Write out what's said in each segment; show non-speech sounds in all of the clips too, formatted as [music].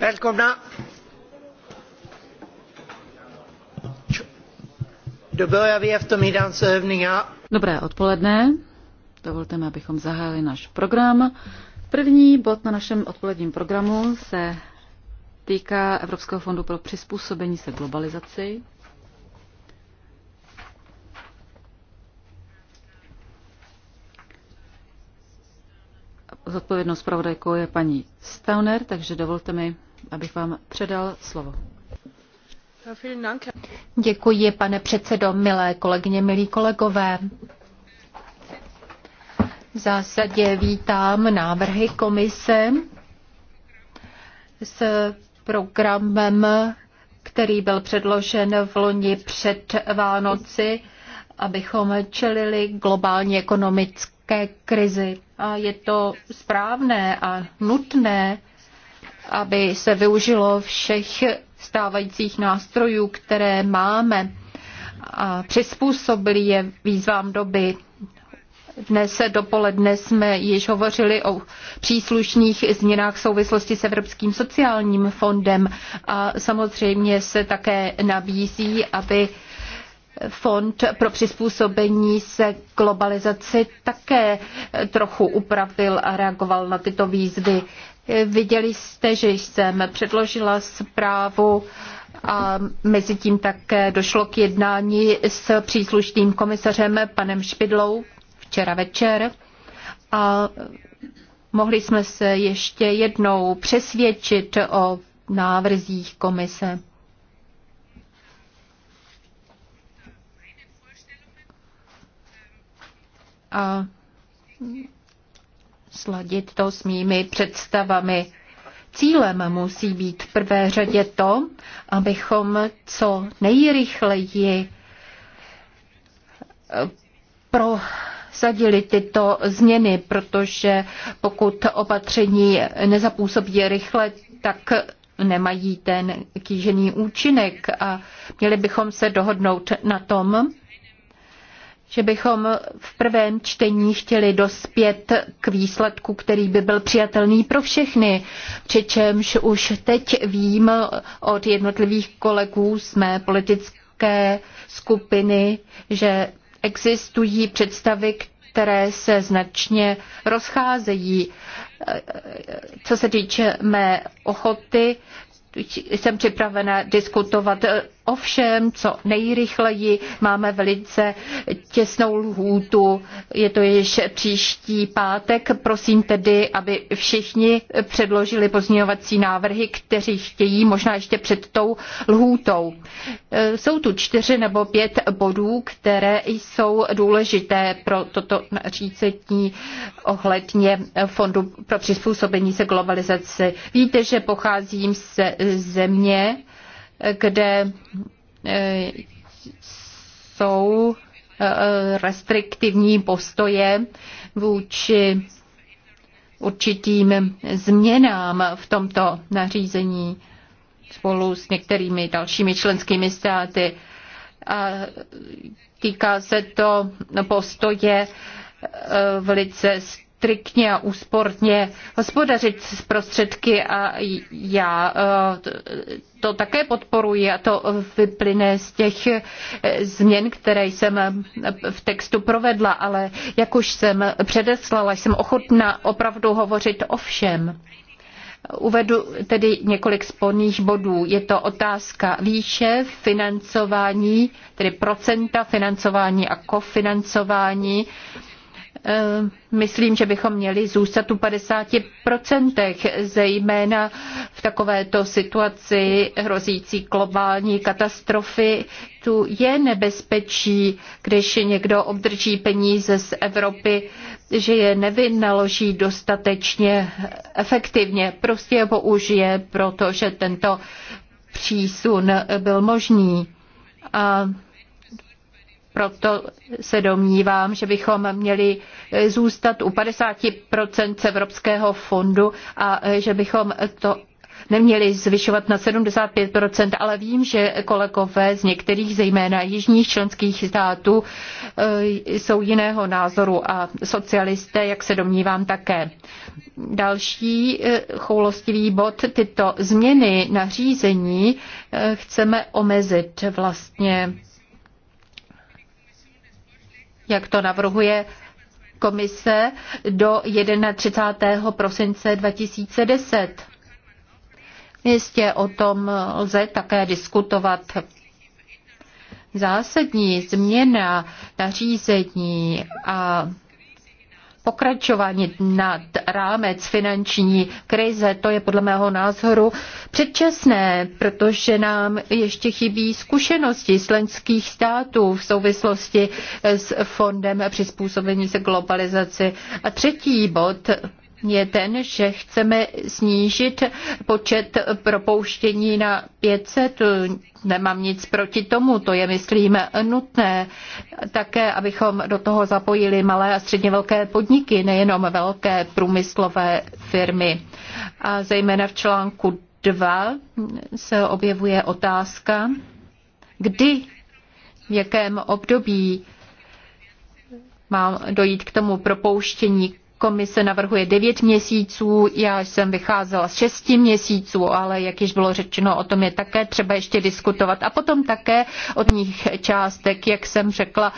Välkomna! Dobré odpoledne. Dovolte mi, abychom zahájili náš program. První bod na našem odpoledním programu se týká Evropského fondu pro přizpůsobení se globalizaci. Zodpovědnou zpravodajkou je paní Stauner, takže dovolte mi, abych vám předal slovo. Děkuji, pane předsedo, milé kolegyně, milí kolegové. V zásadě vítám návrhy komise s programem, který byl předložen v loni před Vánoci, abychom čelili globální ekonomické krizi. A je to správné a nutné, aby se využilo všech stávajících nástrojů, které máme a přizpůsobili je výzvám doby. Dnes dopoledne jsme již hovořili o příslušných změnách v souvislosti s Evropským sociálním fondem a samozřejmě se také nabízí, aby fond pro přizpůsobení se globalizaci také trochu upravil a reagoval na tyto výzvy. Viděli jste, že jsem předložila zprávu a mezi tím také došlo k jednání s příslušným komisařem panem Špidlou včera večer a mohli jsme se ještě jednou přesvědčit o návrzích komise. A sladit to s mými představami. Cílem musí být v prvé řadě to, abychom co nejrychleji eh, prosadili tyto změny, protože pokud opatření nezapůsobí rychle, tak nemají ten kýžený účinek a měli bychom se dohodnout na tom, že bychom v prvém čtení chtěli dospět k výsledku, který by byl přijatelný pro všechny, přičemž už teď vím od jednotlivých kolegů z mé politické skupiny, že existují představy, které se značně rozcházejí. Co se týče mé ochoty, jsem připravena diskutovat Ovšem, co nejrychleji máme velice těsnou lhůtu, je to již příští pátek. Prosím tedy, aby všichni předložili pozměňovací návrhy, kteří chtějí, možná ještě před tou lhůtou. E, jsou tu čtyři nebo pět bodů, které jsou důležité pro toto řícetní ohledně Fondu pro přizpůsobení se globalizaci. Víte, že pocházím ze země, kde eh, jsou eh, restriktivní postoje vůči určitým změnám v tomto nařízení spolu s některými dalšími členskými státy. A týká se to postoje eh, velice striktně a úsporně hospodařit s prostředky a já eh, to také podporuji a to vyplyne z těch eh, změn, které jsem eh, v textu provedla, ale jak už jsem předeslala, jsem ochotná opravdu hovořit o všem. Uvedu tedy několik sporných bodů. Je to otázka výše financování, tedy procenta financování a kofinancování. Eh, myslím, že bychom měli zůstat u 50%, zejména v takovéto situaci hrozící globální katastrofy. Tu je nebezpečí, když někdo obdrží peníze z Evropy, že je nevynaloží dostatečně efektivně. Prostě je použije, protože tento přísun byl možný. A proto se domnívám, že bychom měli zůstat u 50% z Evropského fondu a e, že bychom to neměli zvyšovat na 75%, ale vím, že kolegové z některých, zejména jižních členských států, e, jsou jiného názoru a socialisté, jak se domnívám, také. Další e, choulostivý bod, tyto změny nařízení chceme omezit vlastně jak to navrhuje komise, do 31. prosince 2010. Jistě o tom lze také diskutovat. Zásadní změna nařízení a pokračování nad rámec finanční krize, to je podle mého názoru předčasné, protože nám ještě chybí zkušenosti slenských států v souvislosti s fondem přizpůsobení se globalizaci. A třetí bod, je ten, že chceme snížit počet propouštění na 500. Nemám nic proti tomu, to je, myslím, nutné. Také, abychom do toho zapojili malé a středně velké podniky, nejenom velké průmyslové firmy. A zejména v článku 2 se objevuje otázka, kdy, v jakém období má dojít k tomu propouštění Komise navrhuje 9 měsíců, já jsem vycházela z 6 měsíců, ale jak již bylo řečeno, o tom je také třeba ještě diskutovat. A potom také od nich částek, jak jsem řekla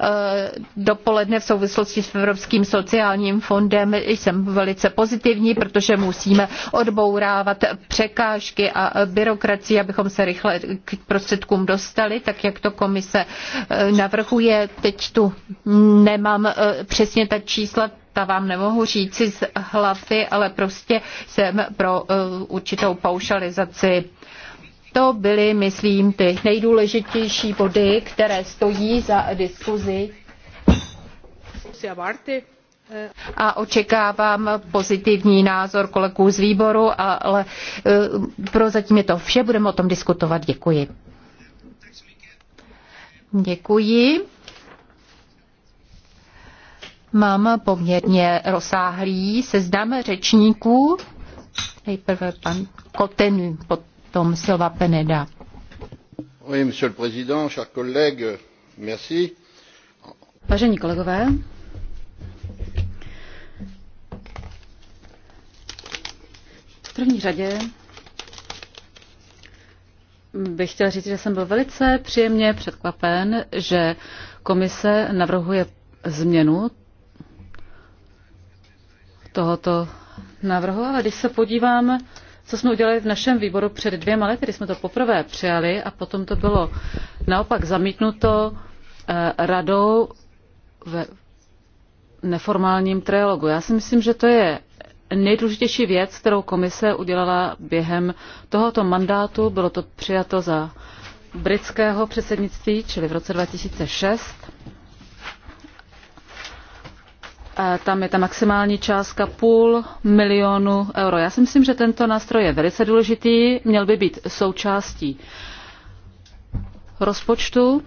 eh, dopoledne v souvislosti s Evropským sociálním fondem, jsem velice pozitivní, protože musíme odbourávat překážky a byrokracii, abychom se rychle k prostředkům dostali, tak jak to komise eh, navrhuje. Teď tu nemám eh, přesně ta čísla, data vám nemohu říci z hlavy, ale prostě jsem pro eh, určitou paušalizaci. To byly, myslím, ty nejdůležitější body, které stojí za diskuzi. A očekávám pozitivní názor kolegů z výboru, ale eh, prozatím je to vše, budeme o tom diskutovat. Děkuji. Děkuji. Mám poměrně rozsáhlý seznam řečníků. Nejprve pan Kotenu, potom Silva Peneda. Oui, monsieur le président, chers collègues, merci. Vážení kolegové, v první řadě bych chtěla říct, že jsem byl velice příjemně překvapen, že komise navrhuje změnu tohoto návrhu, ale když se podívám, co jsme udělali v našem výboru před dvěma lety, kdy jsme to poprvé přijali a potom to bylo naopak zamítnuto eh, radou ve neformálním trialogu. Já si myslím, že to je nejdůležitější věc, kterou komise udělala během tohoto mandátu. Bylo to přijato za britského předsednictví, čili v roce 2006 tam je ta maximální částka půl milionu euro. Já si myslím, že tento nástroj je velice důležitý, měl by být součástí rozpočtu.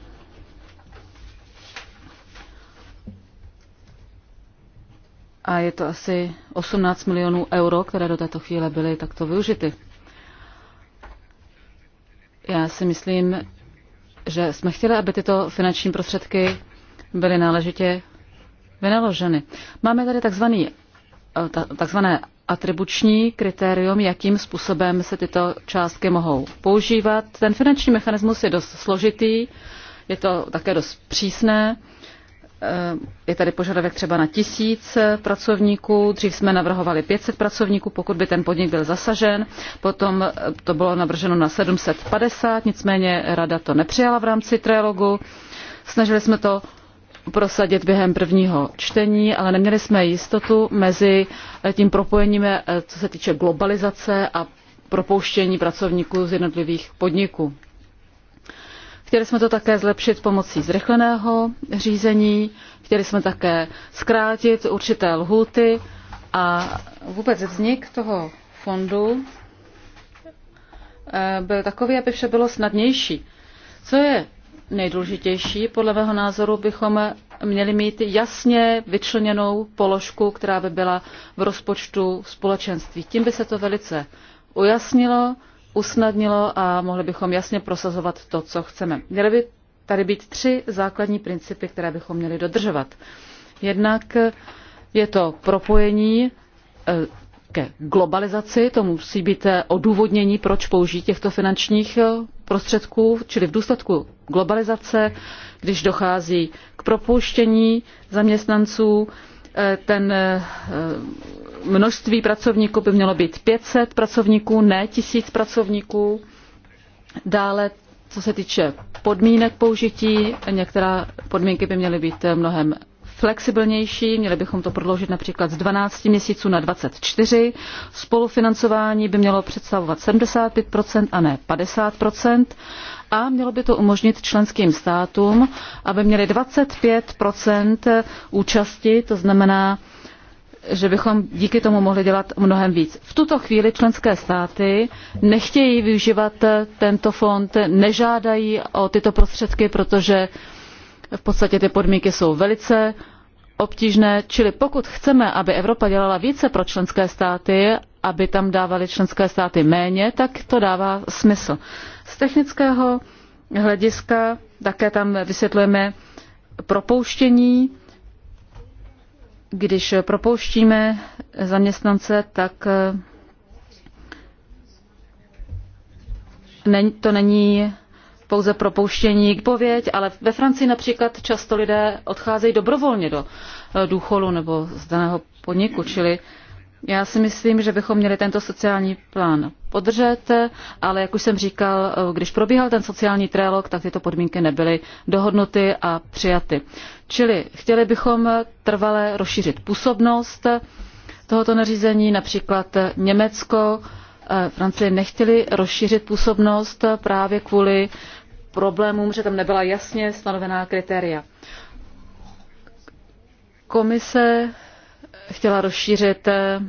A je to asi 18 milionů euro, které do této chvíle byly takto využity. Já si myslím, že jsme chtěli, aby tyto finanční prostředky byly náležitě vynaloženy. Máme tady takzvaný, eh, takzvané atribuční kritérium, jakým způsobem se tyto částky mohou používat. Ten finanční mechanismus je dost složitý, je to také dost přísné. Eh, je tady požadavek třeba na tisíc pracovníků, dřív jsme navrhovali 500 pracovníků, pokud by ten podnik byl zasažen, potom eh, to bylo navrženo na 750, nicméně rada to nepřijala v rámci trialogu. Snažili jsme to prosadit během prvního čtení, ale neměli jsme jistotu mezi eh, tím propojením, eh, co se týče globalizace a propouštění pracovníků z jednotlivých podniků. Chtěli jsme to také zlepšit pomocí zrychleného řízení, chtěli jsme také zkrátit určité lhuty a vůbec vznik toho fondu eh, byl takový, aby vše bylo snadnější. Co je nejdůležitější. Podle mého názoru bychom měli mít jasně vyčleněnou položku, která by byla v rozpočtu společenství. Tím by se to velice ujasnilo, usnadnilo a mohli bychom jasně prosazovat to, co chceme. Měly by tady být tři základní principy, které bychom měli dodržovat. Jednak je to propojení eh, ke globalizaci, to musí být eh, odůvodnění, proč použít těchto finančních eh, prostředků, čili v důsledku globalizace, když dochází k propouštění zaměstnanců, eh, ten eh, množství pracovníků by mělo být 500 pracovníků, ne 1000 pracovníků. Dále, co se týče podmínek použití, některá podmínky by měly být mnohem flexibilnější, měli bychom to prodloužit například z 12 měsíců na 24. Spolufinancování by mělo představovat 75% a ne 50% a mělo by to umožnit členským státům, aby měli 25 účasti, to znamená, že bychom díky tomu mohli dělat mnohem víc. V tuto chvíli členské státy nechtějí využívat tento fond, nežádají o tyto prostředky, protože v podstatě ty podmínky jsou velice obtížné, čili pokud chceme, aby Evropa dělala více pro členské státy, aby tam dávali členské státy méně, tak to dává smysl. Z technického hlediska také tam vysvětlujeme propouštění. Když propouštíme zaměstnance, tak eh, to není pouze propouštění k pověď, ale ve Francii například často lidé odcházejí dobrovolně do eh, důcholu nebo z daného podniku, čili já si myslím, že bychom měli tento sociální plán podržet, ale jak už jsem říkal, eh, když probíhal ten sociální trélog, tak tyto podmínky nebyly dohodnuty a přijaty. Čili chtěli bychom trvale rozšířit působnost tohoto nařízení, například Německo, eh, Francie nechtěli rozšířit působnost právě kvůli problémům, že tam nebyla jasně stanovená kritéria. Komise chtěla rozšířit eh,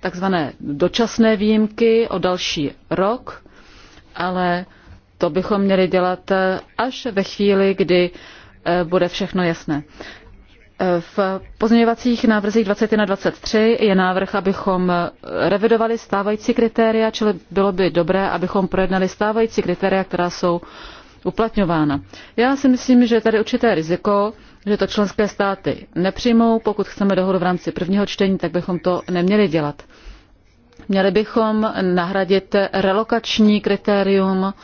takzvané dočasné výjimky o další rok, ale to bychom měli dělat eh, až ve chvíli, kdy eh, bude všechno jasné. V pozměňovacích návrzích 21 a 23 je návrh, abychom revidovali stávající kritéria, čili bylo by dobré, abychom projednali stávající kritéria, která jsou uplatňována. Já si myslím, že je tady určité riziko, že to členské státy nepřijmou. Pokud chceme dohodu v rámci prvního čtení, tak bychom to neměli dělat. Měli bychom nahradit relokační kritérium.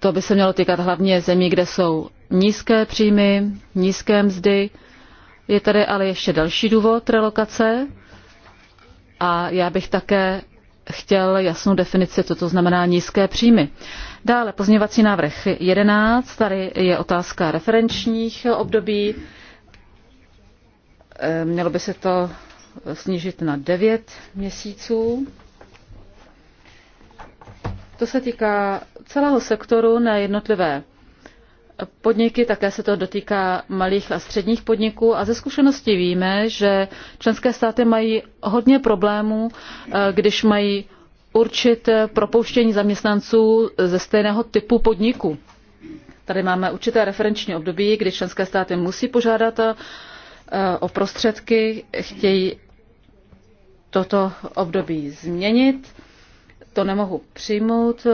To by se mělo týkat hlavně zemí, kde jsou nízké příjmy, nízké mzdy. Je tady ale ještě další důvod relokace a já bych také chtěl jasnou definici, co to znamená nízké příjmy. Dále pozměvací návrh 11, tady je otázka referenčních období. Eh, mělo by se to snížit na 9 měsíců. To se týká celého sektoru na jednotlivé podniky, také se to dotýká malých a středních podniků a ze zkušenosti víme, že členské státy mají hodně problémů, eh, když mají určit propouštění zaměstnanců ze stejného typu podniku. Tady máme určité referenční období, kdy členské státy musí požádat eh, o prostředky, chtějí toto období změnit. To nemohu přijmout.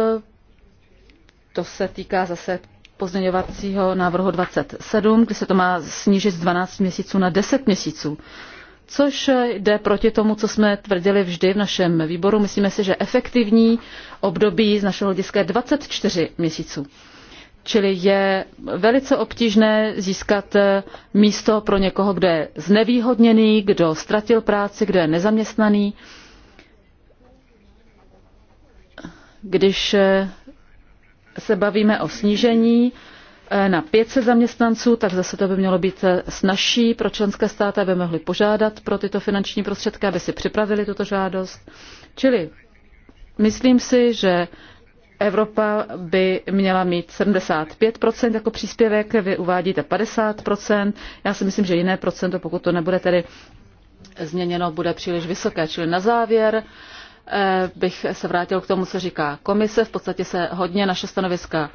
To se týká zase pozměňovacího návrhu 27, kdy se to má snížit z 12 měsíců na 10 měsíců, což jde proti tomu, co jsme tvrdili vždy v našem výboru. Myslíme si, že efektivní období z našeho hlediska je 24 měsíců. Čili je velice obtížné získat místo pro někoho, kdo je znevýhodněný, kdo ztratil práci, kdo je nezaměstnaný. Když se bavíme o snížení eh, na 500 zaměstnanců, tak zase to by mělo být eh, snažší pro členské státy, aby mohli požádat pro tyto finanční prostředky, aby si připravili tuto žádost. Čili myslím si, že Evropa by měla mít 75% jako příspěvek, vy uvádíte 50%. Já si myslím, že jiné procento, pokud to nebude tedy změněno, bude příliš vysoké. Čili na závěr Eh, bych se vrátil k tomu, co říká komise. V podstatě se hodně naše stanoviska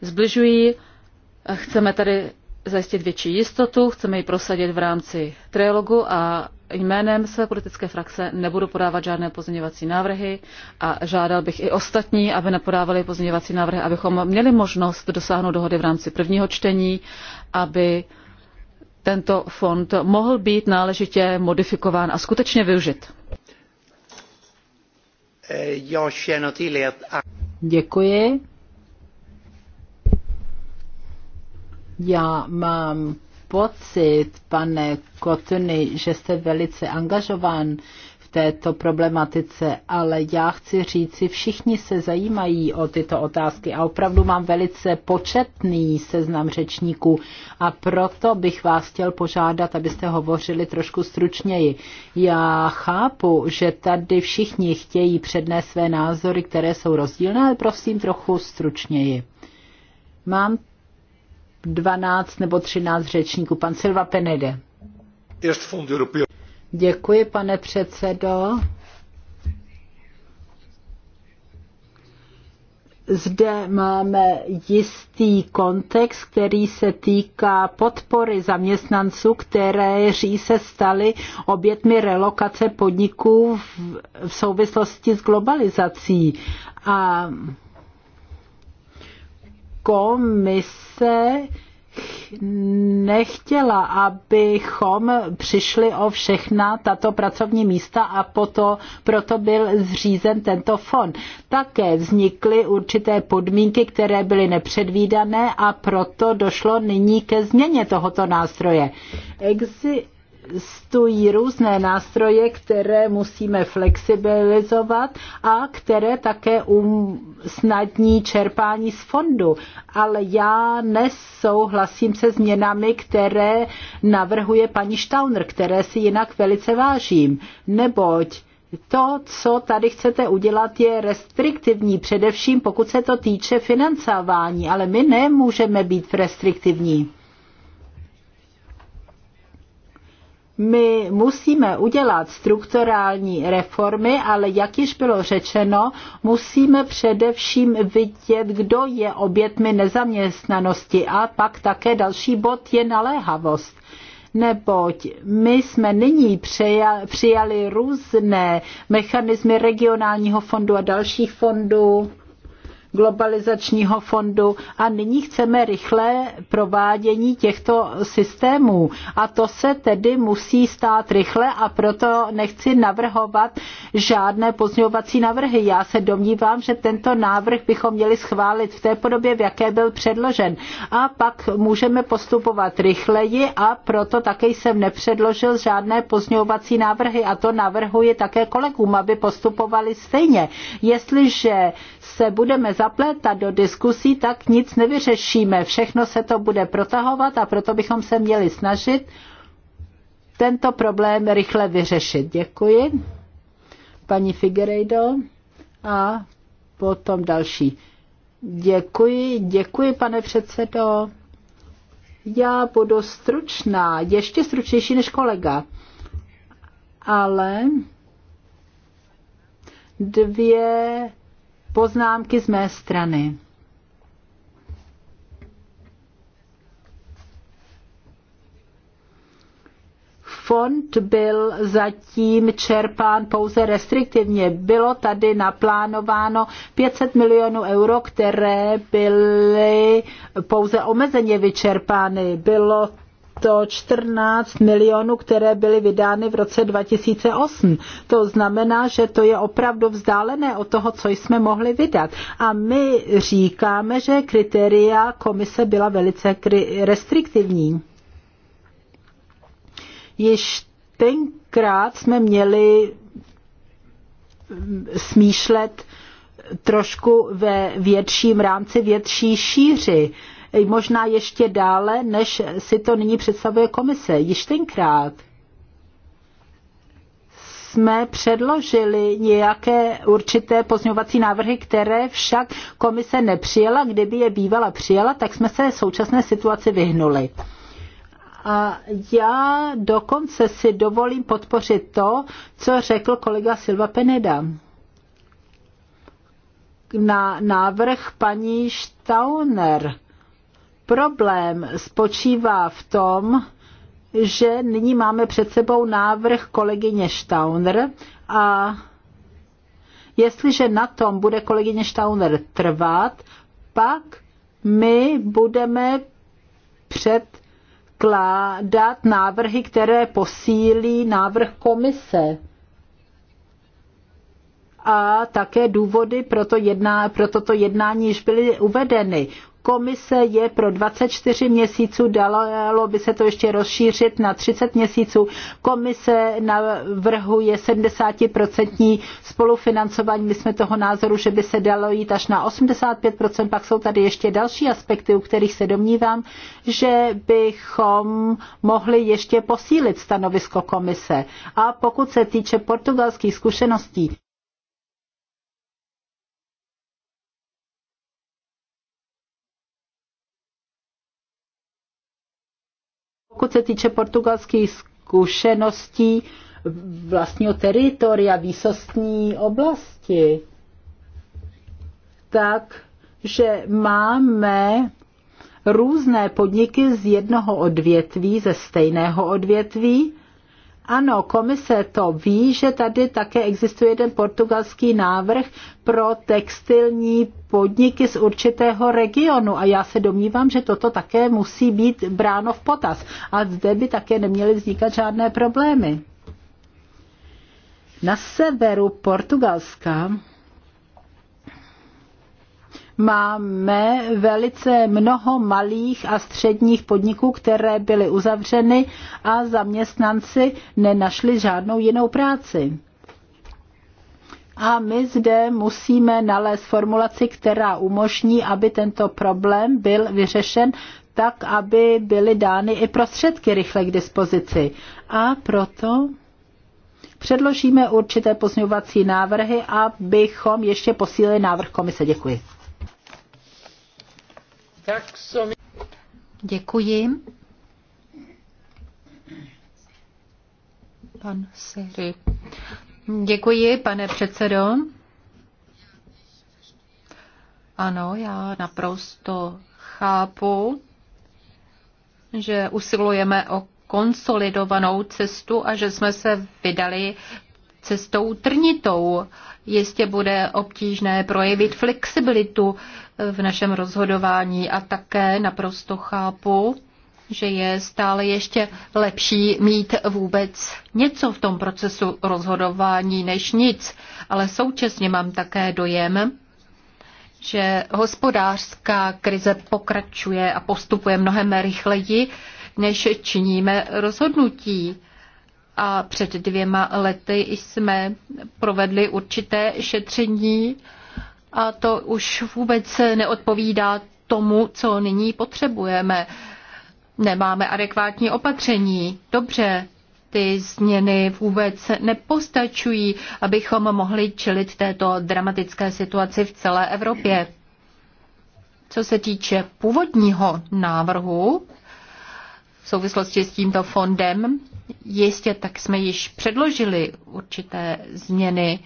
zbližují. Eh, chceme tady zajistit větší jistotu, chceme ji prosadit v rámci trialogu a jménem své politické frakce nebudu podávat žádné pozměňovací návrhy a žádal bych i ostatní, aby nepodávali pozměňovací návrhy, abychom měli možnost dosáhnout dohody v rámci prvního čtení, aby tento fond mohl být náležitě modifikován a skutečně využit. Eh, er Děkuji. Já mám pocit, pane Kotny, že jste velice angažován této problematice, ale já chci říci, všichni se zajímají o tyto otázky a opravdu mám velice početný seznam řečníků a proto bych vás chtěl požádat, abyste hovořili trošku stručněji. Já chápu, že tady všichni chtějí přednést své názory, které jsou rozdílné, ale prosím trochu stručněji. Mám 12 nebo 13 řečníků. Pan Silva Penede. Děkuji, pane předsedo. Zde máme jistý kontext, který se týká podpory zaměstnanců, kteří se stali obětmi relokace podniků v, v souvislosti s globalizací. A komise nechtěla, abychom přišli o všechna tato pracovní místa a poto, proto byl zřízen tento fond. Také vznikly určité podmínky, které byly nepředvídané a proto došlo nyní ke změně tohoto nástroje. Exi- Stojí různé nástroje, které musíme flexibilizovat a které také usnadní čerpání z fondu. Ale já nesouhlasím se změnami, které navrhuje paní Štauner, které si jinak velice vážím, neboť to, co tady chcete udělat, je restriktivní, především pokud se to týče financování, ale my nemůžeme být restriktivní My musíme udělat strukturální reformy, ale jak již bylo řečeno, musíme především vidět, kdo je obětmi nezaměstnanosti a pak také další bod je naléhavost neboť my jsme nyní přijali různé mechanismy regionálního fondu a dalších fondů globalizačního fondu a nyní chceme rychlé provádění těchto systémů. A to se tedy musí stát rychle a proto nechci navrhovat žádné pozňovací návrhy. Já se domnívám, že tento návrh bychom měli schválit v té podobě, v jaké byl předložen. A pak můžeme postupovat rychleji a proto také jsem nepředložil žádné pozňovací návrhy a to navrhuji také kolegům, aby postupovali stejně. Jestliže se budeme zaplétat do diskusí, tak nic nevyřešíme. Všechno se to bude protahovat a proto bychom se měli snažit tento problém rychle vyřešit. Děkuji. Paní Figueiredo a potom další. Děkuji, děkuji, pane předsedo. Já budu stručná, ještě stručnější než kolega. Ale dvě poznámky z mé strany. fond byl zatím čerpán pouze restriktivně. Bylo tady naplánováno 500 milionů euro, které byly pouze omezeně vyčerpány. Bylo to 14 milionů, které byly vydány v roce 2008. To znamená, že to je opravdu vzdálené od toho, co jsme mohli vydat. A my říkáme, že kritéria komise byla velice restriktivní. Již tenkrát jsme měli mm, smýšlet trošku ve větším rámci, větší šíři. Uh, možná ještě dále, než si to nyní představuje komise. Již tenkrát jsme předložili nějaké určité pozňovací návrhy, které však komise nepřijela. Kdyby je bývala přijela, tak jsme se současné situaci vyhnuli. A já dokonce si dovolím podpořit to, co řekl kolega Silva Peneda na návrh paní Stauner Problém spočívá v tom, že nyní máme před sebou návrh kolegyně Stauner a jestliže na tom bude kolegyně Stauner trvat, pak my budeme předkládat návrhy, které posílí návrh komise a také důvody pro, to jedná, pro toto jednání již byly uvedeny komise je pro 24 měsíců, dalo by se to ještě rozšířit na 30 měsíců. Komise navrhuje 70% spolufinancování. My jsme toho názoru, že by se dalo jít až na 85%. Pak jsou tady ještě další aspekty, u kterých se domnívám, že bychom mohli ještě posílit stanovisko komise. A pokud se týče portugalských zkušeností, Pokud se týče portugalských zkušeností vlastního teritoria, výsostní oblasti, tak, že máme různé podniky z jednoho odvětví, ze stejného odvětví, ano, komise to ví, že tady také existuje jeden portugalský návrh pro textilní podniky z určitého regionu a já se domnívám, že toto také musí být bráno v potaz a zde by také neměly vznikat žádné problémy. Na severu Portugalska máme velice mnoho malých a středních podniků, které byly uzavřeny a zaměstnanci nenašli žádnou jinou práci. A my zde musíme nalézt formulaci, která umožní, aby tento problém byl vyřešen tak, aby byly dány i prostředky rychle k dispozici. A proto předložíme určité pozměňovací návrhy, abychom ještě posílili návrh komise. Děkuji. Děkuji. Pan Siri. Děkuji, pane předsedo. Ano, já naprosto chápu, že usilujeme o konsolidovanou cestu a že jsme se vydali cestou trnitou. Jistě bude obtížné projevit flexibilitu v našem rozhodování a také naprosto chápu, že je stále ještě lepší mít vůbec něco v tom procesu rozhodování než nic, ale současně mám také dojem, že hospodářská krize pokračuje a postupuje mnohem rychleji, než činíme rozhodnutí. A před dvěma lety jsme provedli určité šetření a to už vůbec neodpovídá tomu, co nyní potřebujeme. Nemáme adekvátní opatření. Dobře, ty změny vůbec nepostačují, abychom mohli čelit této dramatické situaci v celé Evropě. Co se týče původního návrhu v souvislosti s tímto fondem, jistě tak jsme již předložili určité změny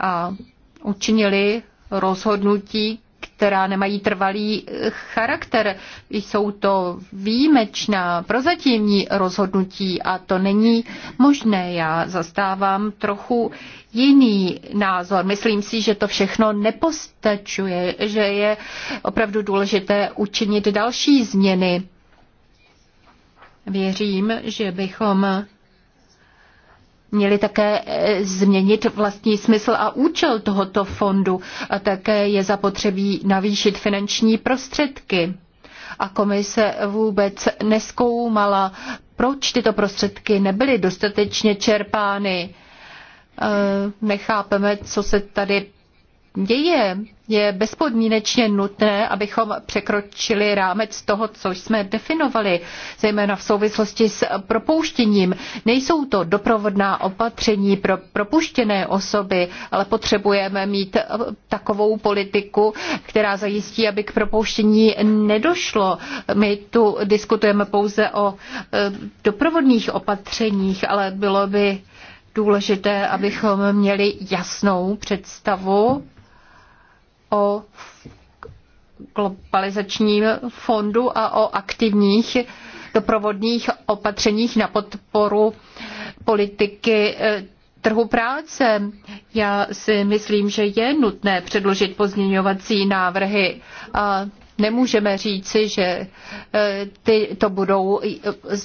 a učinili rozhodnutí, která nemají trvalý eh, charakter. Jsou to výjimečná prozatímní rozhodnutí a to není možné. Já zastávám trochu jiný názor. Myslím si, že to všechno nepostačuje, že je opravdu důležité učinit další změny. Věřím, že bychom měli také e, změnit vlastní smysl a účel tohoto fondu a také je zapotřebí navýšit finanční prostředky. A komise vůbec neskoumala, proč tyto prostředky nebyly dostatečně čerpány e, nechápeme, co se tady děje, je bezpodmínečně nutné, abychom překročili rámec toho, co jsme definovali, zejména v souvislosti s propouštěním. Nejsou to doprovodná opatření pro propuštěné osoby, ale potřebujeme mít takovou politiku, která zajistí, aby k propouštění nedošlo. My tu diskutujeme pouze o e, doprovodných opatřeních, ale bylo by důležité, abychom měli jasnou představu o globalizačním fondu a o aktivních doprovodných opatřeních na podporu politiky eh, trhu práce. Já si myslím, že je nutné předložit pozměňovací návrhy a Nemůžeme říci, že eh, ty to budou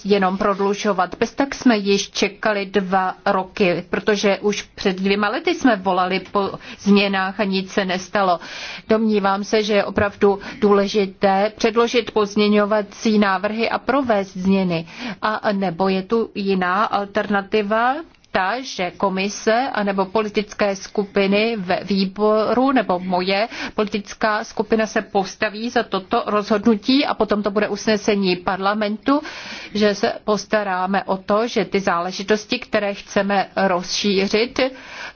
jenom prodlužovat. Bez tak jsme již čekali dva roky, protože už před dvěma lety jsme volali po změnách a nic se nestalo. Domnívám se, že je opravdu důležité předložit pozměňovací návrhy a provést změny. A nebo je tu jiná alternativa, ta, že komise anebo politické skupiny ve výboru nebo moje politická skupina se postaví za toto rozhodnutí a potom to bude usnesení parlamentu, že se postaráme o to, že ty záležitosti, které chceme rozšířit,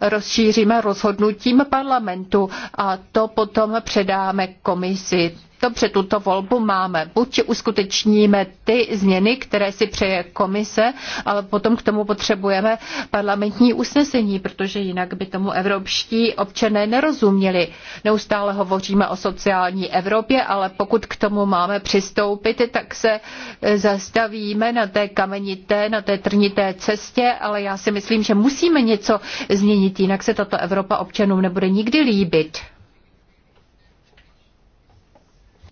rozšíříme rozhodnutím parlamentu a to potom předáme komisi. Dobře, tuto volbu máme. Buď uskutečníme ty změny, které si přeje komise, ale potom k tomu potřebujeme parlamentní usnesení, protože jinak by tomu evropští občané nerozuměli. Neustále hovoříme o sociální Evropě, ale pokud k tomu máme přistoupit, tak se eh, zastavíme na té kamenité, na té trnité cestě, ale já si myslím, že musíme něco změnit, jinak se tato Evropa občanům nebude nikdy líbit.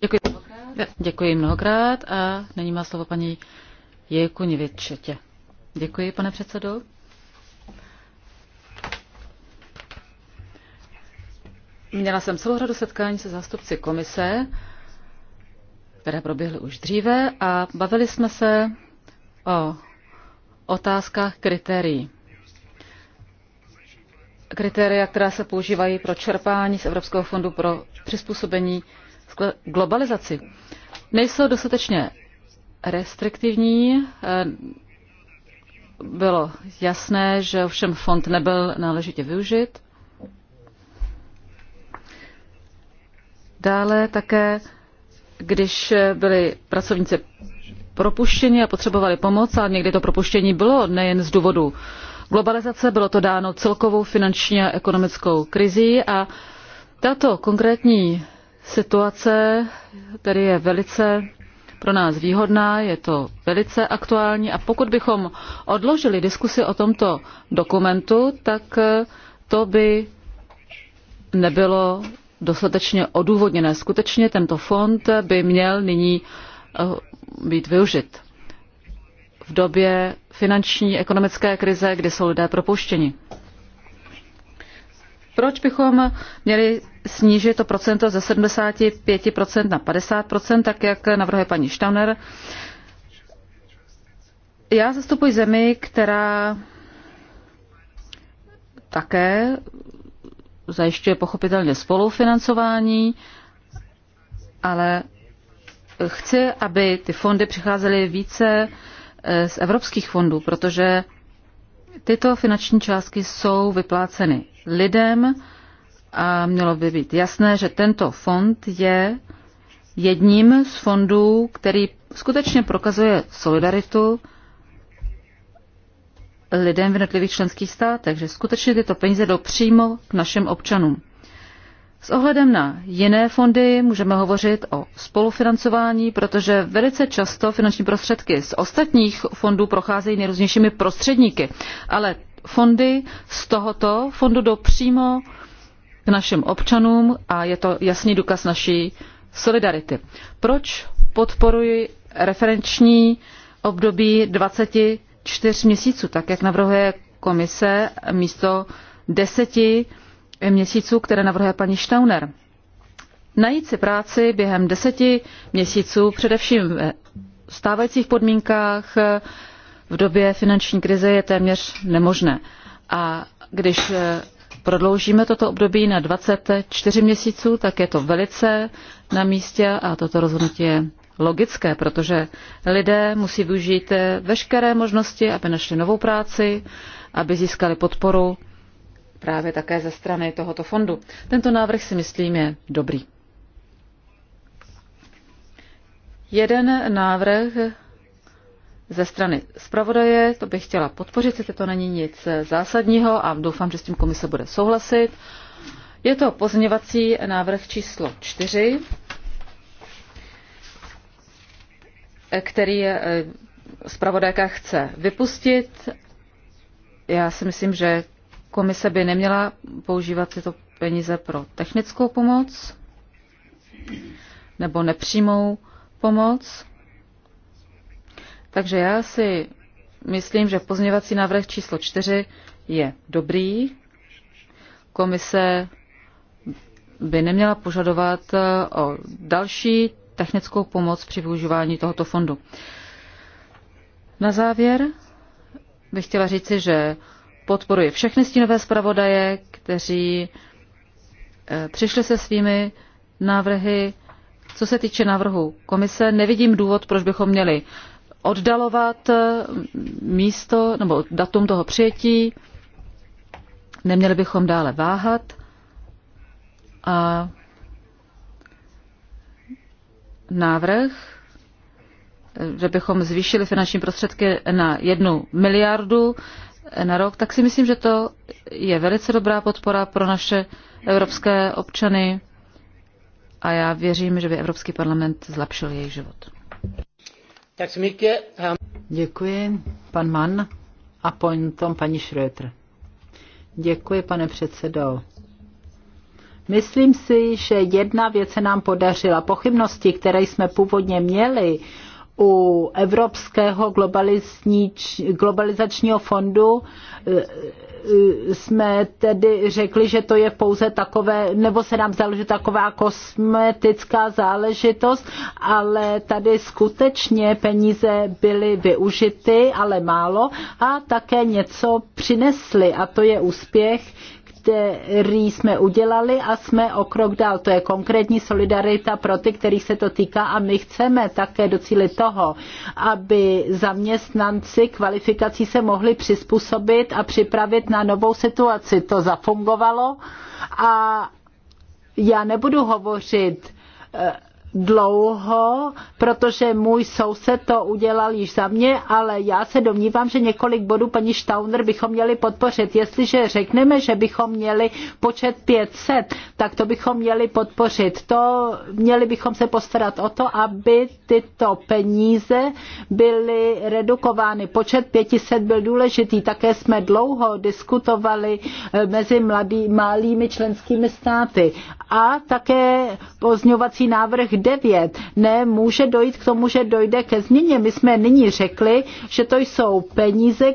Děkuji mnohokrát. Děkuji mnohokrát a nyní má slovo paní Jekunivětšetě. Děkuji, pane předsedo. Měla jsem celou řadu setkání se zástupci komise, které proběhly už dříve a bavili jsme se o otázkách kritérií. Kritéria, která se používají pro čerpání z Evropského fondu pro přizpůsobení globalizaci, nejsou dostatečně restriktivní. Eh, bylo jasné, že ovšem fond nebyl náležitě využit. Dále také, když byli pracovníci propuštěni a potřebovali pomoc, a někdy to propuštění bylo nejen z důvodu globalizace, bylo to dáno celkovou finanční a ekonomickou krizí a tato konkrétní Situace tedy je velice pro nás výhodná, je to velice aktuální a pokud bychom odložili diskusi o tomto dokumentu, tak eh, to by nebylo dostatečně odůvodněné. Skutečně tento fond by měl nyní eh, být využit v době finanční ekonomické krize, kdy jsou lidé propuštěni. Proč bychom měli snížit to procento ze 75% na 50%, tak jak navrhuje paní Štauner? Já zastupuji zemi, která také zajišťuje pochopitelně spolufinancování, ale chci, aby ty fondy přicházely více eh, z evropských fondů, protože tyto finanční částky jsou vypláceny lidem a mělo by být jasné, že tento fond je jedním z fondů, který skutečně prokazuje solidaritu lidem v jednotlivých členských státech, že skutečně tyto peníze jdou přímo k našim občanům. S ohledem na jiné fondy můžeme hovořit o spolufinancování, protože velice často finanční prostředky z ostatních fondů procházejí nejrůznějšími prostředníky. Ale fondy z tohoto fondu jdou přímo k našim občanům a je to jasný důkaz naší solidarity. Proč podporuji referenční období 24 měsíců, tak jak navrhuje komise místo deseti měsíců, které navrhuje paní Stauner. Najít si práci během deseti měsíců, především v stávajících podmínkách, v době finanční krize je téměř nemožné. A když eh, prodloužíme toto období na 24 měsíců, tak je to velice na místě a toto rozhodnutí je logické, protože lidé musí využít eh, veškeré možnosti, aby našli novou práci, aby získali podporu právě také ze strany tohoto fondu. Tento návrh si myslím je dobrý. Jeden návrh ze strany zpravodaje, to bych chtěla podpořit, že to není nic zásadního a doufám, že s tím komise bude souhlasit. Je to pozměňovací návrh číslo 4, který eh, zpravodajka chce vypustit. Já si myslím, že komise by neměla používat tyto peníze pro technickou pomoc nebo nepřímou pomoc. Takže já si myslím, že pozměvací návrh číslo 4 je dobrý. Komise by neměla požadovat eh, o další technickou pomoc při využívání tohoto fondu. Na závěr bych chtěla říci, že podporuji všechny stínové zpravodaje, kteří eh, přišli se svými návrhy. Co se týče návrhu komise, nevidím důvod, proč bychom měli oddalovat eh, místo nebo datum toho přijetí. Neměli bychom dále váhat. A návrh, eh, že bychom zvýšili finanční prostředky na jednu miliardu eh, na rok, tak si myslím, že to je velice dobrá podpora pro naše evropské občany a já věřím, že by Evropský parlament zlepšil jejich život. Děkuji, pan Mann a potom paní Schröter. Děkuji, pane předsedo. Myslím si, že jedna věc se nám podařila. Pochybnosti, které jsme původně měli u Evropského globalizačního fondu, eh, Eh, jsme tedy řekli, že to je pouze takové, nebo se nám zdalo, že taková kosmetická záležitost, ale tady skutečně peníze byly využity, ale málo a také něco přinesly a to je úspěch, který jsme udělali a jsme o krok dál. To je konkrétní solidarita pro ty, kterých se to týká a my chceme také docílit toho, aby zaměstnanci kvalifikací se mohli přizpůsobit a připravit na novou situaci. To zafungovalo a já nebudu hovořit eh, dlouho, protože můj soused to udělal již za mě, ale já se domnívám, že několik bodů paní Štauner bychom měli podpořit. Jestliže řekneme, že bychom měli počet 500, tak to bychom měli podpořit. To měli bychom se postarat o to, aby tyto peníze byly redukovány. Počet 500 byl důležitý. Také jsme dlouho diskutovali eh, mezi mladý, malými členskými státy. A také pozňovací návrh 9. Ne, může dojít k tomu, že dojde ke změně. My jsme nyní řekli, že to jsou peníze,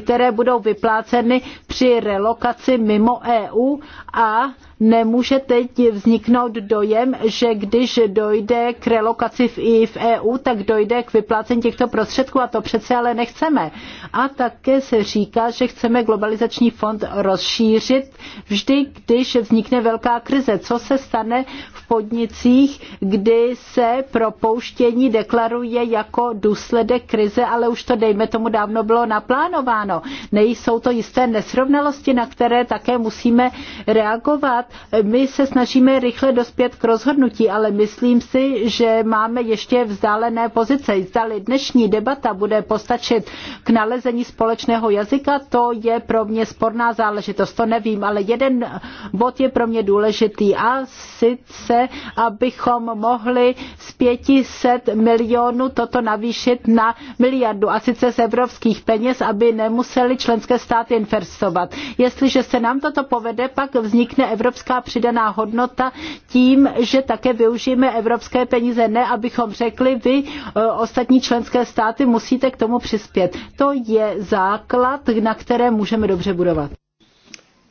které budou vypláceny při relokaci mimo EU a nemůže teď vzniknout dojem, že když dojde k relokaci v, i v EU, tak dojde k vyplácení těchto prostředků a to přece ale nechceme. A také se říká, že chceme globalizační fond rozšířit vždy, když vznikne velká krize. Co se stane v podnicích, kdy se propouštění deklaruje jako důsledek krize, ale už to dejme tomu dávno bylo naplánováno. Nejsou to jisté nesrovnalosti, na které také musíme reagovat my se snažíme rychle dospět k rozhodnutí, ale myslím si, že máme ještě vzdálené pozice. Zdali dnešní debata bude postačit k nalezení společného jazyka, to je pro mě sporná záležitost, to nevím, ale jeden bod je pro mě důležitý a sice, abychom mohli z 500 milionů toto navýšit na miliardu a sice z evropských peněz, aby nemuseli členské státy investovat. Jestliže se nám toto povede, pak vznikne evropský evropská přidaná hodnota tím, že také využijeme evropské peníze. Ne, abychom řekli, vy e, ostatní členské státy musíte k tomu přispět. To je základ, na které můžeme dobře budovat.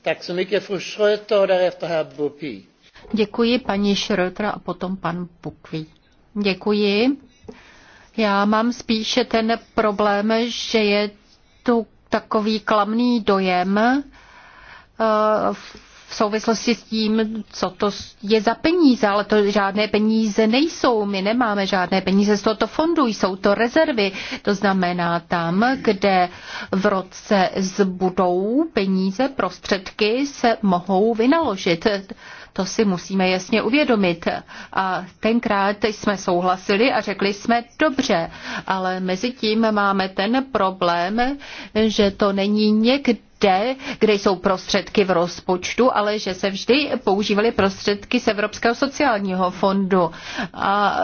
Tak se mycket, fru Schröter, därefter Děkuji paní Schröter a potom pan Bukví. Děkuji. Já mám spíše ten problém, že je tu takový klamný dojem e, v souvislosti s tím, co to je za peníze, ale to žádné peníze nejsou. My nemáme žádné peníze z tohoto fondu, jsou to rezervy. To znamená tam, kde v roce zbudou peníze, prostředky se mohou vynaložit. To si musíme jasně uvědomit. A tenkrát jsme souhlasili a řekli jsme dobře, ale mezi tím máme ten problém, že to není někdy kde, kde jsou prostředky v rozpočtu, ale že se vždy používaly prostředky z Evropského sociálního fondu, a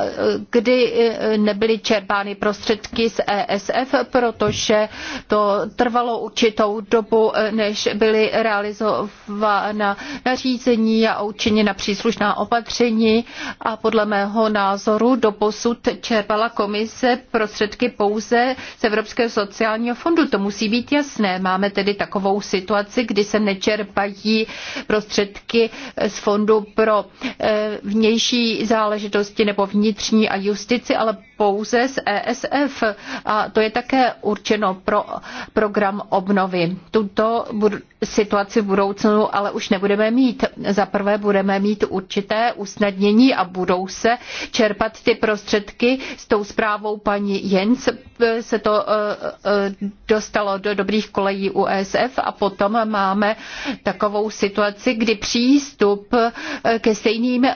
kdy e, nebyly čerpány prostředky z ESF, protože to trvalo určitou dobu, e, než byly realizována nařízení a učiněna příslušná opatření a podle mého názoru doposud čerpala komise prostředky pouze z Evropského sociálního fondu. To musí být jasné. Máme tedy takovou novou situaci, kdy se nečerpají prostředky z Fondu pro eh, vnější záležitosti nebo vnitřní a justici, ale pouze z ESF. A to je také určeno pro program obnovy. Tuto situaci v budoucnu ale už nebudeme mít. Za prvé budeme mít určité usnadnění a budou se čerpat ty prostředky. S tou zprávou paní Jens eh, se to eh, dostalo do dobrých kolejí u ESF a potom máme takovou situaci, kdy přístup eh, ke stejným eh,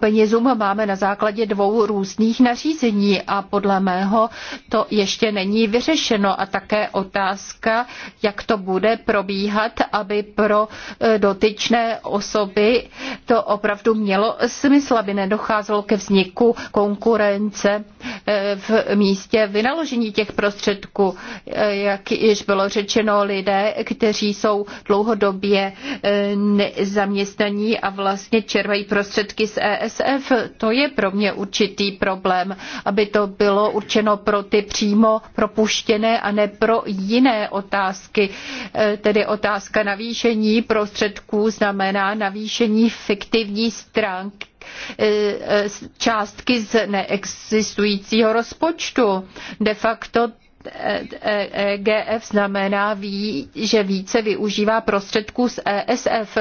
penězům máme na základě dvou různých nařízení a podle mého to ještě není vyřešeno. A také otázka, jak to bude probíhat, aby pro eh, dotyčné osoby to opravdu mělo smysl, aby nedocházelo ke vzniku konkurence eh, v místě vynaložení těch prostředků. Eh, jak již bylo řečeno, lidé, kteří jsou dlouhodobě zaměstnaní a vlastně červají prostředky ESF. To je pro mě určitý problém, aby to bylo určeno pro ty přímo propuštěné a ne pro jiné otázky. E, tedy otázka navýšení prostředků znamená navýšení fiktivní stránky e, e, částky z neexistujícího rozpočtu. De facto GF znamená, ví, že více využívá prostředků z ESF.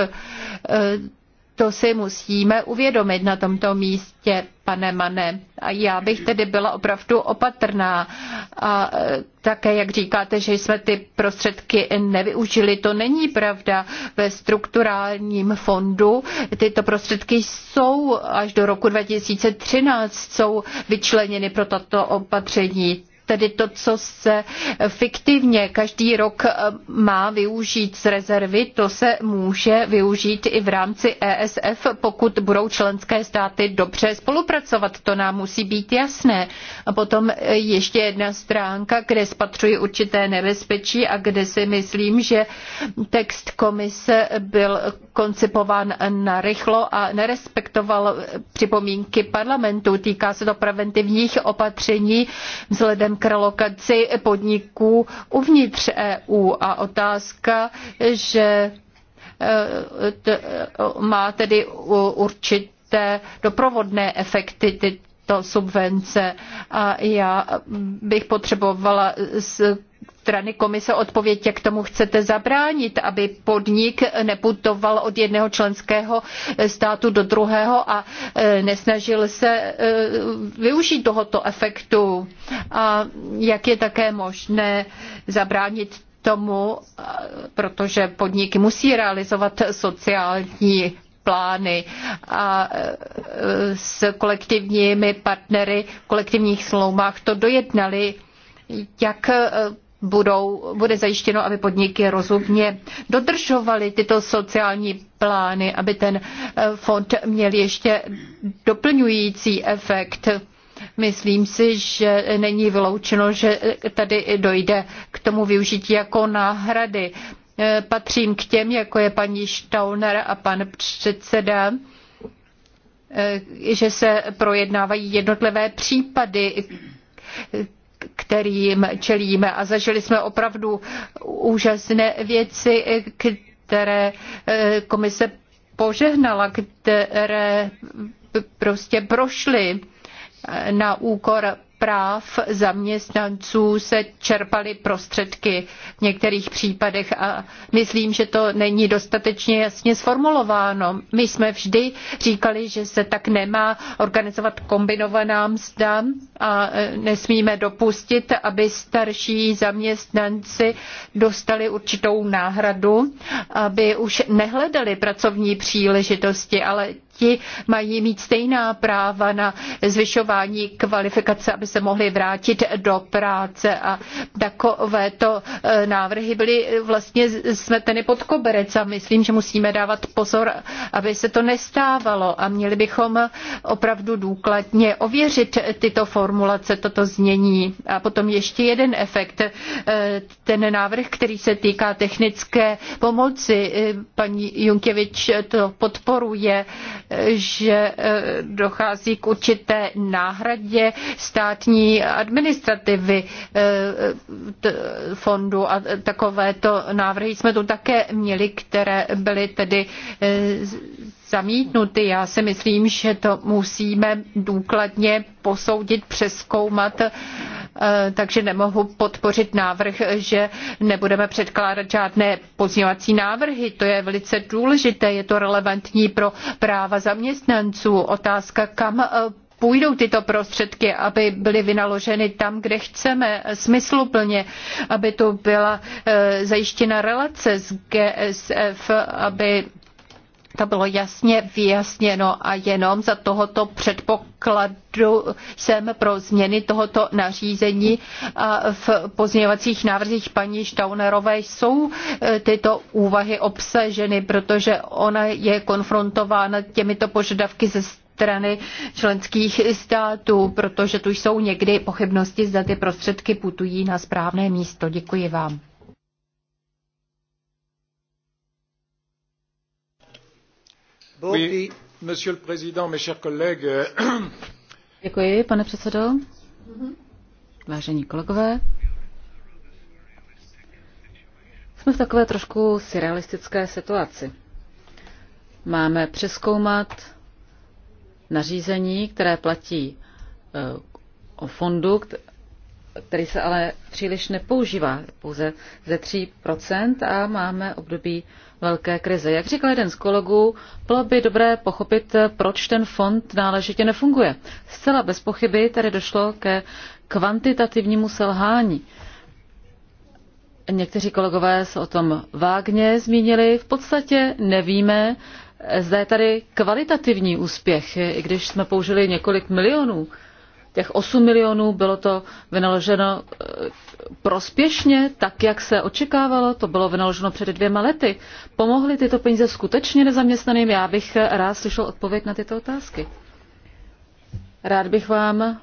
To si musíme uvědomit na tomto místě, pane Mane. A já bych tedy byla opravdu opatrná. A e, také, jak říkáte, že jsme ty prostředky nevyužili, to není pravda. Ve strukturálním fondu tyto prostředky jsou až do roku 2013 jsou vyčleněny pro tato opatření tedy to, co se fiktivně každý rok eh, má využít z rezervy, to se může využít i v rámci ESF, pokud budou členské státy dobře spolupracovat. To nám musí být jasné. A potom eh, ještě jedna stránka, kde spatřuji určité nebezpečí a kde si myslím, že text komise byl koncipován narychlo a nerespektoval eh, připomínky parlamentu. Týká se to preventivních opatření vzhledem k relokaci podniků uvnitř EU a otázka, že e, e, má tedy určité doprovodné efekty tyto subvence. A já bych potřebovala z strany komise odpověď, jak tomu chcete zabránit, aby podnik neputoval od jednoho členského státu do druhého a e, nesnažil se e, využít tohoto efektu. A jak je také možné zabránit tomu, protože podniky musí realizovat sociální plány a e, s kolektivními partnery v kolektivních sloumách to dojednali, jak e, budou, bude zajištěno, aby podniky rozumně dodržovaly tyto sociální plány, aby ten e, fond měl ještě doplňující efekt. Myslím si, že není vyloučeno, že tady dojde k tomu využití jako náhrady. Eh, patřím k těm, jako je paní Stauner a pan předseda, eh, že se projednávají jednotlivé případy, kterým čelíme. A zažili jsme opravdu úžasné věci, které eh, komise požehnala, které prostě prošly na úkor práv zaměstnanců se čerpaly prostředky v některých případech a myslím, že to není dostatečně jasně sformulováno. My jsme vždy říkali, že se tak nemá organizovat kombinovaná mzda a e, nesmíme dopustit, aby starší zaměstnanci dostali určitou náhradu, aby už nehledali pracovní příležitosti, ale děti mají mít stejná práva na zvyšování kvalifikace, aby se mohli vrátit do práce. A takovéto e, návrhy byly vlastně smeteny pod koberec a myslím, že musíme dávat pozor, aby se to nestávalo a měli bychom opravdu důkladně ověřit tyto formulace, toto znění. A potom ještě jeden efekt. E, ten návrh, který se týká technické pomoci, e, paní Junkevič to podporuje, že eh, dochází k určité náhradě státní administrativy eh, fondu a takovéto návrhy jsme tu také měli, které byly tedy eh, zamítnuty. Já si myslím, že to musíme důkladně posoudit, přeskoumat, eh, takže nemohu podpořit návrh, že nebudeme předkládat žádné pozněvací návrhy. To je velice důležité, je to relevantní pro práva zaměstnanců. Otázka, kam eh, půjdou tyto prostředky, aby byly vynaloženy tam, kde chceme, smysluplně, aby tu byla eh, zajištěna relace s GSF, aby to bylo jasně vyjasněno a jenom za tohoto předpokladu jsem pro změny tohoto nařízení a v pozměňovacích návrzích paní Štaunerové jsou e, tyto úvahy obsaženy, protože ona je konfrontována těmito požadavky ze strany členských států, protože tu jsou někdy pochybnosti, zda ty prostředky putují na správné místo. Děkuji vám. Oui, monsieur [clears throat] Děkuji, pane předsedo. Vážení kolegové. Jsme v takové trošku surrealistické situaci. Máme přeskoumat nařízení, které platí eh, o fondu, který se ale příliš nepoužívá, pouze ze 3 a máme období velké krize. Jak říkal jeden z kolegů, bylo by dobré pochopit, proč ten fond náležitě nefunguje. Zcela bez pochyby tady došlo ke kvantitativnímu selhání. Někteří kolegové se o tom vágně zmínili. V podstatě nevíme, zda je tady kvalitativní úspěch, i když jsme použili několik milionů těch 8 milionů, bylo to vynaloženo eh, prospěšně, tak jak se očekávalo, to bylo vynaloženo před dvěma lety. Pomohly tyto peníze skutečně nezaměstnaným? Já bych eh, rád slyšel odpověď na tyto otázky. Rád bych vám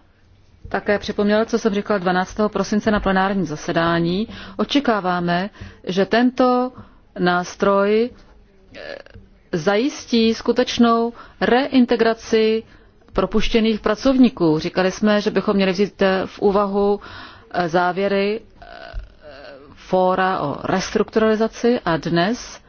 také připomněl, co jsem říkal 12. prosince na plenárním zasedání. Očekáváme, že tento nástroj eh, zajistí skutečnou reintegraci propuštěných pracovníků. Říkali jsme, že bychom měli vzít eh, v úvahu eh, závěry eh, fóra o restrukturalizaci a dnes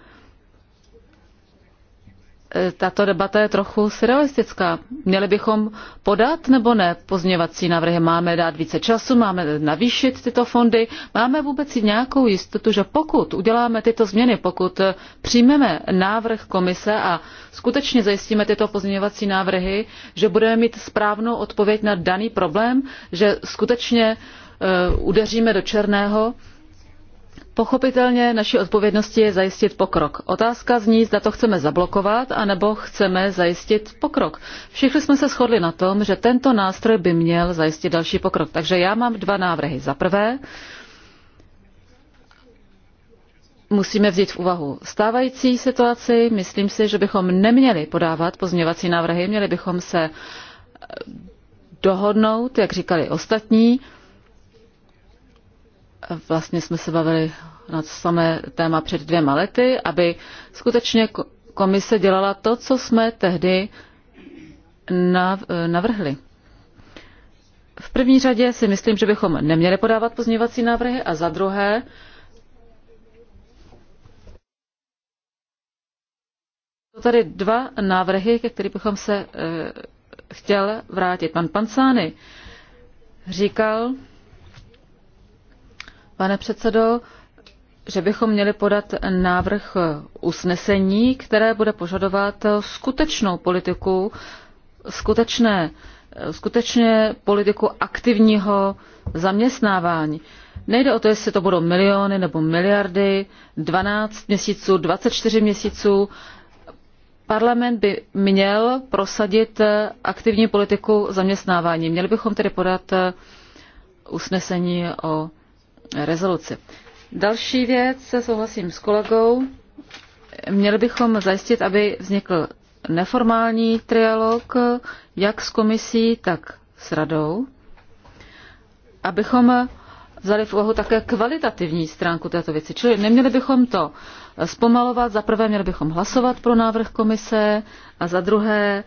tato debata je trochu surrealistická. Měli bychom podat nebo ne pozměvací návrhy? Máme dát více času, máme navýšit tyto fondy? Máme vůbec nějakou jistotu, že pokud uděláme tyto změny, pokud přijmeme návrh komise a skutečně zajistíme tyto pozměvací návrhy, že budeme mít správnou odpověď na daný problém, že skutečně uh, udeříme do černého? Uh, Pochopitelně naší odpovědností je zajistit pokrok. Otázka zní, zda to chceme zablokovat, anebo chceme zajistit pokrok. Všichni jsme se shodli na tom, že tento nástroj by měl zajistit další pokrok. Takže já mám dva návrhy. Za prvé, musíme vzít v úvahu stávající situaci. Myslím si, že bychom neměli podávat pozměňovací návrhy, měli bychom se dohodnout, jak říkali ostatní, Vlastně jsme se bavili na samé téma před dvěma lety, aby skutečně komise dělala to, co jsme tehdy navrhli. V první řadě si myslím, že bychom neměli podávat pozměňovací návrhy a za druhé, Jsou tady dva návrhy, ke kterým bychom se e, chtěl vrátit. Pan Pancány říkal, pane předsedo, že bychom měli podat návrh usnesení, které bude požadovat skutečnou politiku, skutečné, skutečně politiku aktivního zaměstnávání. Nejde o to, jestli to budou miliony nebo miliardy, 12 měsíců, 24 měsíců. Parlament by měl prosadit aktivní politiku zaměstnávání. Měli bychom tedy podat usnesení o rezoluci. Další věc, se souhlasím s kolegou, měli bychom zajistit, aby vznikl neformální trialog jak s komisí, tak s radou, abychom vzali v úvahu také kvalitativní stránku této věci. Čili neměli bychom to zpomalovat, za prvé měli bychom hlasovat pro návrh komise a za druhé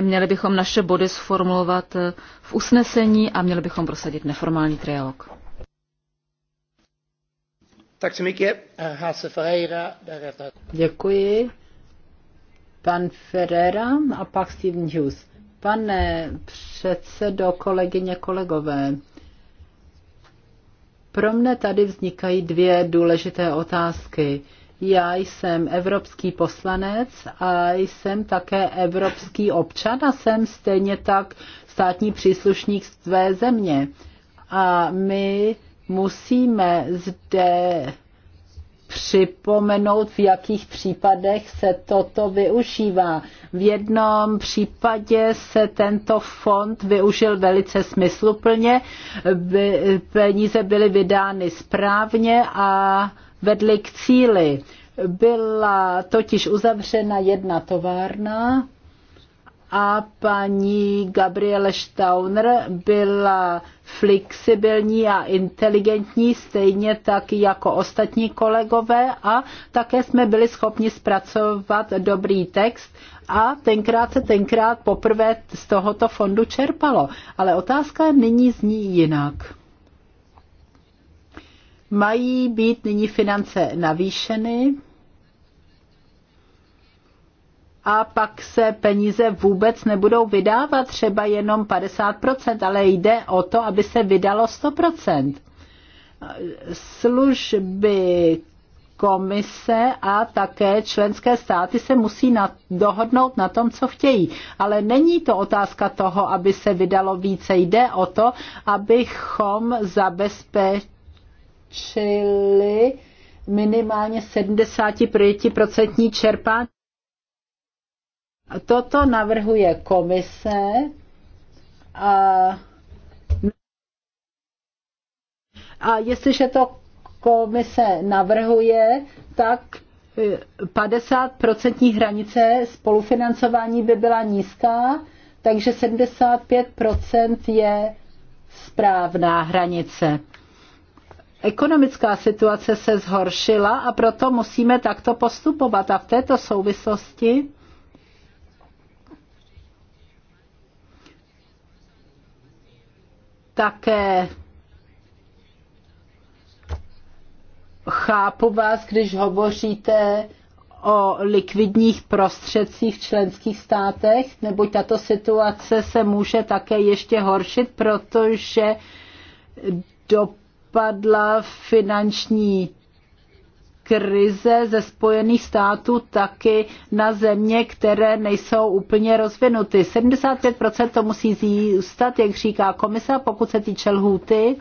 měli bychom naše body sformulovat v usnesení a měli bychom prosadit neformální trialog. Eh, Děkuji. Pan Ferreira a pak Steven Hughes. Pane předsedo, kolegyně, kolegové, pro mne tady vznikají dvě důležité otázky. Já jsem evropský poslanec a jsem také evropský občan a jsem stejně tak státní příslušník své země. A my Musíme zde připomenout, v jakých případech se toto využívá. V jednom případě se tento fond využil velice smysluplně, by, peníze byly vydány správně a vedly k cíli. Byla totiž uzavřena jedna továrna a paní Gabriele Stauner byla flexibilní a inteligentní, stejně tak jako ostatní kolegové a také jsme byli schopni zpracovat dobrý text a tenkrát se tenkrát poprvé z tohoto fondu čerpalo. Ale otázka nyní zní jinak. Mají být nyní finance navýšeny? a pak se peníze vůbec nebudou vydávat, třeba jenom 50%, ale jde o to, aby se vydalo 100%. Služby komise a také členské státy se musí na, dohodnout na tom, co chtějí. Ale není to otázka toho, aby se vydalo více. Jde o to, abychom zabezpečili minimálně 75% čerpání. Toto navrhuje komise a, a jestliže to komise navrhuje, tak 50% e, hranice spolufinancování by byla nízká, takže 75% je správná hranice. Ekonomická situace se zhoršila a proto musíme takto postupovat. A v této souvislosti také chápu vás, když hovoříte o likvidních prostředcích v členských státech, nebo tato situace se může také ještě horšit, protože dopadla finanční krize ze Spojených států taky na země, které nejsou úplně rozvinuty. 75% to musí zůstat, jak říká komisa, pokud se týče lhůty,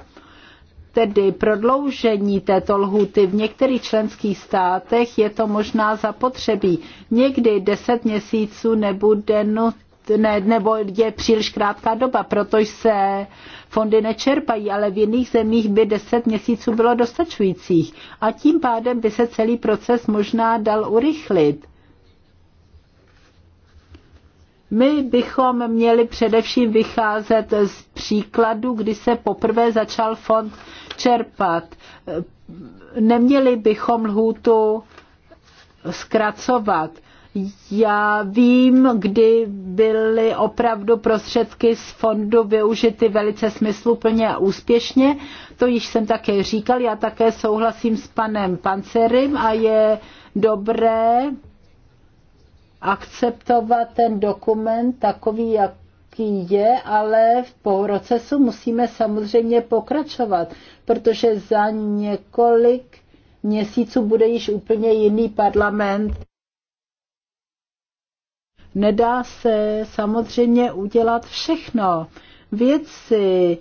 tedy prodloužení této lhůty v některých členských státech je to možná zapotřebí. Někdy 10 měsíců nebude nutné ne, nebo je příliš krátká doba, protože se fondy nečerpají, ale v jiných zemích by 10 měsíců bylo dostačujících. A tím pádem by se celý proces možná dal urychlit. My bychom měli především vycházet z příkladu, kdy se poprvé začal fond čerpat. Neměli bychom lhůtu zkracovat. Já vím, kdy byly opravdu prostředky z fondu využity velice smysluplně a úspěšně. To již jsem také říkal. Já také souhlasím s panem Pancerem a je dobré akceptovat ten dokument takový, jak je, ale v procesu musíme samozřejmě pokračovat, protože za několik měsíců bude již úplně jiný parlament. Nedá se samozřejmě udělat všechno. Věci,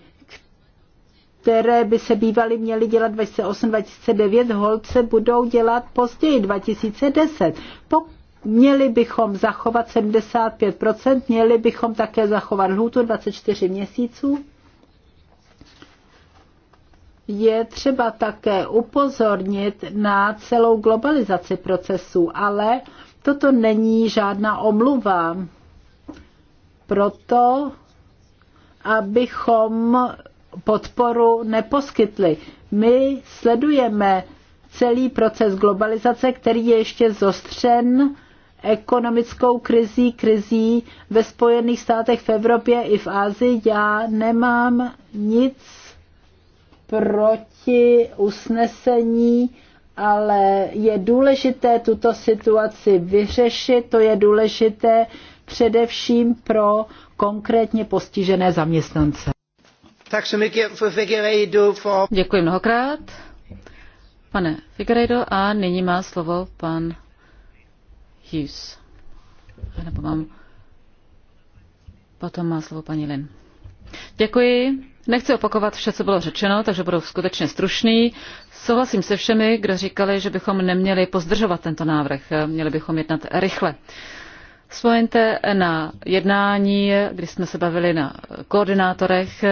které by se bývaly měly dělat 2008-2009, holce budou dělat později 2010. Pokud měli bychom zachovat 75%, měli bychom také zachovat lhůtu 24 měsíců. Je třeba také upozornit na celou globalizaci procesů, ale Toto není žádná omluva. Proto, abychom podporu neposkytli. My sledujeme celý proces globalizace, který je ještě zostřen ekonomickou krizí, krizí ve Spojených státech, v Evropě i v Ázii. Já nemám nic proti usnesení ale je důležité tuto situaci vyřešit, to je důležité především pro konkrétně postižené zaměstnance. Děkuji mnohokrát. Pane Figueiredo a nyní má slovo pan Hughes. Nebo mám... Potom má slovo paní Lin. Děkuji. Nechci opakovat vše, co bylo řečeno, takže budu skutečně stručný. Souhlasím se všemi, kdo říkali, že bychom neměli pozdržovat tento návrh, měli bychom jednat rychle. Vzpomeňte na jednání, kdy jsme se bavili na koordinátorech,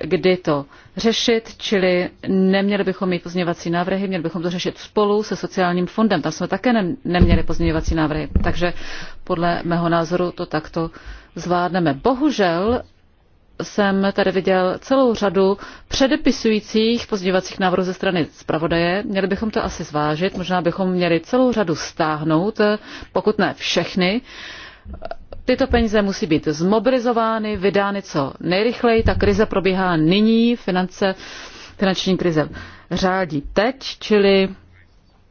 kdy to řešit, čili neměli bychom mít pozměňovací návrhy, měli bychom to řešit spolu se sociálním fondem. Tam jsme také neměli pozměňovací návrhy, takže podle mého názoru to takto zvládneme. Bohužel jsem tady viděl celou řadu předepisujících pozdějovacích návrhů ze strany zpravodaje. Měli bychom to asi zvážit, možná bychom měli celou řadu stáhnout, pokud ne všechny. Tyto peníze musí být zmobilizovány, vydány co nejrychleji. Ta krize probíhá nyní, finance, finanční krize řádí teď, čili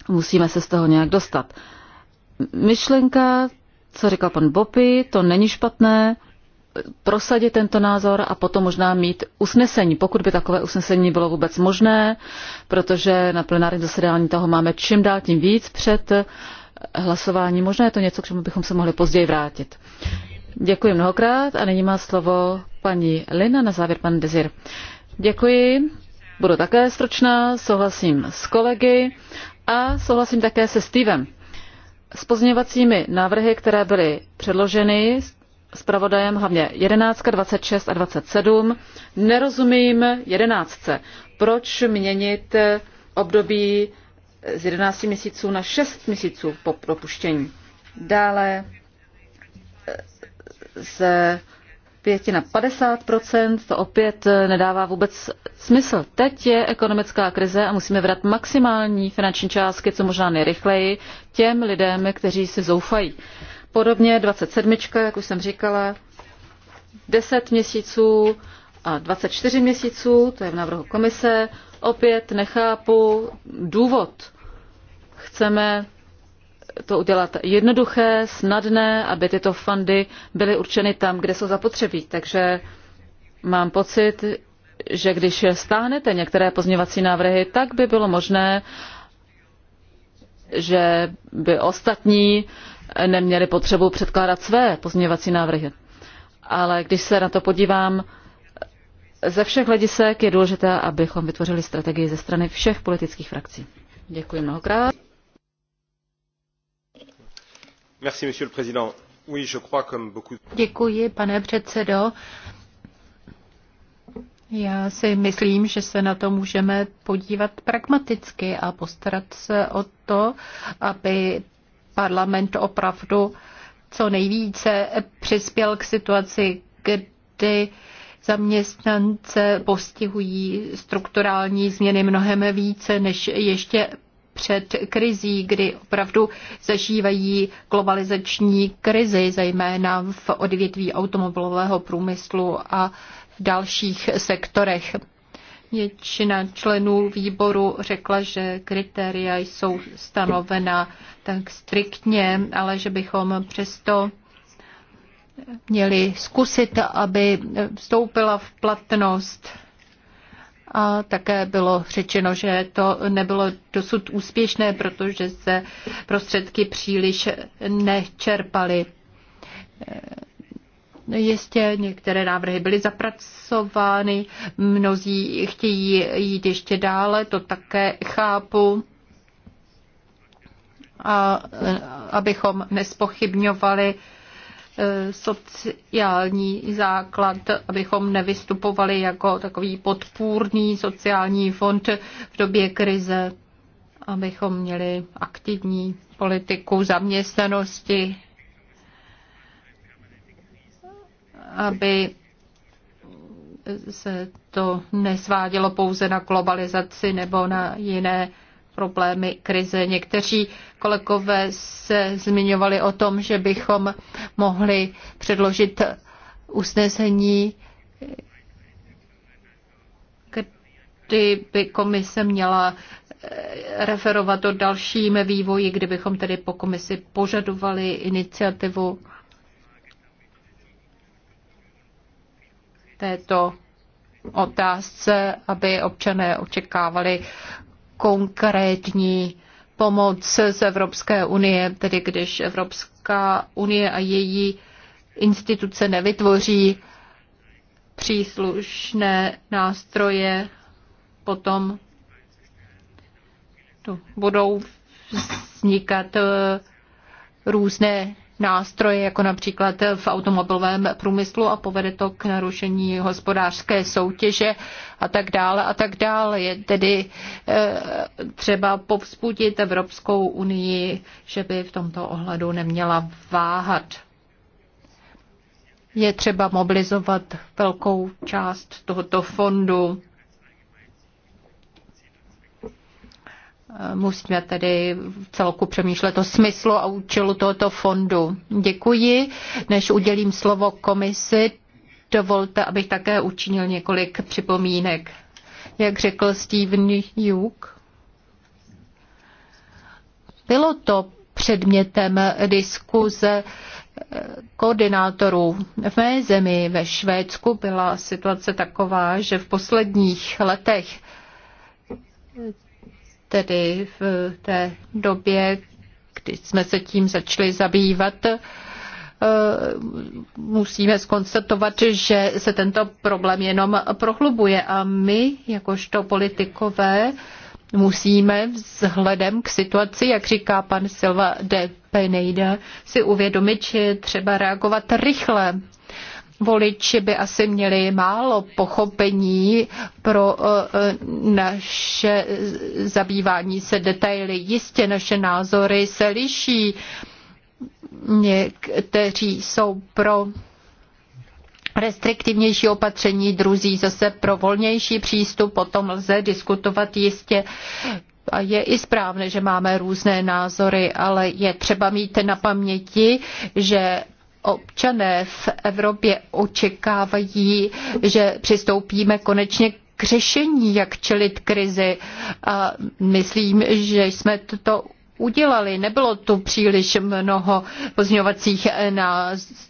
musíme se z toho nějak dostat. Myšlenka, co říkal pan Bopy, to není špatné, prosadit tento názor a potom možná mít usnesení, pokud by takové usnesení bylo vůbec možné, protože na plenárním zasedání toho máme čím dál tím víc před eh, hlasování. Možná je to něco, k čemu bychom se mohli později vrátit. Děkuji mnohokrát a nyní má slovo paní Lina, na závěr pan Dezir. Děkuji, budu také stručná, souhlasím s kolegy a souhlasím také se Stevem. S pozměňovacími návrhy, které byly předloženy, zpravodajem hlavně 11, 26 a 27. Nerozumím 11. Proč měnit období z 11 měsíců na 6 měsíců po propuštění? Dále eh, z 5 na 50 to opět eh, nedává vůbec smysl. Teď je ekonomická krize a musíme vrat maximální finanční částky, co možná nejrychleji, těm lidem, kteří si zoufají. Podobně 27, jak už jsem říkala, 10 měsíců a 24 měsíců, to je v návrhu komise. Opět nechápu důvod. Chceme to udělat jednoduché, snadné, aby tyto fondy byly určeny tam, kde jsou zapotřebí. Takže mám pocit, že když stáhnete některé pozměňovací návrhy, tak by bylo možné uh, že by ostatní neměli potřebu předkládat své pozměňovací návrhy. Ale když se na to podívám, ze všech hledisek je důležité, abychom vytvořili strategii ze strany všech politických frakcí. Děkuji mnohokrát. Merci, Děkuji, pane předsedo. Já si myslím, že se na to můžeme podívat pragmaticky a postarat se o to, aby parlament opravdu co nejvíce přispěl k situaci, kdy zaměstnance postihují strukturální změny mnohem více než ještě před krizí, kdy opravdu zažívají globalizační krizi, zejména v odvětví automobilového průmyslu a v dalších sektorech. Většina členů výboru řekla, že kritéria jsou stanovena tak striktně, ale že bychom přesto měli zkusit, aby vstoupila v platnost. A také bylo řečeno, že to nebylo dosud úspěšné, protože se prostředky příliš nečerpaly. Jistě některé návrhy byly zapracovány, mnozí chtějí jít ještě dále, to také chápu. A abychom nespochybňovali eh, sociální základ, abychom nevystupovali jako takový podpůrný sociální fond v době krize, abychom měli aktivní politiku zaměstnanosti aby se to nesvádělo pouze na globalizaci nebo na jiné problémy krize. Někteří kolegové se zmiňovali o tom, že bychom mohli předložit usnesení, kdy by komise měla eh, referovat o dalším vývoji, kdybychom tedy po komisi požadovali iniciativu této otázce, aby občané očekávali konkrétní pomoc z Evropské unie, tedy když Evropská unie a její instituce nevytvoří příslušné nástroje, potom budou vznikat eh, různé nástroje, jako například v automobilovém průmyslu a povede to k narušení hospodářské soutěže a tak dále a tak dále. Je tedy eh, třeba povzbudit Evropskou unii, že by v tomto ohledu neměla váhat. Je třeba mobilizovat velkou část tohoto fondu Eh, musíme tedy celku přemýšlet o smyslu a účelu tohoto fondu. Děkuji. Než udělím slovo komisi, dovolte, abych také učinil několik připomínek. Jak řekl Steven Hugh, bylo to předmětem diskuze eh, koordinátorů. V mé zemi ve Švédsku byla situace taková, že v posledních letech tedy v té době, kdy jsme se tím začali zabývat, eh, musíme skonstatovat, že se tento problém jenom prohlubuje a my, jakožto politikové, musíme vzhledem k situaci, jak říká pan Silva de Penejda, si uvědomit, že třeba reagovat rychle voliči by asi měli málo pochopení pro eh, naše zabývání se detaily. Jistě naše názory se liší. Někteří jsou pro restriktivnější opatření, druzí zase pro volnější přístup, potom lze diskutovat jistě. A je i správné, že máme různé názory, ale je třeba mít na paměti, že občané v Evropě očekávají, že přistoupíme konečně k řešení, jak čelit krizi. A myslím, že jsme to udělali. Nebylo tu příliš mnoho pozměňovacích eh,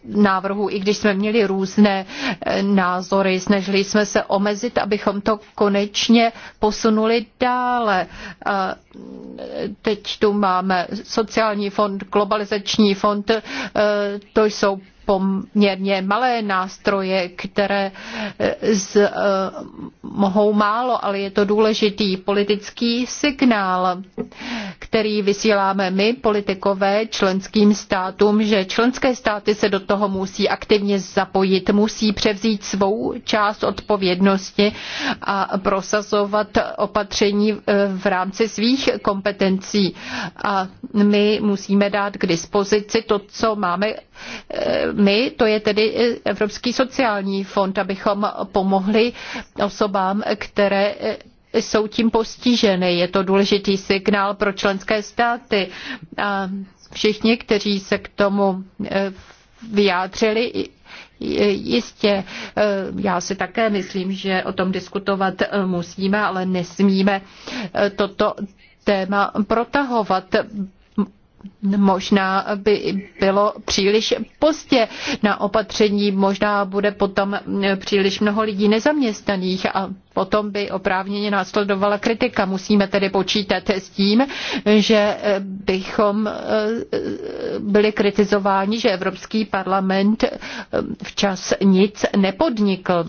návrhů, i když jsme měli různé eh, názory. Snažili jsme se omezit, abychom to konečně posunuli dále. A eh, teď tu máme sociální fond, globalizační fond, to jsou poměrně malé nástroje, které eh, z, eh, mohou málo, ale je to důležitý politický signál, který vysíláme my, politikové, členským státům, že členské státy se do toho musí aktivně zapojit, musí převzít svou část odpovědnosti a prosazovat opatření eh, v rámci svých kompetencí. A my musíme dát k dispozici to, co máme my, to je tedy e, Evropský sociální fond, abychom pomohli osobám, které e, jsou tím postiženy. Je to důležitý signál pro členské státy. A všichni, kteří se k tomu e, vyjádřili, Jistě, já si také myslím, že o tom diskutovat musíme, ale nesmíme toto téma protahovat možná by bylo příliš pozdě na opatření, možná bude potom příliš mnoho lidí nezaměstnaných a potom by oprávněně následovala kritika. Musíme tedy počítat s tím, že bychom eh, byli kritizováni, že Evropský parlament eh, včas nic nepodnikl.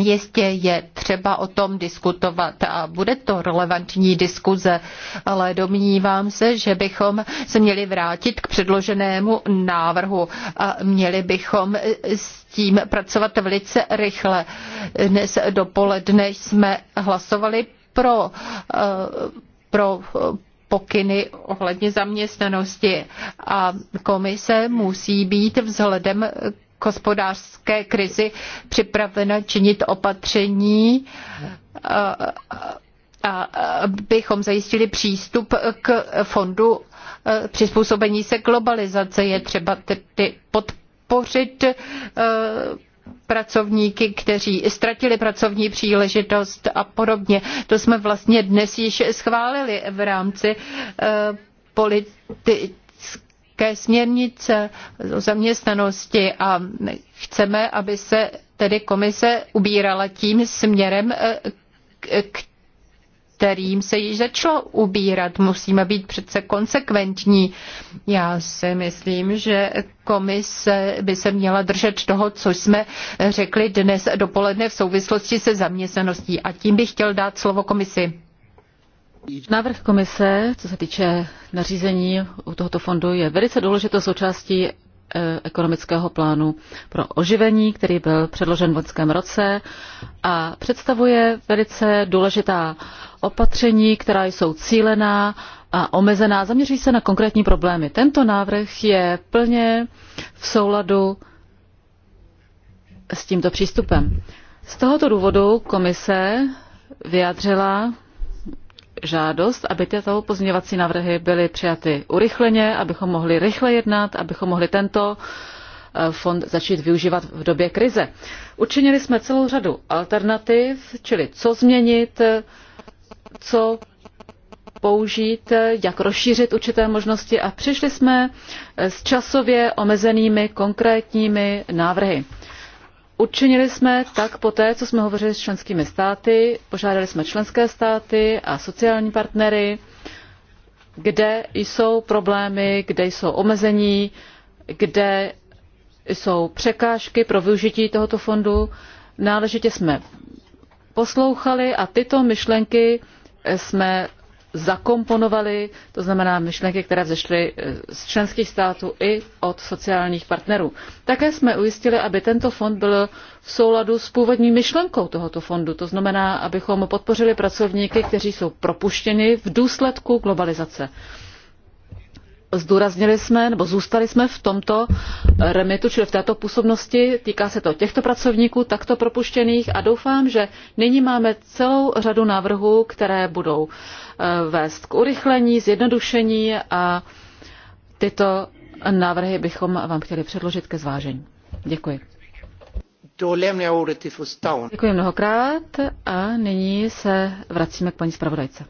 Jistě je třeba o tom diskutovat a bude to relevantní diskuze, ale domnívám se, že bychom se měli vrátit k předloženému návrhu a měli bychom s tím pracovat velice rychle. Dnes dopoledne jsme hlasovali pro, eh, pro pokyny ohledně zaměstnanosti a komise musí být vzhledem hospodářské krizi připravena činit opatření, abychom zajistili přístup k fondu přizpůsobení se globalizace. Je třeba tedy podpořit pracovníky, kteří ztratili pracovní příležitost a podobně. To jsme vlastně dnes již schválili v rámci politiky ke směrnice o zaměstnanosti a chceme, aby se tedy komise ubírala tím směrem, eh, kterým se již začalo ubírat. Musíme být přece konsekventní. Já si myslím, že komise by se měla držet toho, co jsme řekli dnes dopoledne v souvislosti se zaměstnaností. A tím bych chtěl dát slovo komisi. Návrh komise, co se týče nařízení u tohoto fondu, je velice důležitou součástí eh, ekonomického plánu pro oživení, který byl předložen v loňském roce a představuje velice důležitá opatření, která jsou cílená a omezená, zaměří se na konkrétní problémy. Tento návrh je plně v souladu s tímto přístupem. Z tohoto důvodu komise vyjádřila žádost, aby tyto pozměňovací návrhy byly přijaty urychleně, abychom mohli rychle jednat, abychom mohli tento eh, fond začít využívat v době krize. Učinili jsme celou řadu alternativ, čili co změnit, co použít, jak rozšířit určité možnosti a přišli jsme s časově omezenými konkrétními návrhy. Učinili jsme tak poté, co jsme hovořili s členskými státy, požádali jsme členské státy a sociální partnery, kde jsou problémy, kde jsou omezení, kde jsou překážky pro využití tohoto fondu. Náležitě jsme poslouchali a tyto myšlenky jsme zakomponovali, to znamená myšlenky, které vzešly eh, z členských států i od sociálních partnerů. Také jsme ujistili, aby tento fond byl v souladu s původní myšlenkou tohoto fondu, to znamená, abychom podpořili pracovníky, kteří jsou propuštěni v důsledku globalizace zdůraznili jsme nebo zůstali jsme v tomto remitu, čili v této působnosti. Týká se to těchto pracovníků, takto propuštěných a doufám, že nyní máme celou řadu návrhů, které budou eh, vést k urychlení, zjednodušení a tyto návrhy bychom vám chtěli předložit ke zvážení. Děkuji. Děkuji mnohokrát a nyní se vracíme k paní zpravodajce.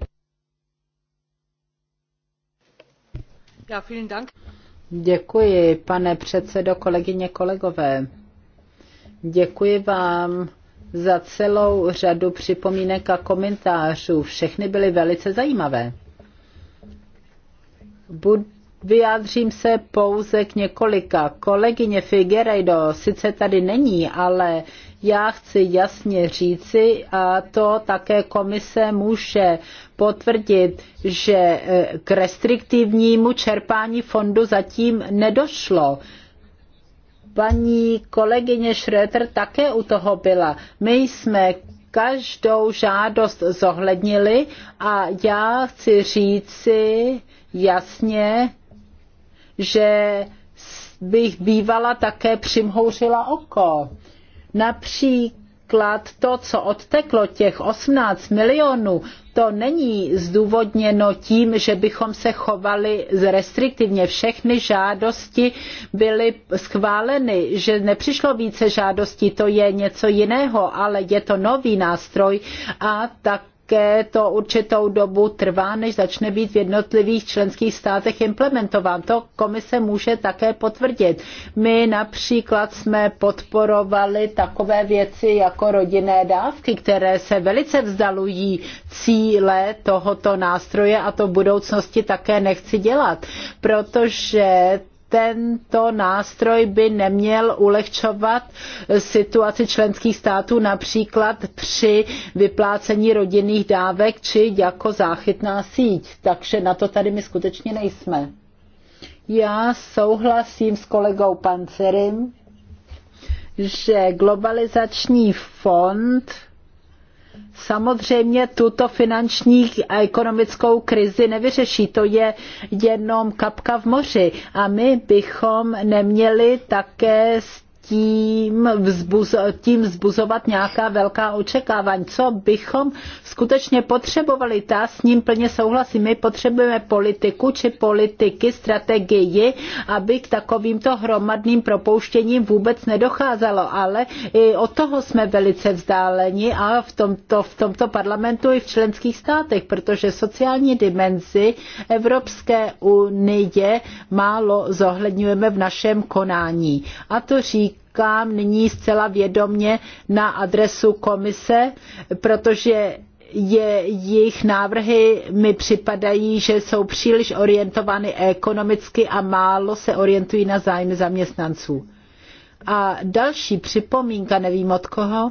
Děkuji, pane předsedo, kolegyně, kolegové. Děkuji vám za celou řadu připomínek a komentářů. Všechny byly velice zajímavé. Bud- vyjádřím se pouze k několika. Kolegyně Figueiredo sice tady není, ale já chci jasně říci, a to také komise může potvrdit, že e, k restriktivnímu čerpání fondu zatím nedošlo paní kolegyně Schröter také u toho byla. My jsme každou žádost zohlednili a já chci říci jasně, že bych bývala také přimhouřila oko. Například to, co odteklo těch 18 milionů, to není zdůvodněno tím, že bychom se chovali restriktivně. Všechny žádosti byly schváleny, že nepřišlo více žádostí, to je něco jiného, ale je to nový nástroj a tak také to určitou dobu trvá, než začne být v jednotlivých členských státech implementován. To komise může také potvrdit. My například jsme podporovali takové věci jako rodinné dávky, které se velice vzdalují cíle tohoto nástroje a to v budoucnosti také nechci dělat, protože tento nástroj by neměl ulehčovat situaci členských států například při vyplácení rodinných dávek či jako záchytná síť. Takže na to tady my skutečně nejsme. Já souhlasím s kolegou Pancerim, že globalizační fond samozřejmě tuto finanční a ekonomickou krizi nevyřeší. To je jenom kapka v moři. A my bychom neměli také tím, vzbuz, tím vzbuzovat nějaká velká očekávání. Co bychom skutečně potřebovali? Ta s ním plně souhlasím. My potřebujeme politiku či politiky, strategii, aby k takovýmto hromadným propouštěním vůbec nedocházelo. Ale i od toho jsme velice vzdáleni a v tomto, v tomto parlamentu i v členských státech, protože sociální dimenzi Evropské unie málo zohledňujeme v našem konání. A to říká říkám nyní zcela vědomně na adresu komise, protože je, jejich návrhy mi připadají, že jsou příliš orientovány ekonomicky a málo se orientují na zájmy zaměstnanců. A další připomínka, nevím od koho,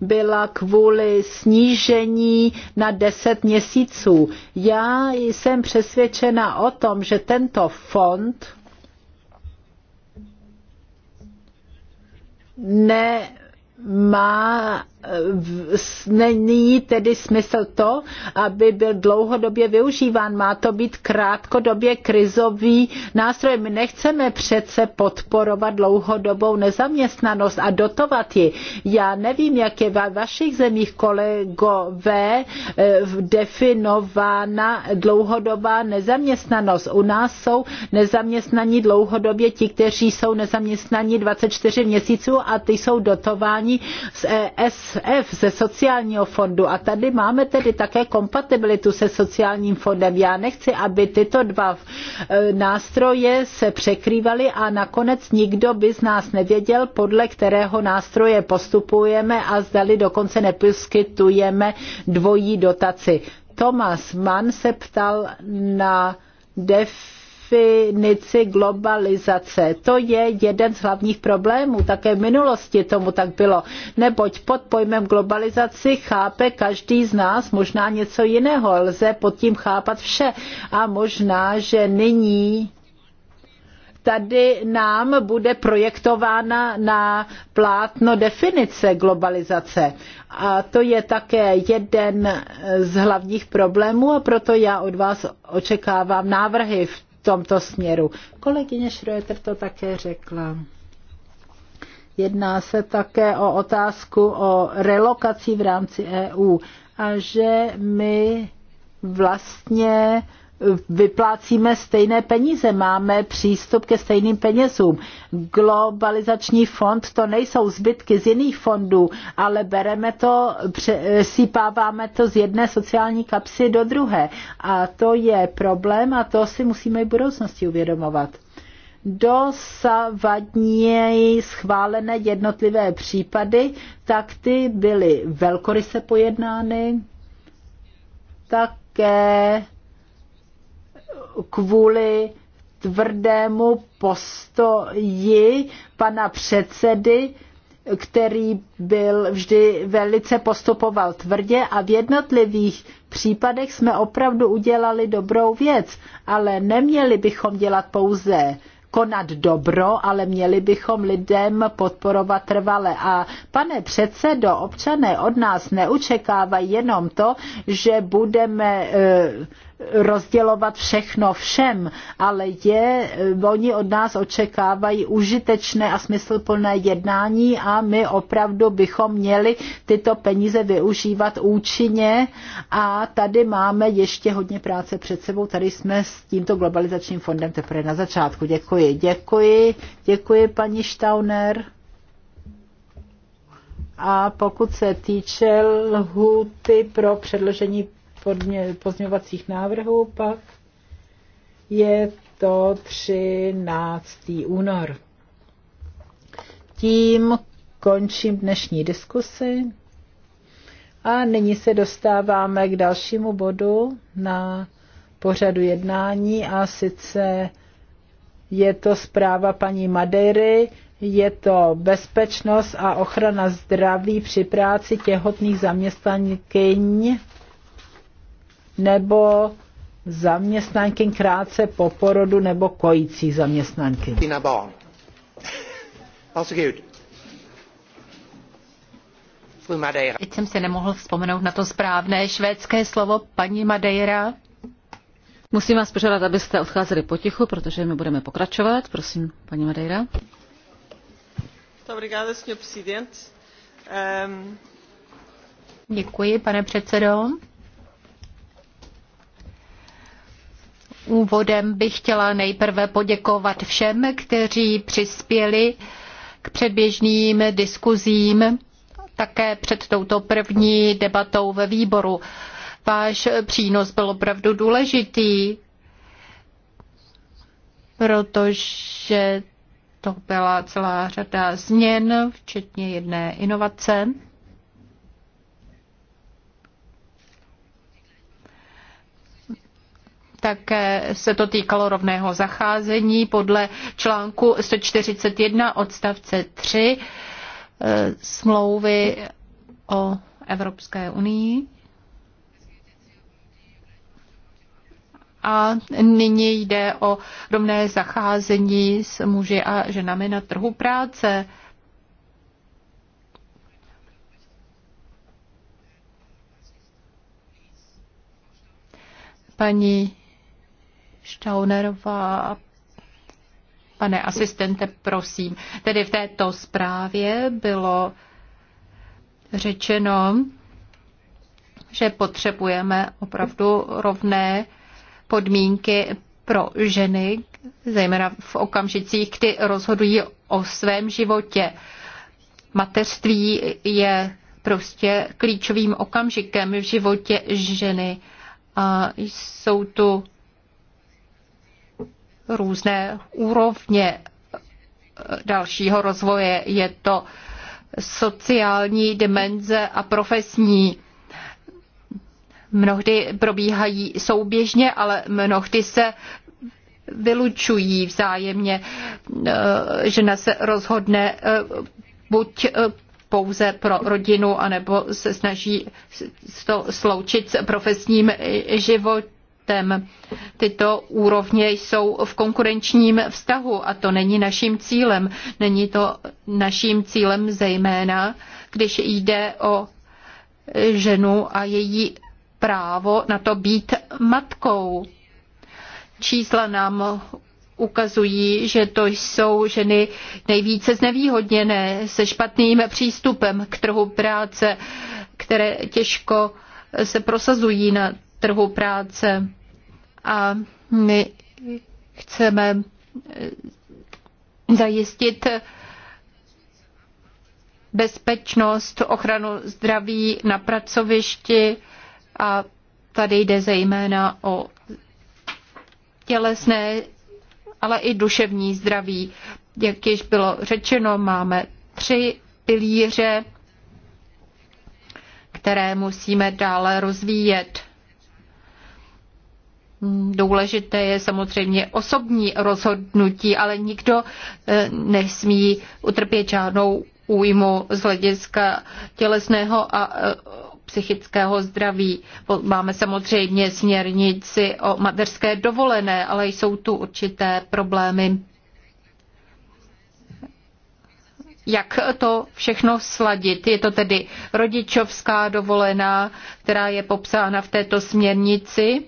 byla kvůli snížení na 10 měsíců. Já jsem přesvědčena o tom, že tento fond nemá není tedy smysl to, aby byl dlouhodobě využíván. Má to být krátkodobě krizový nástroj. My nechceme přece podporovat dlouhodobou nezaměstnanost a dotovat ji. Já nevím, jak je ve vašich zemích kolegové eh, definována dlouhodobá nezaměstnanost. U nás jsou nezaměstnaní dlouhodobě ti, kteří jsou nezaměstnaní 24 měsíců a ty jsou dotováni z ES ESF ze sociálního fondu a tady máme tedy také kompatibilitu se sociálním fondem. Já nechci, aby tyto dva eh, nástroje se překrývaly a nakonec nikdo by z nás nevěděl, podle kterého nástroje postupujeme a zdali dokonce neposkytujeme dvojí dotaci. Thomas Mann se ptal na def definici globalizace. To je jeden z hlavních problémů. Také v minulosti tomu tak bylo. Neboť pod pojmem globalizaci chápe každý z nás možná něco jiného. Lze pod tím chápat vše. A možná, že nyní tady nám bude projektována na plátno definice globalizace. A to je také jeden z hlavních problémů a proto já od vás očekávám návrhy v tomto směru. Kolegyně Schröter to také řekla. Jedná se také o otázku o relokaci v rámci EU a že my vlastně vyplácíme stejné peníze, máme přístup ke stejným penězům. Globalizační fond to nejsou zbytky z jiných fondů, ale bereme to, sípáváme to z jedné sociální kapsy do druhé. A to je problém a to si musíme i v budoucnosti uvědomovat dosavadně schválené jednotlivé případy, tak ty byly velkoryse pojednány, také kvůli tvrdému postoji pana předsedy, který byl vždy velice postupoval tvrdě a v jednotlivých případech jsme opravdu udělali dobrou věc, ale neměli bychom dělat pouze konat dobro, ale měli bychom lidem podporovat trvale. A pane předsedo, občané od nás neučekávají jenom to, že budeme eh, rozdělovat všechno všem, ale je, eh, oni od nás očekávají užitečné a smysluplné jednání a my opravdu bychom měli tyto peníze využívat účinně a tady máme ještě hodně práce před sebou. Tady jsme s tímto globalizačním fondem teprve na začátku. Děkuji, děkuji, děkuji paní Štauner. A pokud se týče lhuty pro předložení podně, pozňovacích návrhů, pak je to 13. únor. Tím končím dnešní diskusi a nyní se dostáváme k dalšímu bodu na pořadu jednání a sice je to zpráva paní Madery, je to bezpečnost a ochrana zdraví při práci těhotných zaměstnankyň nebo zaměstnanky krátce po porodu nebo kojící Madeira. Teď jsem se nemohl vzpomenout na to správné švédské slovo, paní Madeira. Musím vás požádat, abyste odcházeli potichu, protože my budeme pokračovat. Prosím, paní Madeira. Děkuji, pane předsedo. úvodem bych chtěla nejprve poděkovat všem, kteří přispěli k předběžným diskuzím také před touto první debatou ve výboru. Váš přínos byl opravdu důležitý, protože to byla celá řada změn, včetně jedné inovace. Také se to týkalo rovného zacházení podle článku 141 odstavce 3 eh, smlouvy o Evropské unii. A nyní jde o rovné zacházení s muži a ženami na trhu práce. Paní Štaunerová. Pane asistente, prosím. Tedy v této zprávě bylo řečeno, že potřebujeme opravdu rovné podmínky pro ženy, zejména v okamžicích, kdy rozhodují o svém životě. Mateřství je prostě klíčovým okamžikem v životě ženy. A jsou tu různé úrovně dalšího rozvoje. Je to sociální dimenze a profesní. Mnohdy probíhají souběžně, ale mnohdy se vylučují vzájemně. Žena se rozhodne buď pouze pro rodinu, anebo se snaží to sloučit s profesním životem státem. Tyto úrovně jsou v konkurenčním vztahu a to není naším cílem. Není to naším cílem zejména, když jde o ženu a její právo na to být matkou. Čísla nám ukazují, že to jsou ženy nejvíce znevýhodněné se špatným přístupem k trhu práce, které těžko se prosazují na trhu práce a my chceme eh, zajistit eh, bezpečnost, ochranu zdraví na pracovišti a tady jde zejména o tělesné, ale i duševní zdraví. Jak již bylo řečeno, máme tři pilíře, které musíme dále rozvíjet. Mm, důležité je samozřejmě osobní rozhodnutí, ale nikdo eh, nesmí utrpět žádnou újmu z hlediska tělesného a eh, psychického zdraví. Máme samozřejmě směrnici o mateřské dovolené, ale jsou tu určité problémy. Jak to všechno sladit? Je to tedy rodičovská dovolená, která je popsána v této směrnici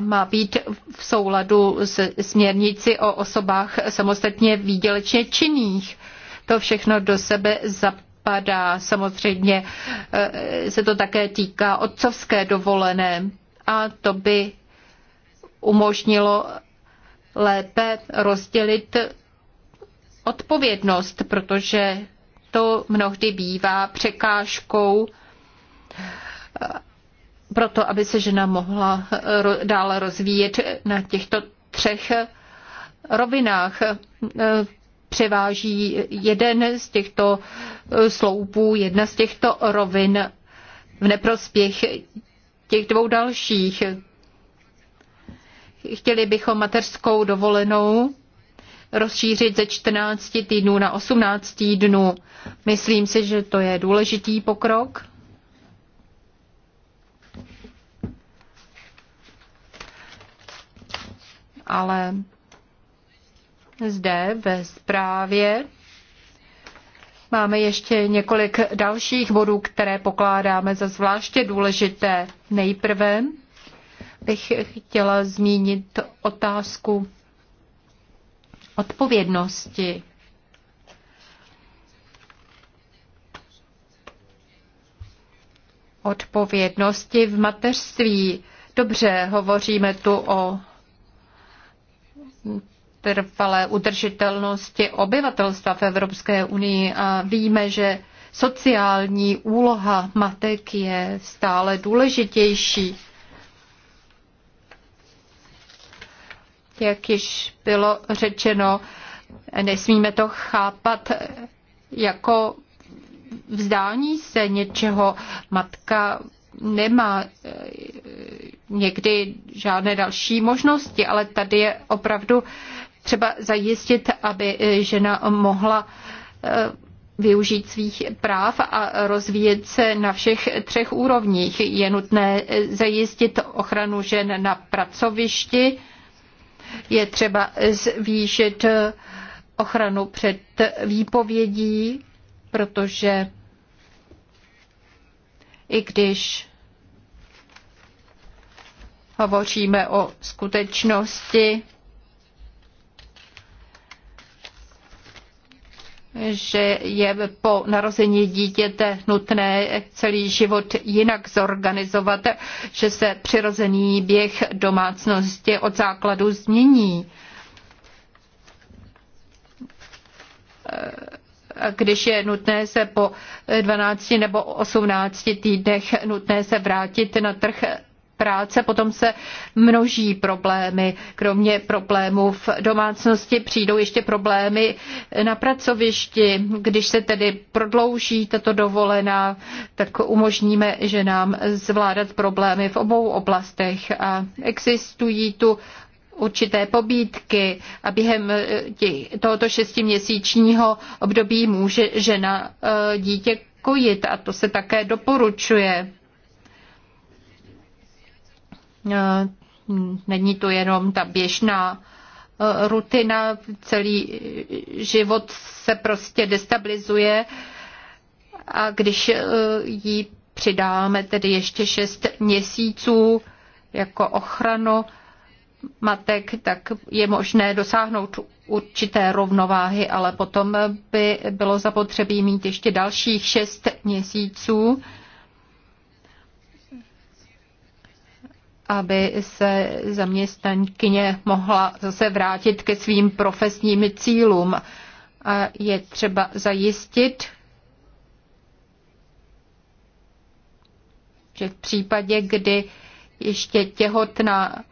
má být v souladu s směrnici o osobách samostatně výdělečně činných. To všechno do sebe zapadá. Samozřejmě eh, se to také týká otcovské dovolené a to by umožnilo lépe rozdělit odpovědnost, protože to mnohdy bývá překážkou proto, aby se žena mohla eh, dále rozvíjet na těchto třech eh, rovinách. Eh, převáží jeden z těchto sloupů, jedna z těchto rovin v neprospěch těch dvou dalších. Chtěli bychom mateřskou dovolenou rozšířit ze 14 týdnů na 18 týdnů. Myslím si, že to je důležitý pokrok ale zde ve zprávě Máme ještě několik dalších bodů, které pokládáme za zvláště důležité. Nejprve bych chtěla zmínit otázku odpovědnosti. Odpovědnosti v mateřství. Dobře, hovoříme tu o trvalé udržitelnosti obyvatelstva v Evropské unii a víme, že sociální úloha matek je stále důležitější. Jak již bylo řečeno, nesmíme to chápat jako vzdání se něčeho. Matka nemá eh, někdy žádné další možnosti, ale tady je opravdu třeba zajistit, aby eh, žena mohla eh, využít svých práv a rozvíjet se na všech třech úrovních. Je nutné zajistit ochranu žen na pracovišti, je třeba zvýšit ochranu před výpovědí, protože i když hovoříme o skutečnosti, že je po narození dítěte nutné celý život jinak zorganizovat, že se přirozený běh domácnosti od základu změní když je nutné se po 12 nebo 18 týdnech nutné se vrátit na trh práce, potom se množí problémy. Kromě problémů v domácnosti přijdou ještě problémy na pracovišti. Když se tedy prodlouží tato dovolená, tak umožníme ženám zvládat problémy v obou oblastech. A existují tu určité pobídky a během eh, tohoto šestiměsíčního období může žena eh, dítě kojit a to se také doporučuje. Eh, není to jenom ta běžná rutina, celý život se prostě destabilizuje a když jí přidáme tedy ještě šest měsíců jako ochranu, matek, tak je možné dosáhnout určité rovnováhy, ale potom by bylo zapotřebí mít ještě dalších šest měsíců, aby se zaměstnankyně mohla zase vrátit ke svým profesním cílům. A je třeba zajistit, že v případě, kdy ještě těhotná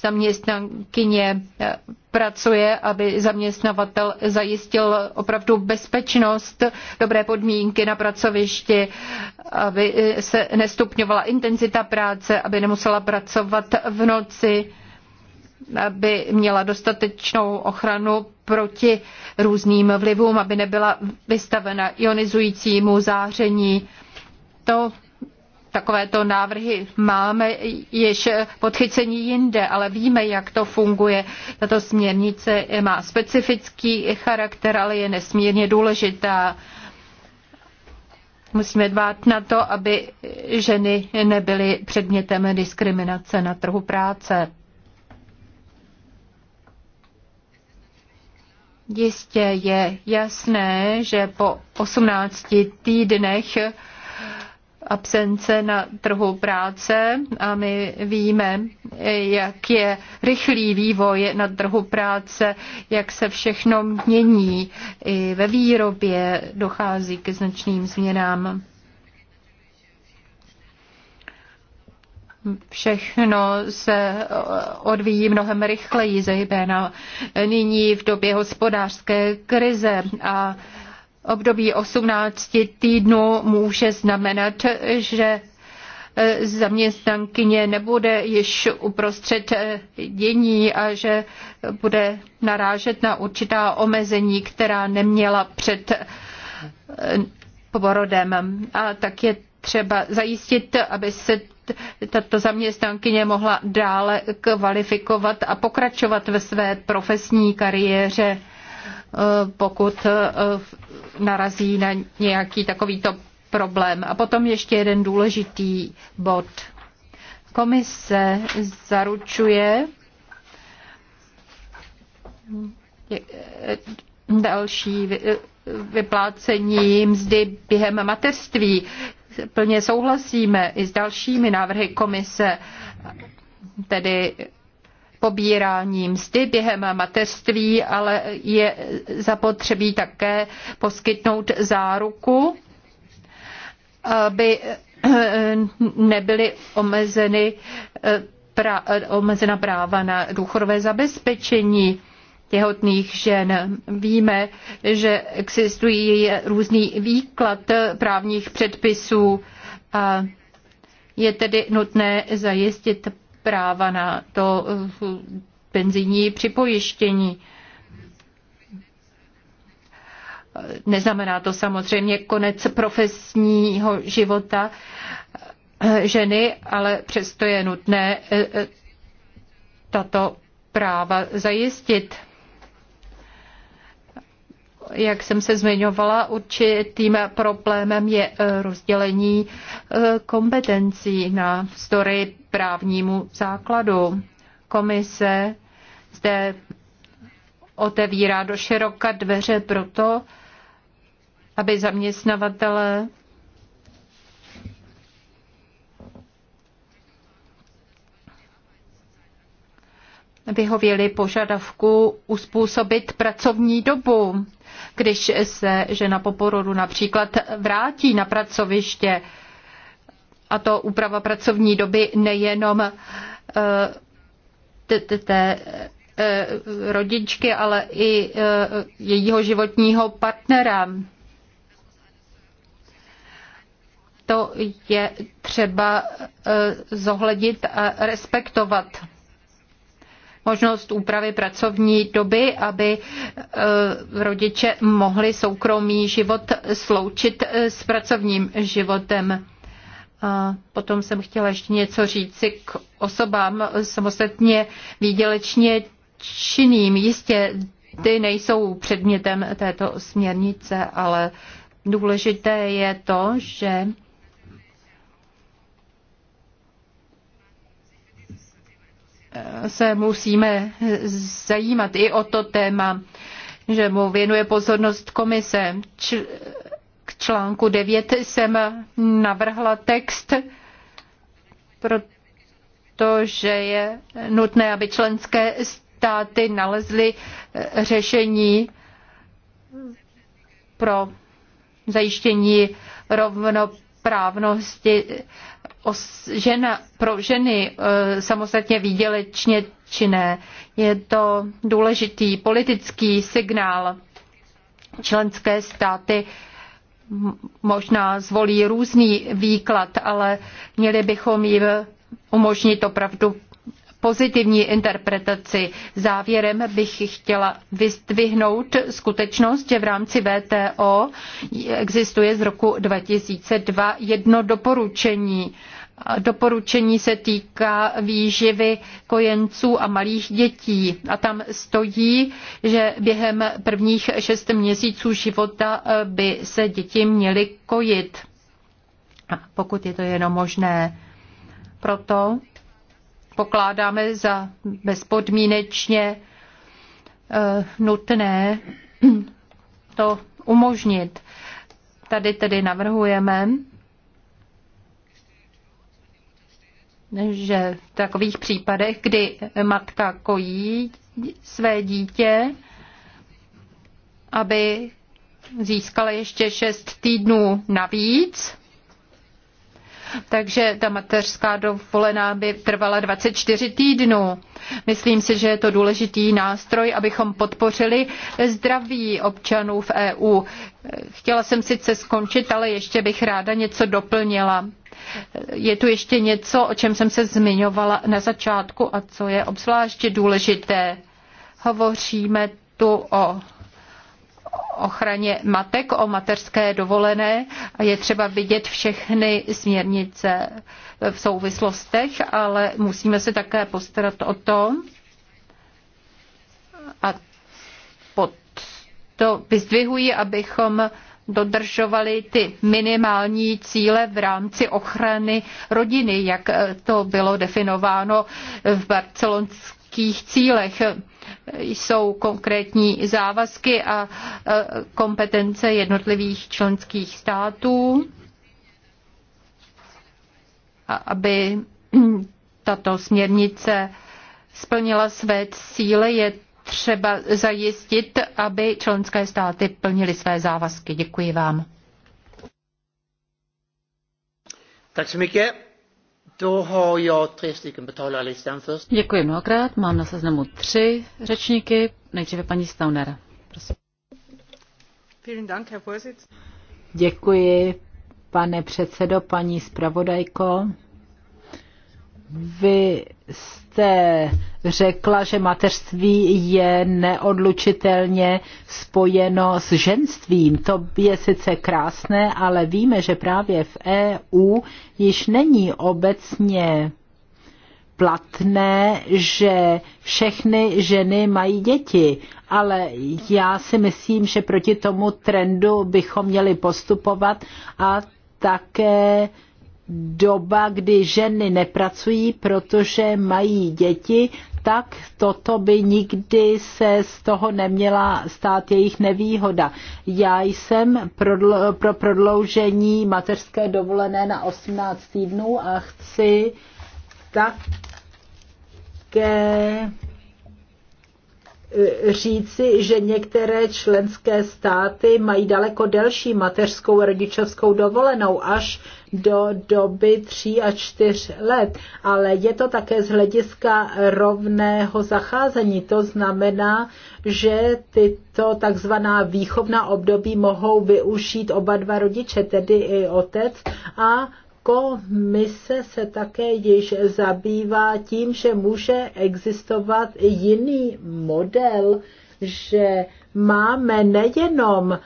zaměstnankyně eh, pracuje, aby zaměstnavatel zajistil opravdu bezpečnost, dobré podmínky na pracovišti, aby eh, se nestupňovala intenzita práce, aby nemusela pracovat v noci, aby měla dostatečnou ochranu proti různým vlivům, aby nebyla vystavena ionizujícímu záření. To Takovéto návrhy máme již podchycení jinde, ale víme, jak to funguje. Tato směrnice má specifický charakter, ale je nesmírně důležitá. Musíme dbát na to, aby ženy nebyly předmětem diskriminace na trhu práce. Jistě je jasné, že po 18 týdnech absence na trhu práce a my víme, jak je rychlý vývoj na trhu práce, jak se všechno mění. I ve výrobě dochází ke značným změnám. všechno se odvíjí mnohem rychleji, zejména nyní v době hospodářské krize a Období 18 týdnů může znamenat, že e, zaměstnankyně nebude již uprostřed e, dění a že bude narážet na určitá omezení, která neměla před e, porodem. A tak je třeba zajistit, aby se tato zaměstnankyně mohla dále kvalifikovat a pokračovat ve své profesní kariéře. Eh, pokud eh, narazí na nějaký takovýto problém. A potom ještě jeden důležitý bod. Komise zaručuje eh, další vyplácení mzdy během mateřství. Plně souhlasíme i s dalšími návrhy komise, tedy pobírání mzdy během mateřství, ale je zapotřebí také poskytnout záruku, aby eh, nebyly omezeny eh, pra, eh, omezena práva na důchodové zabezpečení těhotných žen. Víme, že existují různý výklad právních předpisů a je tedy nutné zajistit práva na to eh, penzijní připojištění. Neznamená to samozřejmě konec profesního života eh, ženy, ale přesto je nutné eh, tato práva zajistit jak jsem se zmiňovala, určitým problémem je rozdělení kompetencí na story právnímu základu. Komise zde otevírá do široka dveře proto, aby zaměstnavatele vyhověli požadavku uspůsobit pracovní dobu. Když se žena po porodu například vrátí na pracoviště, a to úprava pracovní doby nejenom eh, té eh, rodičky, ale i eh, jejího životního partnera. To je třeba zohlednit a respektovat možnost úpravy pracovní doby, aby rodiče mohli soukromý život sloučit s pracovním životem. A potom jsem chtěla ještě něco říci k osobám samostatně výdělečně činným. Jistě ty nejsou předmětem této směrnice, ale důležité je to, že se musíme zajímat i o to téma, že mu věnuje pozornost komise. Čl- článku 9 jsem navrhla text, protože je nutné, aby členské státy nalezly eh, řešení pro zajištění rovnoprávnosti eh, žena, pro ženy eh, samostatně výdělečně činné. Je to důležitý politický signál. Členské státy možná zvolí různý výklad, ale měli bychom jim umožnit opravdu pozitivní interpretaci. Závěrem bych chtěla vyzdvihnout skutečnost, že v rámci VTO existuje z roku 2002 jedno doporučení Doporučení se týká výživy kojenců a malých dětí a tam stojí, že během prvních šest měsíců života eh, by se děti měly kojit, pokud je to jenom možné. Proto pokládáme za bezpodmínečně eh, nutné [clears throat] to umožnit. Tady tedy navrhujeme, že v takových případech, kdy matka kojí své dítě, aby získala ještě šest týdnů navíc, takže ta mateřská dovolená by trvala 24 týdnů. Myslím si, že je to důležitý nástroj, abychom podpořili zdraví občanů v EU. Chtěla jsem sice skončit, ale ještě bych ráda něco doplnila. Je tu ještě něco, o čem jsem se zmiňovala na začátku a co je obzvláště důležité. Hovoříme tu o ochraně matek, o mateřské dovolené. Je třeba vidět všechny směrnice v souvislostech, ale musíme se také postarat o to, a pod to vyzdvihuji, abychom dodržovali ty minimální cíle v rámci ochrany rodiny, jak to bylo definováno v barcelonských cílech jsou konkrétní závazky a e, kompetence jednotlivých členských států, aby tato směrnice splnila své cíle, je třeba zajistit, aby členské státy plnily své závazky. Děkuji vám. Tak se Děkuji mnohokrát. Mám na seznamu tři řečníky. Nejdříve paní Stauner. Prosím. Děkuji, pane předsedo, paní zpravodajko. Vy jste řekla, že mateřství je neodlučitelně spojeno s ženstvím. To je sice krásné, ale víme, že právě v EU již není obecně platné, že všechny ženy mají děti, ale já si myslím, že proti tomu trendu bychom měli postupovat a také doba, kdy ženy nepracují, protože mají děti, tak toto by nikdy se z toho neměla stát jejich nevýhoda. Já jsem pro prodloužení mateřské dovolené na 18 týdnů a chci také Eh, říci, že některé členské státy mají daleko delší mateřskou rodičovskou dovolenou až do doby tří a čtyř let, ale je to také z hlediska rovného zacházení. To znamená, že tyto takzvaná výchovná období mohou využít oba dva rodiče, tedy i otec a Komise se také již zabývá tím, že může existovat jiný model, že máme nejenom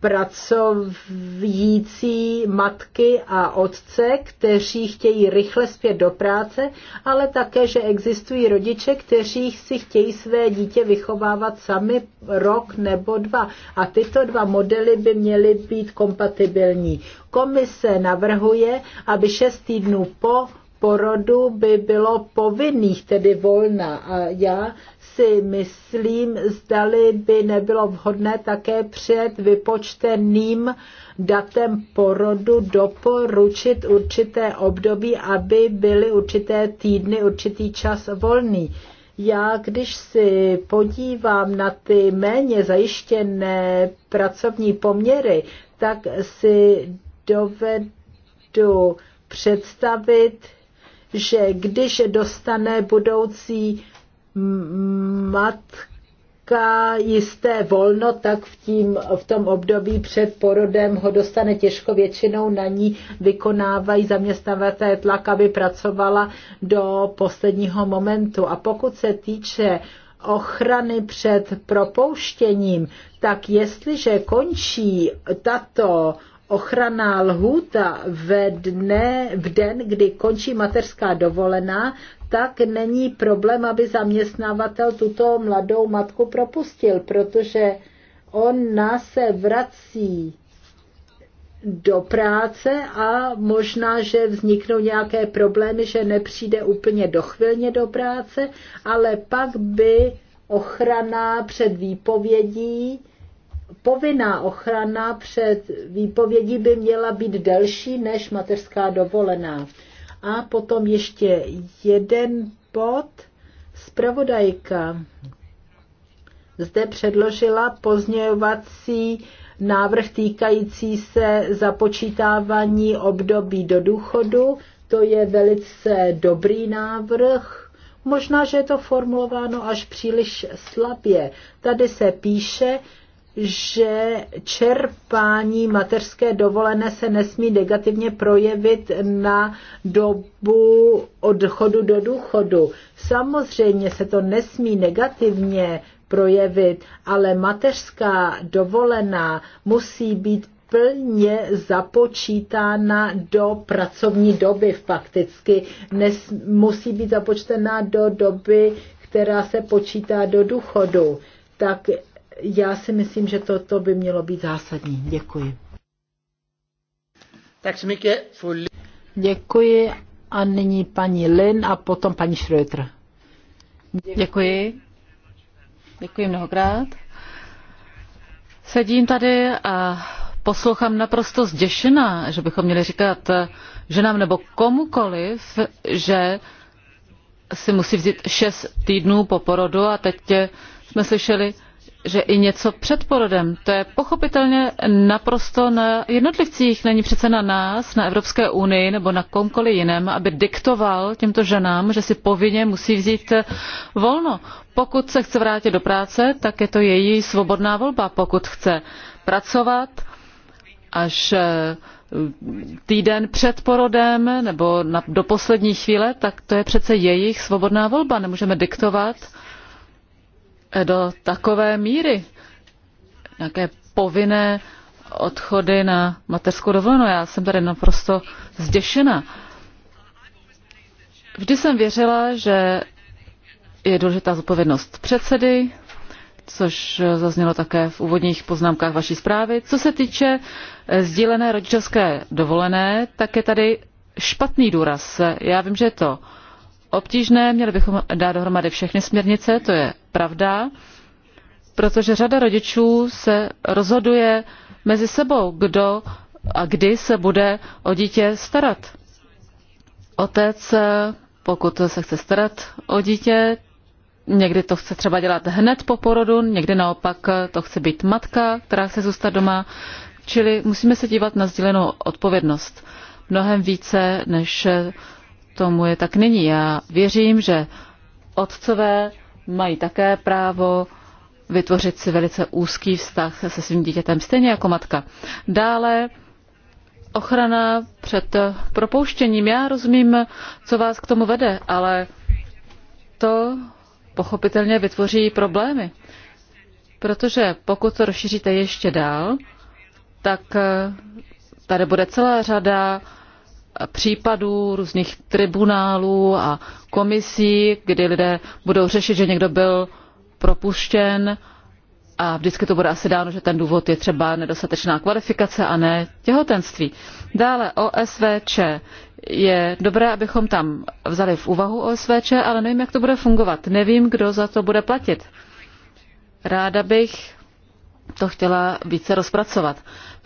pracovící matky a otce, kteří chtějí rychle zpět do práce, ale také, že existují rodiče, kteří si chtějí své dítě vychovávat sami rok nebo dva. A tyto dva modely by měly být kompatibilní. Komise navrhuje, aby šest týdnů po porodu by bylo povinných, tedy volná. A já si myslím, zdali by nebylo vhodné také před vypočteným datem porodu doporučit určité období, aby byly určité týdny, určitý čas volný. Já, když si podívám na ty méně zajištěné pracovní poměry, tak si dovedu představit, že když dostane budoucí matka jisté volno, tak v, tím, v tom období před porodem ho dostane těžko. Většinou na ní vykonávají zaměstnavaté tlak, aby pracovala do posledního momentu. A pokud se týče ochrany před propouštěním, tak jestliže končí tato ochranná lhůta ve dne, v den, kdy končí mateřská dovolená, tak není problém, aby zaměstnavatel tuto mladou matku propustil, protože ona se vrací do práce a možná, že vzniknou nějaké problémy, že nepřijde úplně dochvilně do práce, ale pak by ochrana před výpovědí povinná ochrana před výpovědí by měla být delší než mateřská dovolená. A potom ještě jeden bod. Spravodajka zde předložila pozměňovací návrh týkající se započítávání období do důchodu. To je velice dobrý návrh. Možná, že je to formulováno až příliš slabě. Tady se píše, že čerpání mateřské dovolené se nesmí negativně projevit na dobu odchodu do důchodu. Samozřejmě se to nesmí negativně projevit, ale mateřská dovolená musí být plně započítána do pracovní doby fakticky. Nes, musí být započtená do doby, která se počítá do důchodu. Tak já si myslím, že toto by mělo být zásadní. Děkuji. Tak Děkuji a nyní paní Lin a potom paní Schröter. Děkuji. Děkuji mnohokrát. Sedím tady a poslouchám naprosto zděšená, že bychom měli říkat ženám nebo komukoliv, že si musí vzít šest týdnů po porodu a teď jsme slyšeli že i něco před porodem. To je pochopitelně naprosto na jednotlivcích. Není přece na nás, na Evropské unii nebo na komkoliv jiném, aby diktoval těmto ženám, že si povinně musí vzít volno. Pokud se chce vrátit do práce, tak je to její svobodná volba. Pokud chce pracovat až eh, týden před porodem nebo na, do poslední chvíle, tak to je přece jejich svobodná volba. Nemůžeme diktovat do takové míry. Nějaké povinné odchody na mateřskou dovolenou. Já jsem tady naprosto zděšena. Vždy jsem věřila, že je důležitá zodpovědnost předsedy, což zaznělo také v úvodních poznámkách vaší zprávy. Co se týče eh, sdílené rodičovské dovolené, tak je tady špatný důraz. Já vím, že je to obtížné, měli bychom dát dohromady všechny směrnice, to je pravda, protože řada rodičů se rozhoduje mezi sebou, kdo a kdy se bude o dítě starat. Otec, pokud se chce starat o dítě, někdy to chce třeba dělat hned po porodu, někdy naopak to chce být matka, která chce zůstat doma. Čili musíme se dívat na sdílenou odpovědnost mnohem více, než tomu je tak nyní. Já věřím, že otcové mají také právo vytvořit si velice úzký vztah se svým dítětem, stejně jako matka. Dále ochrana před propouštěním. Já rozumím, co vás k tomu vede, ale to pochopitelně vytvoří problémy. Protože pokud to rozšíříte ještě dál, tak tady bude celá řada případů, různých tribunálů a komisí, kdy lidé budou řešit, že někdo byl propuštěn a vždycky to bude asi dáno, že ten důvod je třeba nedostatečná kvalifikace a ne těhotenství. Dále OSVČ. Je dobré, abychom tam vzali v úvahu OSVČ, ale nevím, jak to bude fungovat. Nevím, kdo za to bude platit. Ráda bych to chtěla více rozpracovat.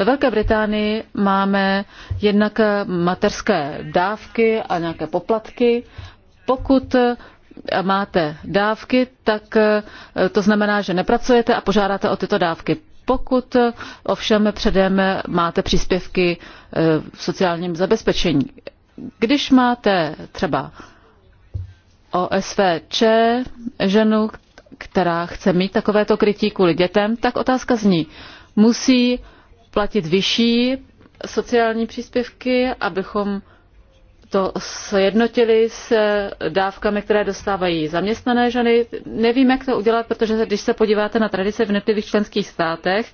Ve Velké Británii máme jednak materské dávky a nějaké poplatky. Pokud máte dávky, tak eh, to znamená, že nepracujete a požádáte o tyto dávky. Pokud eh, ovšem předem máte příspěvky eh, v sociálním zabezpečení. Když máte třeba OSVČ, ženu, která chce mít takovéto krytí kvůli dětem, tak otázka zní, musí platit vyšší sociální příspěvky, abychom to sjednotili s dávkami, které dostávají zaměstnané ženy. Nevím, jak to udělat, protože když se podíváte na tradice v jednotlivých členských státech,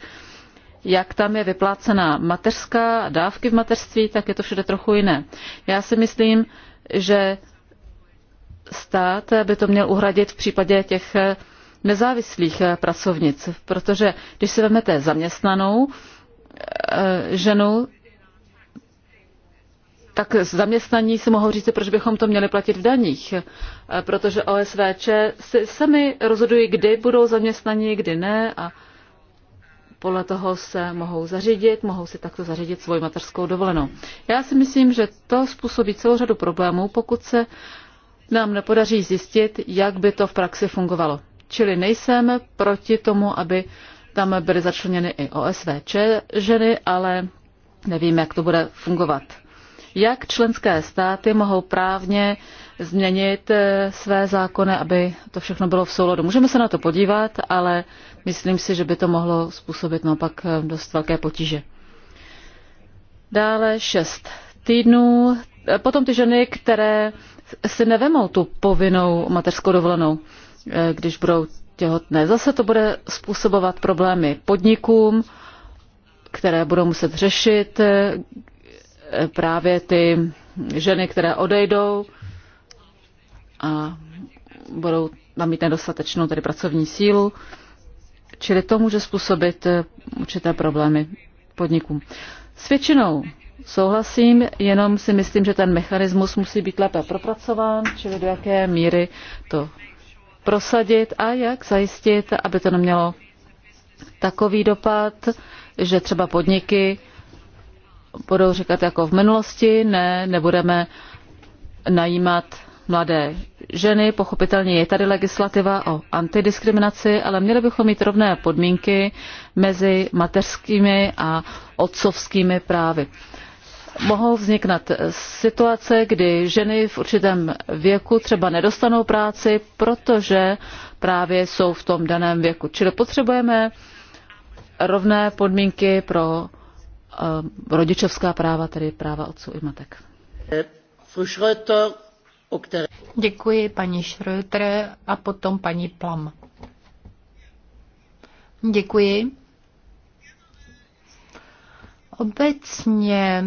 jak tam je vyplácena mateřská dávky v mateřství, tak je to všude trochu jiné. Já si myslím, že stát by to měl uhradit v případě těch nezávislých pracovnic, protože když si vezmete zaměstnanou, Eh, ženu, tak zaměstnaní si mohou říct, proč bychom to měli platit v daních, eh, protože OSVČ si sami rozhodují, kdy budou zaměstnaní, kdy ne a podle toho se mohou zařídit, mohou si takto zařídit svoji mateřskou dovolenou. Já si myslím, že to způsobí celou řadu problémů, pokud se nám nepodaří zjistit, jak by to v praxi fungovalo. Čili nejsem proti tomu, aby tam byly začleněny i OSVČ ženy, ale nevím, jak to bude fungovat. Jak členské státy mohou právně změnit eh, své zákony, aby to všechno bylo v souladu? Můžeme se na to podívat, ale myslím si, že by to mohlo způsobit naopak eh, dost velké potíže. Dále šest týdnů. Eh, potom ty ženy, které si nevemou tu povinnou mateřskou dovolenou, když budou těhotné. Zase to bude způsobovat problémy podnikům, které budou muset řešit eh, právě ty ženy, které odejdou a budou tam mít nedostatečnou tedy pracovní sílu. Čili to může způsobit eh, určité problémy podnikům. S většinou souhlasím, jenom si myslím, že ten mechanismus musí být lépe propracován, čili do jaké míry to prosadit a jak zajistit, aby to nemělo takový dopad, že třeba podniky budou říkat jako v minulosti, ne, nebudeme najímat mladé ženy. Pochopitelně je tady legislativa o antidiskriminaci, ale měli bychom mít rovné podmínky mezi mateřskými a otcovskými právy mohou vzniknout situace, kdy ženy v určitém věku třeba nedostanou práci, protože právě jsou v tom daném věku. Čili potřebujeme rovné podmínky pro eh, rodičovská práva, tedy práva otců i matek. Děkuji paní Schröter a potom paní Plam. Děkuji. Obecně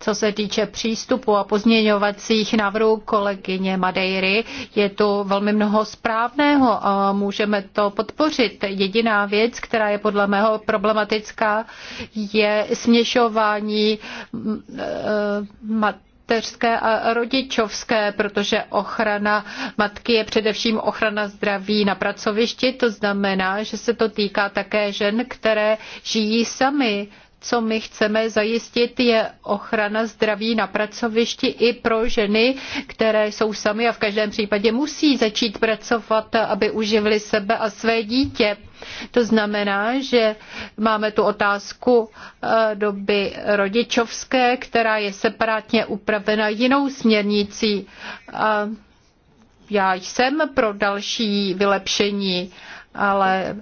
co se týče přístupu a pozměňovacích návrhů kolegyně Madejry, je tu velmi mnoho správného a můžeme to podpořit. Jediná věc, která je podle mého problematická, je směšování mm, eh, mateřské a rodičovské, protože ochrana matky je především ochrana zdraví na pracovišti. To znamená, že se to týká také žen, které žijí sami co my chceme zajistit, je ochrana zdraví na pracovišti i pro ženy, které jsou samy a v každém případě musí začít pracovat, aby uživili sebe a své dítě. To znamená, že máme tu otázku eh, doby rodičovské, která je separátně upravena jinou směrnicí. Eh, já jsem pro další vylepšení, ale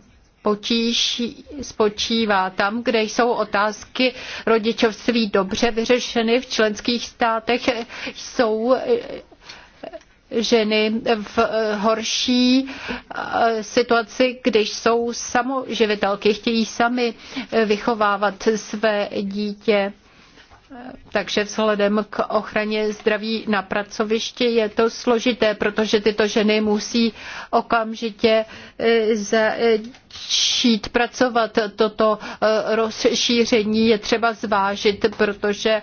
potíž spočívá tam, kde jsou otázky rodičovství dobře vyřešeny v členských státech, jsou ženy v horší eh, situaci, když jsou samoživitelky, chtějí sami vychovávat své dítě takže vzhledem k ochraně zdraví na pracovišti je to složité, protože tyto ženy musí okamžitě e, začít pracovat. Toto e, rozšíření je třeba zvážit, protože e,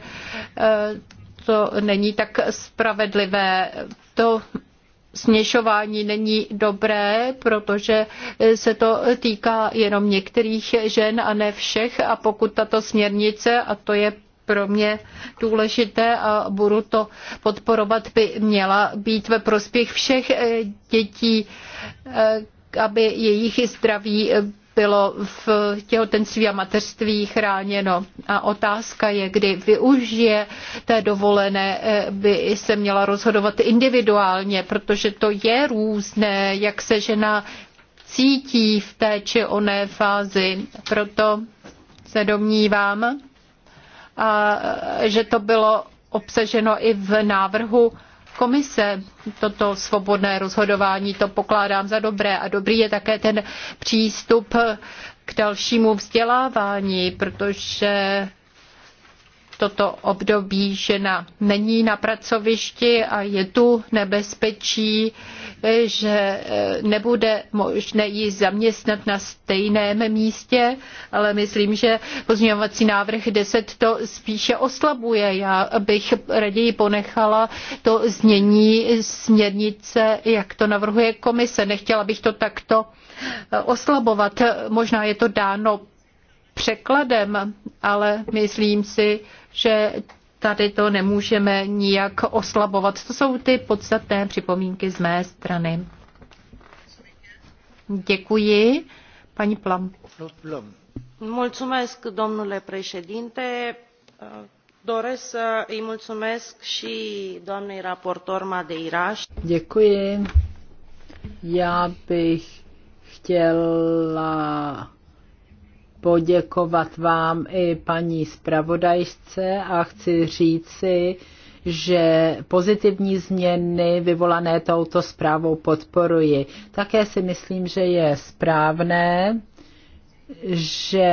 to není tak spravedlivé. To směšování není dobré, protože se to týká jenom některých žen a ne všech a pokud tato směrnice, a to je pro mě důležité a budu to podporovat, by měla být ve prospěch všech eh, dětí, eh, aby jejich zdraví eh, bylo v těhotenství a mateřství chráněno. A otázka je, kdy využije té dovolené, by se měla rozhodovat individuálně, protože to je různé, jak se žena cítí v té či oné fázi. Proto se domnívám, a že to bylo obsaženo i v návrhu komise. Toto svobodné rozhodování to pokládám za dobré a dobrý je také ten přístup k dalšímu vzdělávání, protože toto období žena není na pracovišti a je tu nebezpečí, že eh, nebude možné ji zaměstnat na stejném místě, ale myslím, že pozměňovací návrh 10 to spíše oslabuje. Já bych raději ponechala to znění směrnice, jak to navrhuje komise. Nechtěla bych to takto eh, oslabovat. Možná je to dáno překladem, ale myslím si, že tady to nemůžeme nijak oslabovat. To jsou ty podstatné připomínky z mé strany. Děkuji. Paní Plam. Mulțumesc, domnule președinte. Doresc să îi mulțumesc și doamnei raportor Madeiraș. Děkuji. Já bych chtěla poděkovat vám i paní zpravodajce a chci říci, že pozitivní změny vyvolané touto zprávou podporuji. Také si myslím, že je správné, že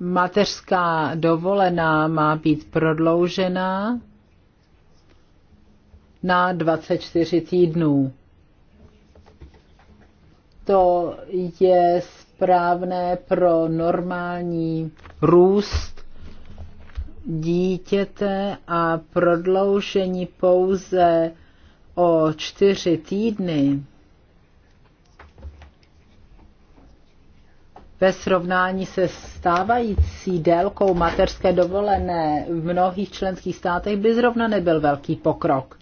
mateřská dovolená má být prodloužena na 24 týdnů. To je správné pro normální růst dítěte a prodloužení pouze o čtyři týdny ve srovnání se stávající délkou mateřské dovolené v mnohých členských státech by zrovna nebyl velký pokrok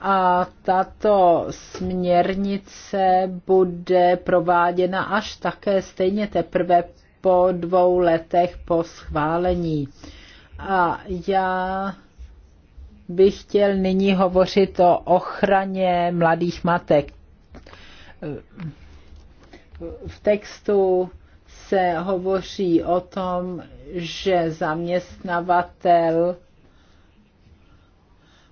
a tato směrnice bude prováděna až také stejně teprve po dvou letech po schválení. A já bych chtěl nyní hovořit o ochraně mladých matek. V textu se hovoří o tom, že zaměstnavatel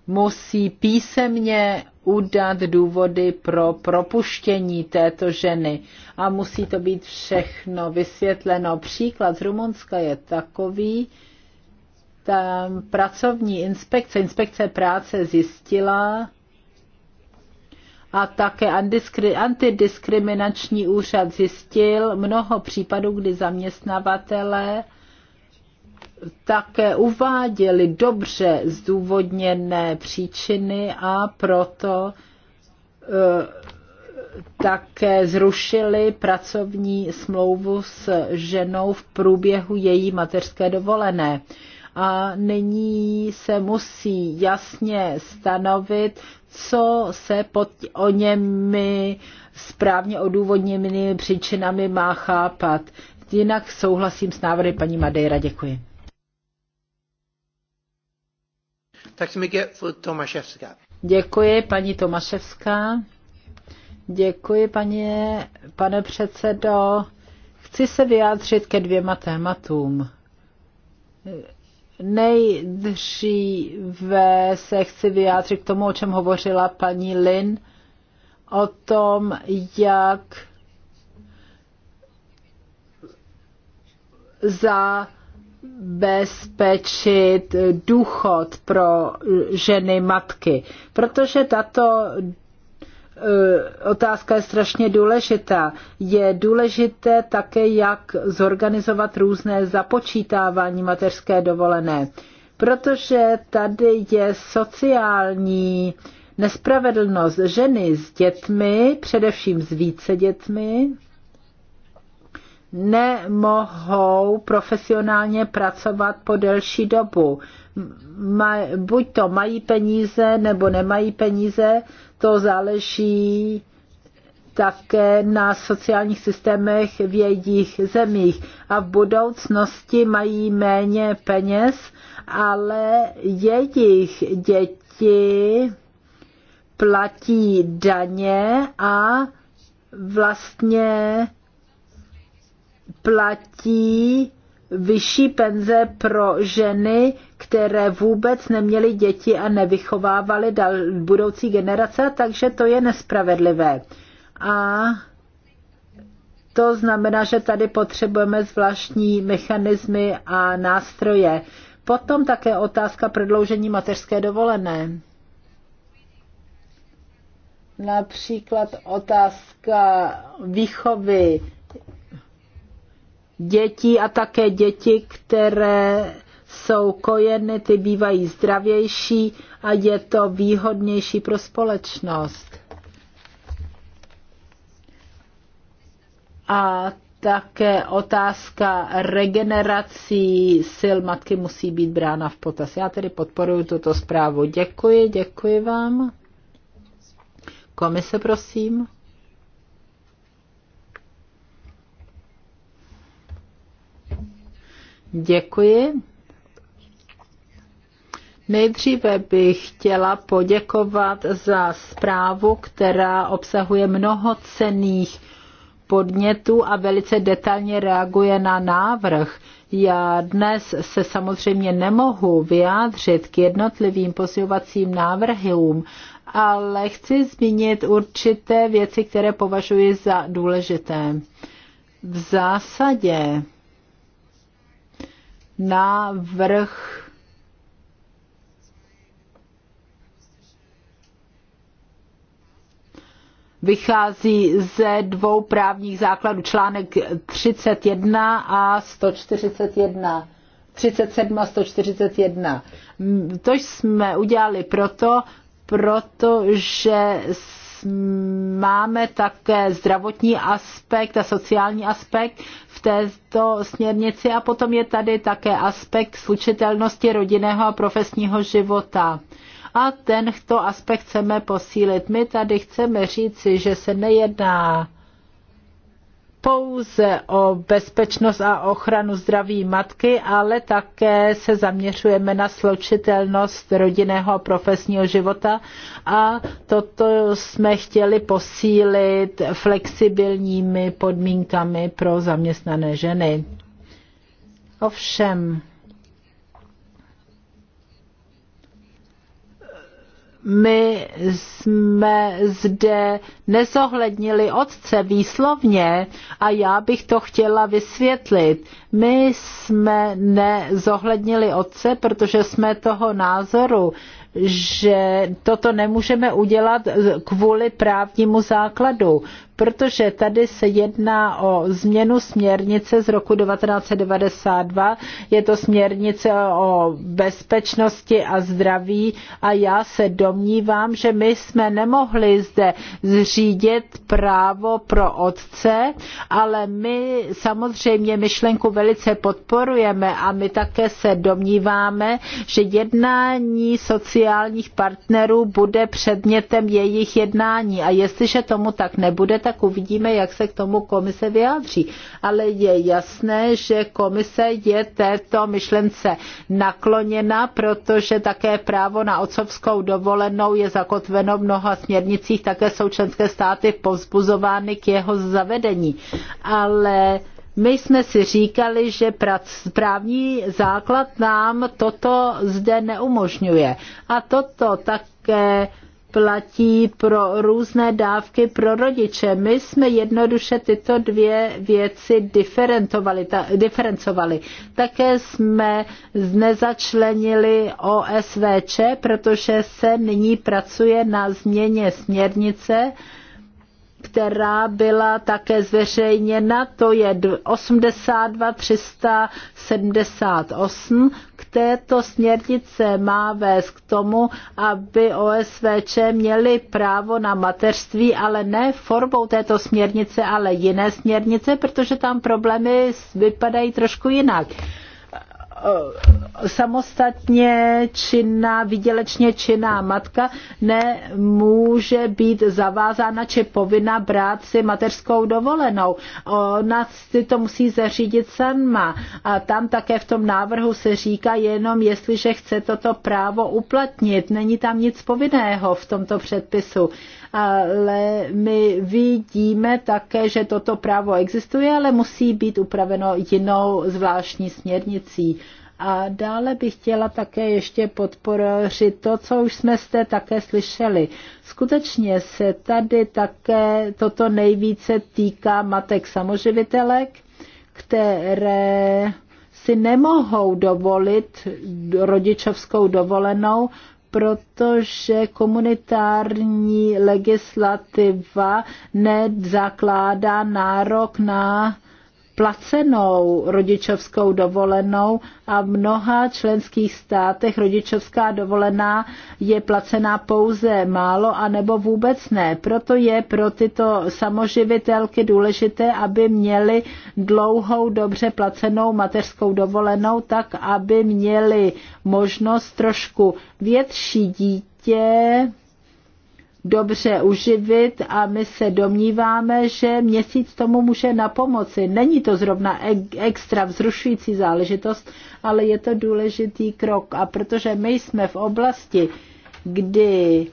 musí písemně udat důvody pro propuštění této ženy a musí to být všechno vysvětleno. Příklad z Rumunska je takový, tam pracovní inspekce, inspekce práce zjistila a také antidiskriminační úřad zjistil mnoho případů, kdy zaměstnavatele také uváděli dobře zdůvodněné příčiny a proto eh, také zrušili pracovní smlouvu s ženou v průběhu její mateřské dovolené. A nyní se musí jasně stanovit, co se pod o němi správně odůvodněnými příčinami má chápat. Jinak souhlasím s návrhy paní Madeira. Děkuji. Děkuji, paní Tomaševská. Děkuji, paní, pane předsedo. Chci se vyjádřit ke dvěma tématům. Nejdříve se chci vyjádřit k tomu, o čem hovořila paní Lin, o tom, jak za zabezpečit důchod pro ženy matky, protože tato eh, otázka je strašně důležitá. Je důležité také, jak zorganizovat různé započítávání mateřské dovolené, protože tady je sociální nespravedlnost ženy s dětmi, především s více dětmi, nemohou profesionálně pracovat po delší dobu. Ma, buď to mají peníze, nebo nemají peníze, to záleží také na sociálních systémech v jejich zemích. A v budoucnosti mají méně peněz, ale jejich děti platí daně a vlastně platí vyšší penze pro ženy, které vůbec neměly děti a nevychovávaly budoucí generace, takže to je nespravedlivé. A to znamená, že tady potřebujeme zvláštní mechanismy a nástroje. Potom také otázka prodloužení mateřské dovolené. Například otázka výchovy dětí a také děti, které jsou kojeny, ty bývají zdravější a je to výhodnější pro společnost. A také otázka regenerací sil matky musí být brána v potaz. Já tedy podporuji tuto zprávu. Děkuji, děkuji vám. Komise, prosím. Děkuji. Nejdříve bych chtěla poděkovat za zprávu, která obsahuje mnoho cených podnětů a velice detailně reaguje na návrh. Já dnes se samozřejmě nemohu vyjádřit k jednotlivým posilovacím návrhům, ale chci zmínit určité věci, které považuji za důležité. V zásadě na vrch vychází ze dvou právních základů článek 31 a 141. 37 a 141. To jsme udělali proto, protože máme také zdravotní aspekt a sociální aspekt, v této směrnici a potom je tady také aspekt slučitelnosti rodinného a profesního života a tento aspekt chceme posílit. My tady chceme říci, že se nejedná pouze o bezpečnost a ochranu zdraví matky, ale také se zaměřujeme na slučitelnost rodinného a profesního života a toto jsme chtěli posílit flexibilními podmínkami pro zaměstnané ženy. Ovšem, my jsme zde nezohlednili otce výslovně a já bych to chtěla vysvětlit. My jsme nezohlednili otce, protože jsme toho názoru, že toto nemůžeme udělat kvůli právnímu základu, protože tady se jedná o změnu směrnice z roku 1992. Je to směrnice o bezpečnosti a zdraví a já se domnívám, že my jsme nemohli zde zřídit právo pro otce, ale my samozřejmě myšlenku velice velice podporujeme a my také se domníváme, že jednání sociálních partnerů bude předmětem jejich jednání a jestliže tomu tak nebude, tak uvidíme, jak se k tomu komise vyjádří. Ale je jasné, že komise je této myšlence nakloněna, protože také právo na otcovskou dovolenou je zakotveno v mnoha směrnicích, také jsou členské státy povzbuzovány k jeho zavedení. Ale my jsme si říkali, že právní základ nám toto zde neumožňuje. A toto také platí pro různé dávky pro rodiče. My jsme jednoduše tyto dvě věci ta, diferencovali. Také jsme nezačlenili OSVČ, protože se nyní pracuje na změně směrnice, která byla také zveřejněna, to je 82378, k této směrnice má vést k tomu, aby OSVČ měli právo na mateřství, ale ne formou této směrnice, ale jiné směrnice, protože tam problémy vypadají trošku jinak. Eh, samostatně činná, výdělečně činná matka nemůže být zavázána či povinna brát si mateřskou dovolenou. Ona si to musí zařídit sama. A tam také v tom návrhu se říká jenom, jestliže chce toto právo uplatnit. Není tam nic povinného v tomto předpisu ale my vidíme také, že toto právo existuje, ale musí být upraveno jinou zvláštní směrnicí. A dále bych chtěla také ještě podpořit to, co už jsme zde také slyšeli. Skutečně se tady také toto nejvíce týká matek samoživitelek, které si nemohou dovolit rodičovskou dovolenou, protože komunitární legislativa nezakládá nárok na placenou rodičovskou dovolenou a v mnoha členských státech rodičovská dovolená je placená pouze málo a nebo vůbec ne. Proto je pro tyto samoživitelky důležité, aby měly dlouhou, dobře placenou mateřskou dovolenou, tak aby měly možnost trošku větší dítě dobře uživit a my se domníváme, že měsíc tomu může napomoci. Není to zrovna extra vzrušující záležitost, ale je to důležitý krok. A protože my jsme v oblasti, kdy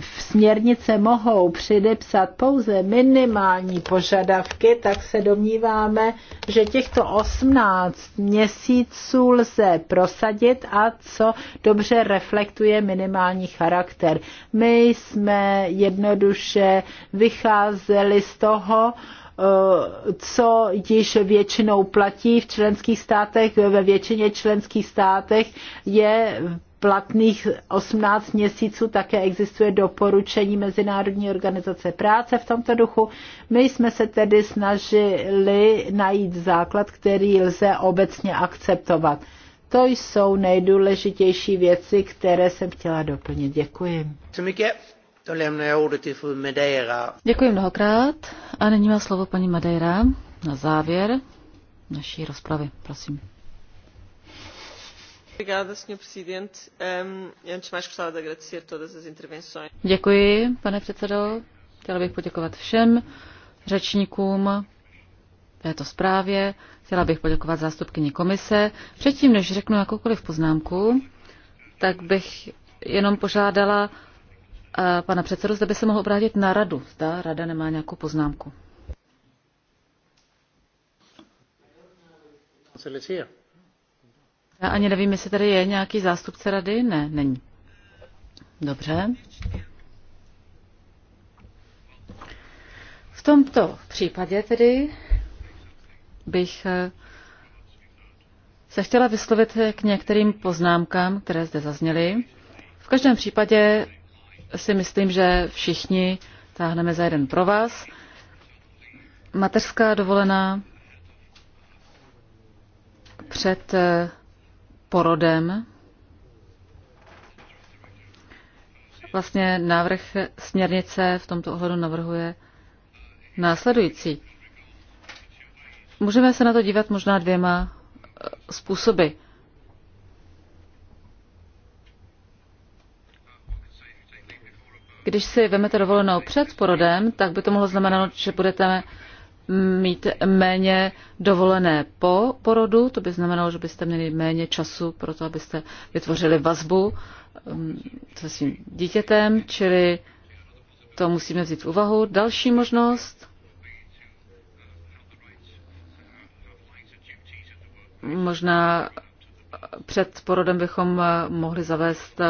v směrnice mohou přidepsat pouze minimální požadavky, tak se domníváme, že těchto 18 měsíců lze prosadit a co dobře reflektuje minimální charakter. My jsme jednoduše vycházeli z toho, eh, co již většinou platí v členských státech, ve většině členských státech je platných 18 měsíců také existuje doporučení Mezinárodní organizace práce v tomto duchu. My jsme se tedy snažili najít základ, který lze obecně akceptovat. To jsou nejdůležitější věci, které jsem chtěla doplnit. Děkuji. Děkuji mnohokrát. A nyní má slovo paní Madeira na závěr naší rozpravy. Prosím. Děkuji, pane předsedající Chtěla bych poděkovat všem řečníkům této zprávě. Chtěla bych poděkovat zástupkyni komise. Předtím, než řeknu jakoukoliv poznámku, tak bych jenom požádala eh, pana předsedu, zda by se mohl obrátit na radu. Zda rada nemá nějakou poznámku. Já ani nevím, jestli tady je nějaký zástupce rady. Ne, není. Dobře. V tomto případě tedy bych eh, se chtěla vyslovit k některým poznámkám, které zde zazněly. V každém případě si myslím, že všichni táhneme za jeden pro vás. Mateřská dovolená před eh, porodem. Vlastně návrh směrnice v tomto ohledu navrhuje následující. Můžeme se na to dívat možná dvěma eh, způsoby. Když si vemete dovolenou před porodem, tak by to mohlo znamenat, že budete mít méně dovolené po porodu, to by znamenalo, že byste měli méně času pro to, abyste vytvořili vazbu um, se svým dítětem, čili to musíme vzít v úvahu. Další možnost, možná před porodem bychom mohli zavést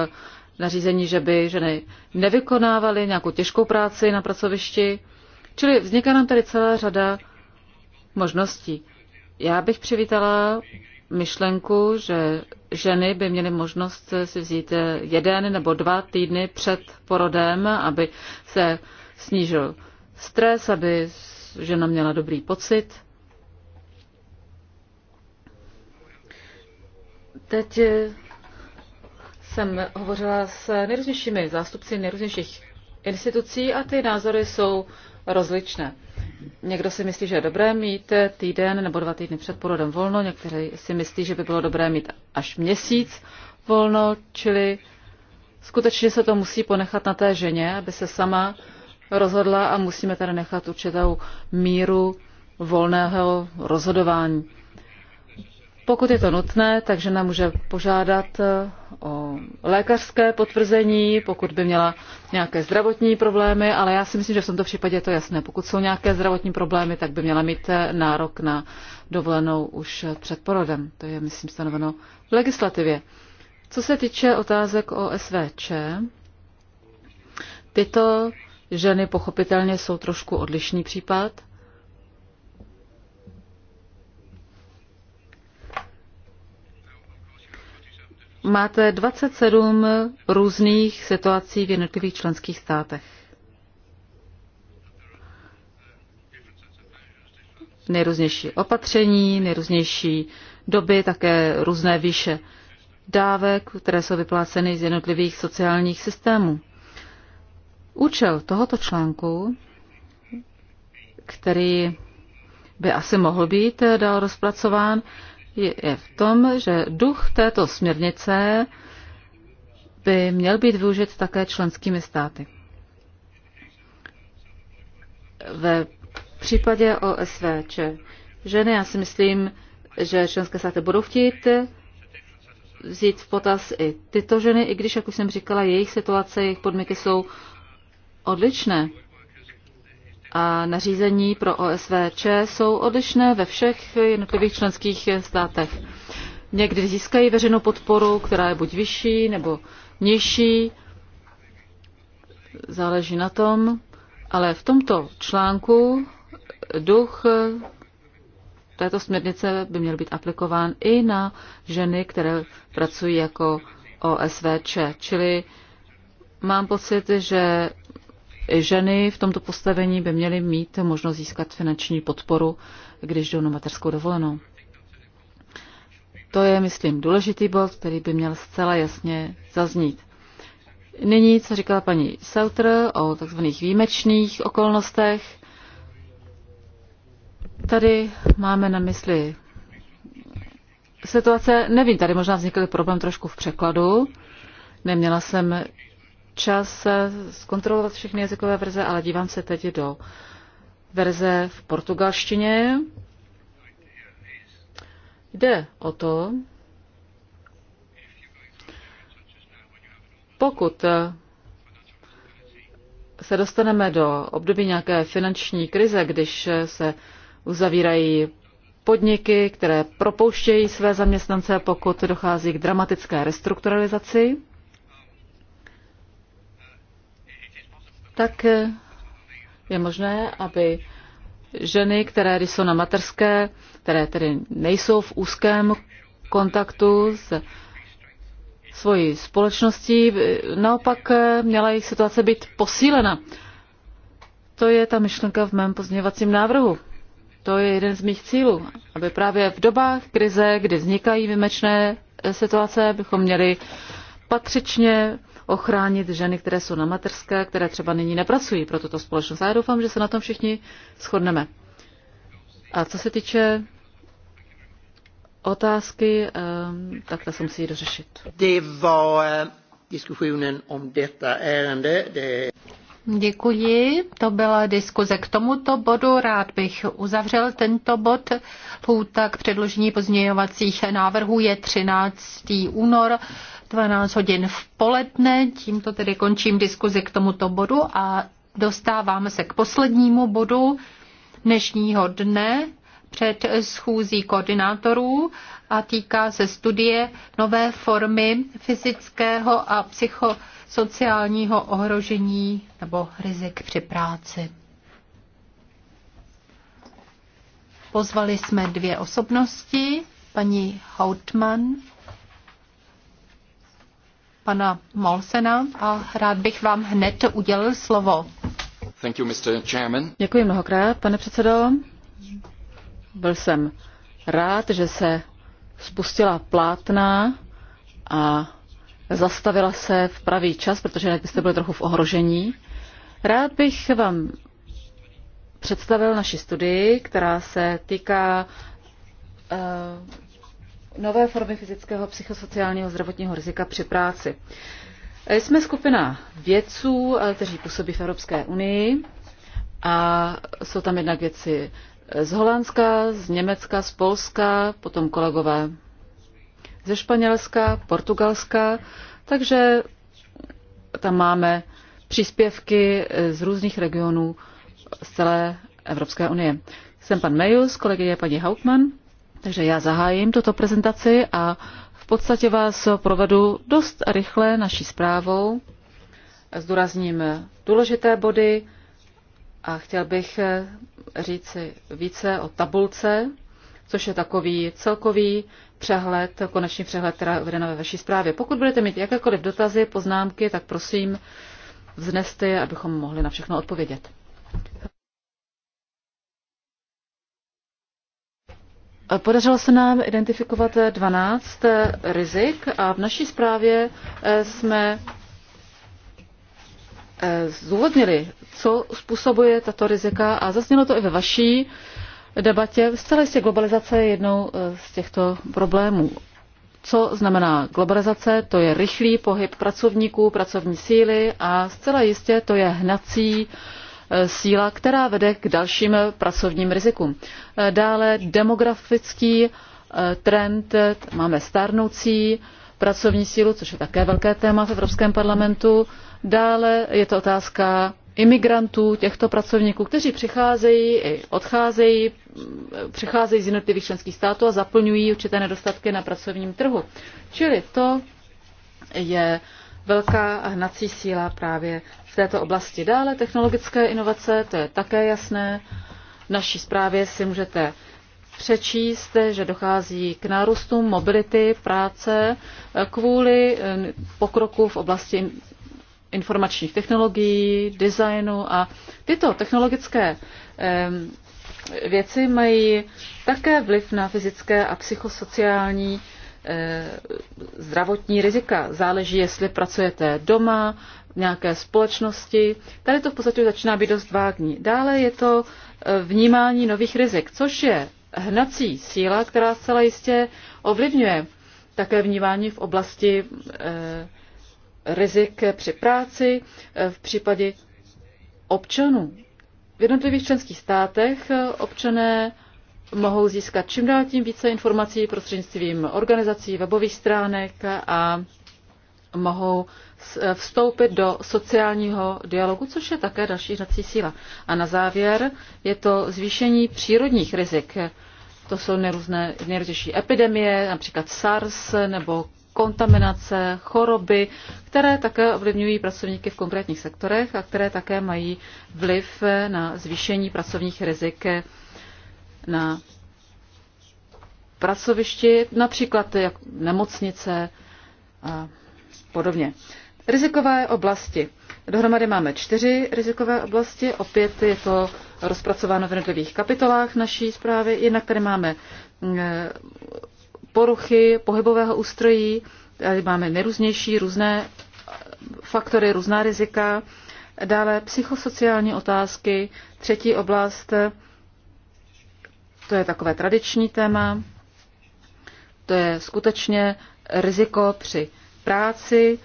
nařízení, že by ženy nevykonávaly nějakou těžkou práci na pracovišti, Čili vzniká nám tady celá řada možností. Já bych přivítala myšlenku, že ženy by měly možnost si vzít jeden nebo dva týdny před porodem, aby se snížil stres, aby žena měla dobrý pocit. Teď jsem hovořila s nejrůznějšími zástupci nejrůznějších institucí a ty názory jsou rozličné. Někdo si myslí, že je dobré mít týden nebo dva týdny před porodem volno, někteří si myslí, že by bylo dobré mít až měsíc volno, čili skutečně se to musí ponechat na té ženě, aby se sama rozhodla a musíme tady nechat určitou míru volného rozhodování. Pokud je to nutné, takže žena může požádat eh, o lékařské potvrzení, pokud by měla nějaké zdravotní problémy, ale já si myslím, že v tomto případě je to jasné. Pokud jsou nějaké zdravotní problémy, tak by měla mít eh, nárok na dovolenou už eh, před porodem. To je, myslím, stanoveno v legislativě. Co se týče otázek o SVČ, tyto ženy pochopitelně jsou trošku odlišný případ. máte 27 různých situací v jednotlivých členských státech. Nejrůznější opatření, nejrůznější doby, také různé výše dávek, které jsou vypláceny z jednotlivých sociálních systémů. Účel tohoto článku, který by asi mohl být dál rozpracován, je v tom, že duch této směrnice by měl být využit také členskými státy. Ve případě OSVČ ženy, já si myslím, že členské státy budou chtít vzít v potaz i tyto ženy, i když, jak už jsem říkala, jejich situace, jejich podmínky jsou odlišné a nařízení pro OSVČ jsou odlišné ve všech jednotlivých členských státech. Někdy získají veřejnou podporu, která je buď vyšší nebo nižší, záleží na tom, ale v tomto článku duch této směrnice by měl být aplikován i na ženy, které pracují jako OSVČ. Čili mám pocit, že ženy v tomto postavení by měly mít možnost získat finanční podporu, když jdou na mateřskou dovolenou. To je, myslím, důležitý bod, který by měl zcela jasně zaznít. Nyní, co říkala paní Sautr o tzv. výjimečných okolnostech. Tady máme na mysli situace, nevím, tady možná vznikl problém trošku v překladu. Neměla jsem čas eh, zkontrolovat všechny jazykové verze, ale dívám se teď do verze v portugalštině. Jde o to, pokud eh, se dostaneme do období nějaké finanční krize, když eh, se uzavírají podniky, které propouštějí své zaměstnance, pokud dochází k dramatické restrukturalizaci, tak eh, je možné, aby ženy, které jsou na materské, které tedy nejsou v úzkém kontaktu s svojí společností, naopak eh, měla jejich situace být posílena. To je ta myšlenka v mém pozměňovacím návrhu. To je jeden z mých cílů, aby právě v dobách krize, kdy vznikají výjimečné eh, situace, bychom měli patřičně ochránit ženy, které jsou na materské, které třeba nyní nepracují pro tuto společnost. A já doufám, že se na tom všichni shodneme. A co se týče otázky, ehm, tak ta se musí dořešit. Eh, Děkuji, to byla diskuze k tomuto bodu. Rád bych uzavřel tento bod. Lhůta k předložení pozměňovacích návrhů je 13. únor. 12 hodin v poledne. Tímto tedy končím diskuzi k tomuto bodu a dostáváme se k poslednímu bodu dnešního dne před schůzí koordinátorů a týká se studie nové formy fyzického a psychosociálního ohrožení nebo rizik při práci. Pozvali jsme dvě osobnosti, paní Hautmann pana Molsena a rád bych vám hned udělil slovo. Thank you, Mr. Chairman. Děkuji mnohokrát, pane předsedo. Byl jsem rád, že se spustila plátna a zastavila se v pravý čas, protože jinak byste byli trochu v ohrožení. Rád bych vám představil naši studii, která se týká eh, nové formy fyzického, psychosociálního, zdravotního rizika při práci. Jsme skupina vědců, eh, kteří působí v Evropské unii a jsou tam jednak věci z Holandska, z Německa, z Polska, potom kolegové ze Španělska, Portugalska, takže tam máme příspěvky eh, z různých regionů z celé Evropské unie. Jsem pan Mejus, je paní Hauptmann takže já zahájím tuto prezentaci a v podstatě vás provedu dost rychle naší zprávou. Zdůrazním důležité body a chtěl bych říci více o tabulce, což je takový celkový přehled, konečný přehled, která je uvedena ve vaší zprávě. Pokud budete mít jakékoliv dotazy, poznámky, tak prosím vzneste je, abychom mohli na všechno odpovědět. Podařilo se nám identifikovat 12 eh, rizik a v naší zprávě eh, jsme eh, zdůvodnili, co způsobuje tato rizika a zaznělo to i ve vaší debatě. Zcela jistě globalizace je jednou z těchto problémů. Co znamená globalizace? To je rychlý pohyb pracovníků, pracovní síly a zcela jistě to je hnací uh, Eh, síla, která vede k dalším pracovním rizikům. Eh, dále demografický eh, trend, máme stárnoucí pracovní sílu, což je také velké téma v Evropském parlamentu. Dále je to otázka imigrantů, těchto pracovníků, kteří přicházejí i odcházejí, přicházejí z jednotlivých členských států a zaplňují určité nedostatky na pracovním trhu. Čili to je velká hnací síla právě v této oblasti. Dále technologické inovace, to je také jasné. V naší zprávě si můžete přečíst, že dochází k nárůstu mobility práce kvůli eh, pokroku v oblasti informačních technologií, designu a tyto technologické eh, věci mají také vliv na fyzické a psychosociální Eh, zdravotní rizika. Záleží, jestli pracujete doma, v nějaké společnosti. Tady to v podstatě začíná být dost vágní. Dále je to eh, vnímání nových rizik, což je hnací síla, která zcela jistě ovlivňuje také vnímání v oblasti eh, rizik při práci, v případě občanů. V jednotlivých členských státech občané mohou získat čím dál tím více informací prostřednictvím organizací, webových stránek a mohou eh, vstoupit do sociálního dialogu, což je také další hrací síla. A na závěr je to zvýšení přírodních rizik. To jsou nejrůzné, nejrůznější epidemie, například SARS nebo kontaminace, choroby, které také ovlivňují pracovníky v konkrétních sektorech a které také mají vliv na zvýšení pracovních rizik na pracovišti, například jak nemocnice a podobně. Rizikové oblasti. Dohromady máme čtyři rizikové oblasti. Opět je to rozpracováno v jednotlivých kapitolách naší zprávy. Jednak tady máme eh, poruchy pohybového ústrojí, tady máme nejrůznější, různé faktory, různá rizika. Dále psychosociální otázky, třetí oblast to je takové tradiční téma. To je skutečně riziko při práci,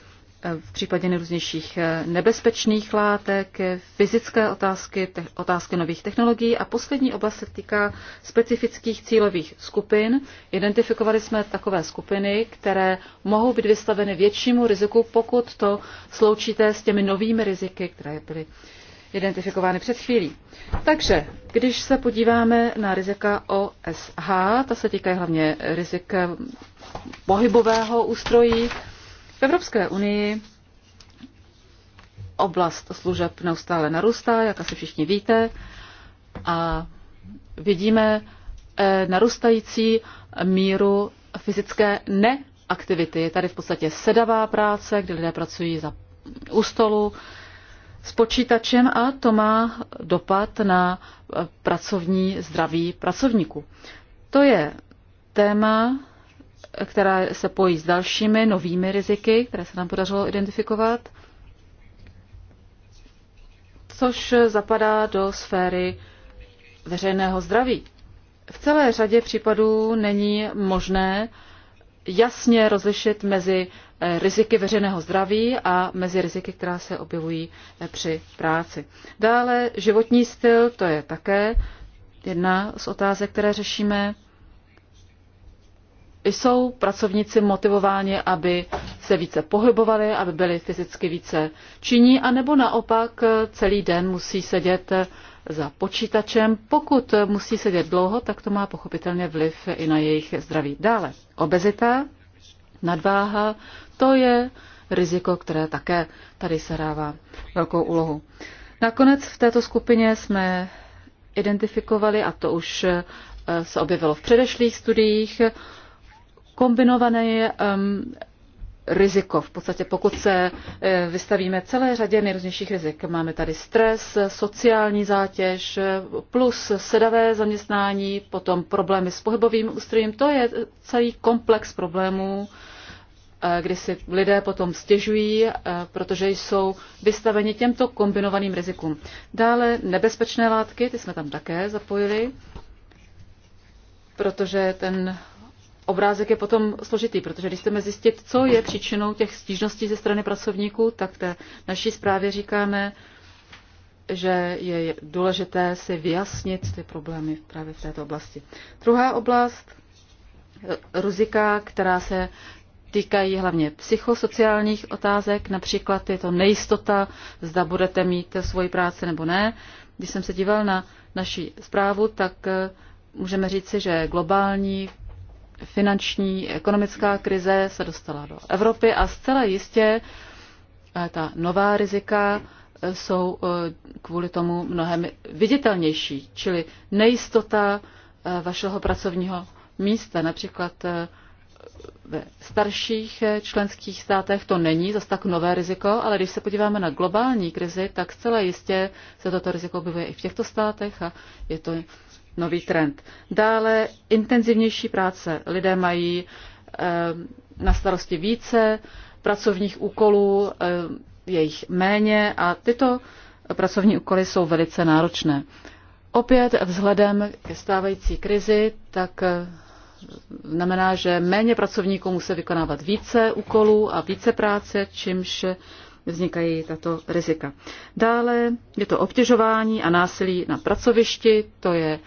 v případě nejrůznějších nebezpečných látek, fyzické otázky, te- otázky nových technologií a poslední oblast se týká specifických cílových skupin. Identifikovali jsme takové skupiny, které mohou být vystaveny většímu riziku, pokud to sloučíte s těmi novými riziky, které byly identifikovány před chvílí. Takže, když se podíváme na rizika OSH, ta se týkají hlavně rizik eh, pohybového ústrojí. V Evropské unii oblast služeb neustále narůstá, jak asi všichni víte, a vidíme eh, narůstající míru fyzické neaktivity. Je tady v podstatě sedavá práce, kdy lidé pracují za, u stolu, s počítačem a to má dopad na eh, pracovní zdraví pracovníků. To je téma, která se pojí s dalšími novými riziky, které se nám podařilo identifikovat, což zapadá do sféry veřejného zdraví. V celé řadě případů není možné jasně rozlišit mezi riziky veřejného zdraví a mezi riziky, která se objevují eh, při práci. Dále životní styl, to je také jedna z otázek, které řešíme. Jsou pracovníci motivováni, aby se více pohybovali, aby byli fyzicky více činní, anebo naopak eh, celý den musí sedět eh, za počítačem. Pokud musí sedět dlouho, tak to má pochopitelně vliv i na jejich zdraví. Dále obezita, nadváha, to je riziko, které také tady sehrává velkou úlohu. Nakonec v této skupině jsme identifikovali, a to už eh, se objevilo v předešlých studiích, kombinované um, riziko. V podstatě pokud se eh, vystavíme celé řadě nejrůznějších rizik, máme tady stres, sociální zátěž, plus sedavé zaměstnání, potom problémy s pohybovým ústrojím, to je celý komplex problémů, Eh, kdy si lidé potom stěžují, eh, protože jsou vystaveni těmto kombinovaným rizikům. Dále nebezpečné látky, ty jsme tam také zapojili, protože ten obrázek je potom složitý, protože když chceme zjistit, co je příčinou těch stížností ze strany pracovníků, tak té naší zprávě říkáme, že je důležité si vyjasnit ty problémy právě v této oblasti. Druhá oblast, eh, rizika, která se týkají hlavně psychosociálních otázek, například je to nejistota, zda budete mít svoji práci nebo ne. Když jsem se díval na naši zprávu, tak eh, můžeme říci, že globální finanční, ekonomická krize se dostala do Evropy a zcela jistě eh, ta nová rizika eh, jsou kvůli tomu mnohem viditelnější, čili nejistota vašeho pracovního místa, například ve starších eh, členských státech to není zase tak nové riziko, ale když se podíváme na globální krizi, tak zcela jistě se toto riziko objevuje i v těchto státech a je to nový trend. Dále intenzivnější práce. Lidé mají eh, na starosti více pracovních úkolů, eh, je méně a tyto pracovní úkoly jsou velice náročné. Opět vzhledem ke stávající krizi, tak znamená, že méně pracovníků musí vykonávat více úkolů a více práce, čímž vznikají tato rizika. Dále je to obtěžování a násilí na pracovišti, to je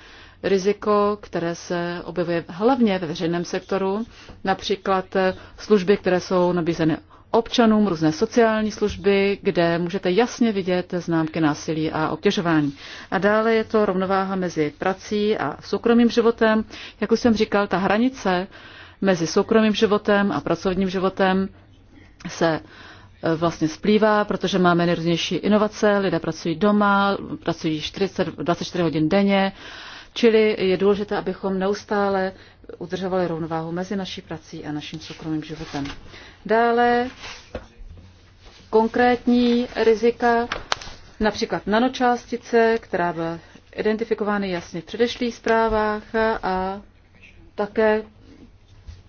riziko, které se objevuje hlavně ve veřejném sektoru, například služby, které jsou nabízeny občanům různé sociální služby, kde můžete jasně vidět známky násilí a obtěžování. A dále je to rovnováha mezi prací a soukromým životem. Jak už jsem říkal, ta hranice mezi soukromým životem a pracovním životem se e, vlastně splývá, protože máme nejrůznější inovace, lidé pracují doma, pracují 40, 24 hodin denně, čili je důležité, abychom neustále udržovali rovnováhu mezi naší prací a naším soukromým životem. Dále konkrétní rizika, například nanočástice, která byla identifikovány jasně v předešlých zprávách a také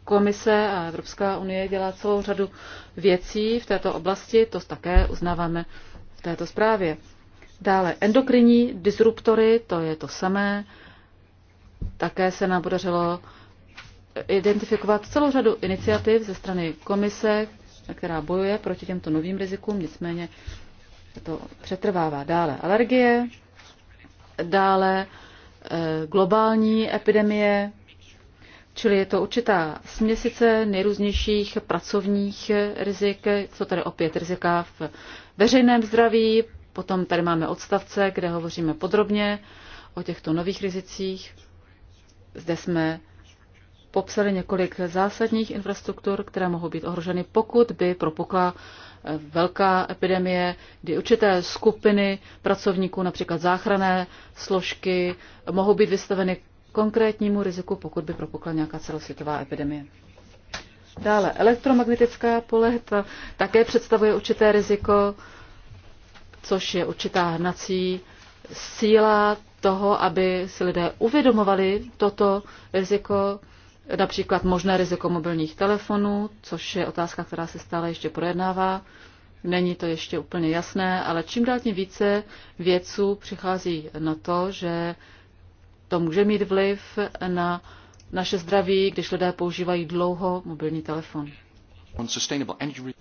komise a Evropská unie dělá celou řadu věcí v této oblasti, to také uznáváme v této zprávě. Dále endokrinní disruptory, to je to samé. Také se nám podařilo identifikovat celou řadu iniciativ ze strany komise, která bojuje proti těmto novým rizikům, nicméně to přetrvává dále alergie, dále eh, globální epidemie, čili je to určitá směsice nejrůznějších pracovních rizik, jsou tady opět rizika v veřejném zdraví, potom tady máme odstavce, kde hovoříme podrobně o těchto nových rizicích. Zde jsme popsali několik zásadních infrastruktur, které mohou být ohroženy, pokud by propukla eh, velká epidemie, kdy určité skupiny pracovníků, například záchranné složky, mohou být vystaveny konkrétnímu riziku, pokud by propukla nějaká celosvětová epidemie. Dále elektromagnetická pole ta také představuje určité riziko, což je určitá hnací síla toho, aby si lidé uvědomovali toto riziko, například možné riziko mobilních telefonů, což je otázka, která se stále ještě projednává. Není to ještě úplně jasné, ale čím dál tím více vědců přichází na to, že to může mít vliv na naše zdraví, když lidé používají dlouho mobilní telefon.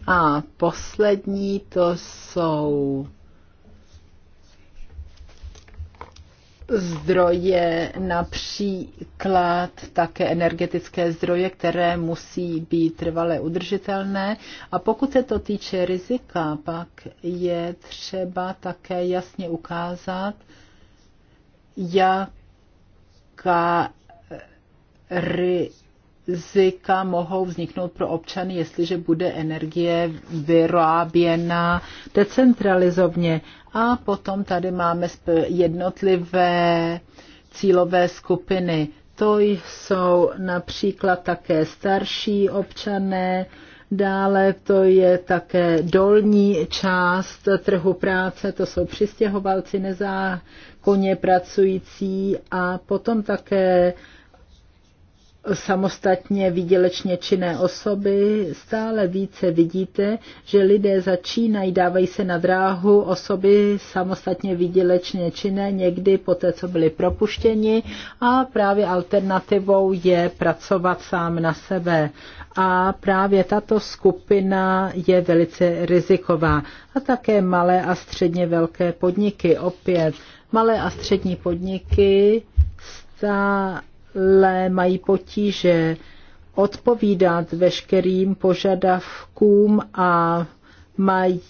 A poslední to jsou zdroje, například také energetické zdroje, které musí být trvale udržitelné. A pokud se to týče rizika, pak je třeba také jasně ukázat, jaká rizika mohou vzniknout pro občany, jestliže bude energie vyráběna decentralizovně. A potom tady máme jednotlivé cílové skupiny. To jsou například také starší občané, dále to je také dolní část trhu práce, to jsou přistěhovalci nezákonně pracující a potom také samostatně výdělečně činné osoby, stále více vidíte, že lidé začínají, dávají se na dráhu osoby samostatně výdělečně činné někdy po té, co byli propuštěni a právě alternativou je pracovat sám na sebe. A právě tato skupina je velice riziková. A také malé a středně velké podniky opět. Malé a střední podniky stále mají potíže odpovídat veškerým požadavkům a mají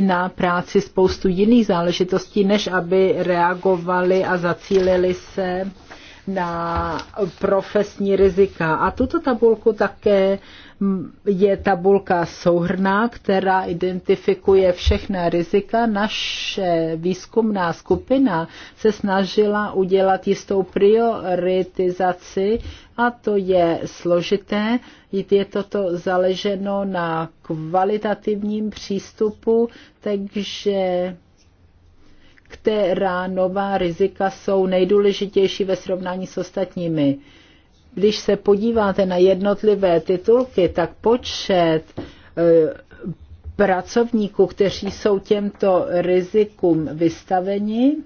na práci spoustu jiných záležitostí, než aby reagovali a zacílili se na profesní rizika. A tuto tabulku také mm, je tabulka souhrná, která identifikuje všechna rizika. Naše výzkumná skupina se snažila udělat jistou prioritizaci a to je složité. Je toto zaleženo na kvalitativním přístupu, takže která nová rizika jsou nejdůležitější ve srovnání s ostatními. Když se podíváte na jednotlivé titulky, tak počet eh, pracovníků, kteří jsou těmto rizikům vystaveni,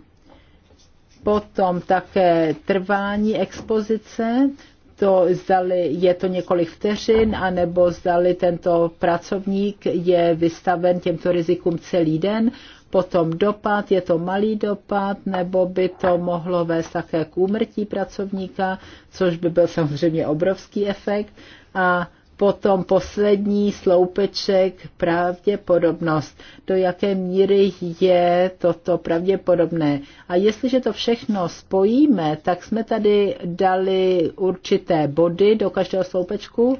potom také trvání expozice, to zdali je to několik vteřin, anebo zdali tento pracovník je vystaven těmto rizikům celý den potom dopad, je to malý dopad, nebo by to mohlo vést také k úmrtí pracovníka, což by byl samozřejmě obrovský efekt. A potom poslední sloupeček pravděpodobnost, do jaké míry je toto pravděpodobné. A jestliže to všechno spojíme, tak jsme tady dali určité body do každého sloupečku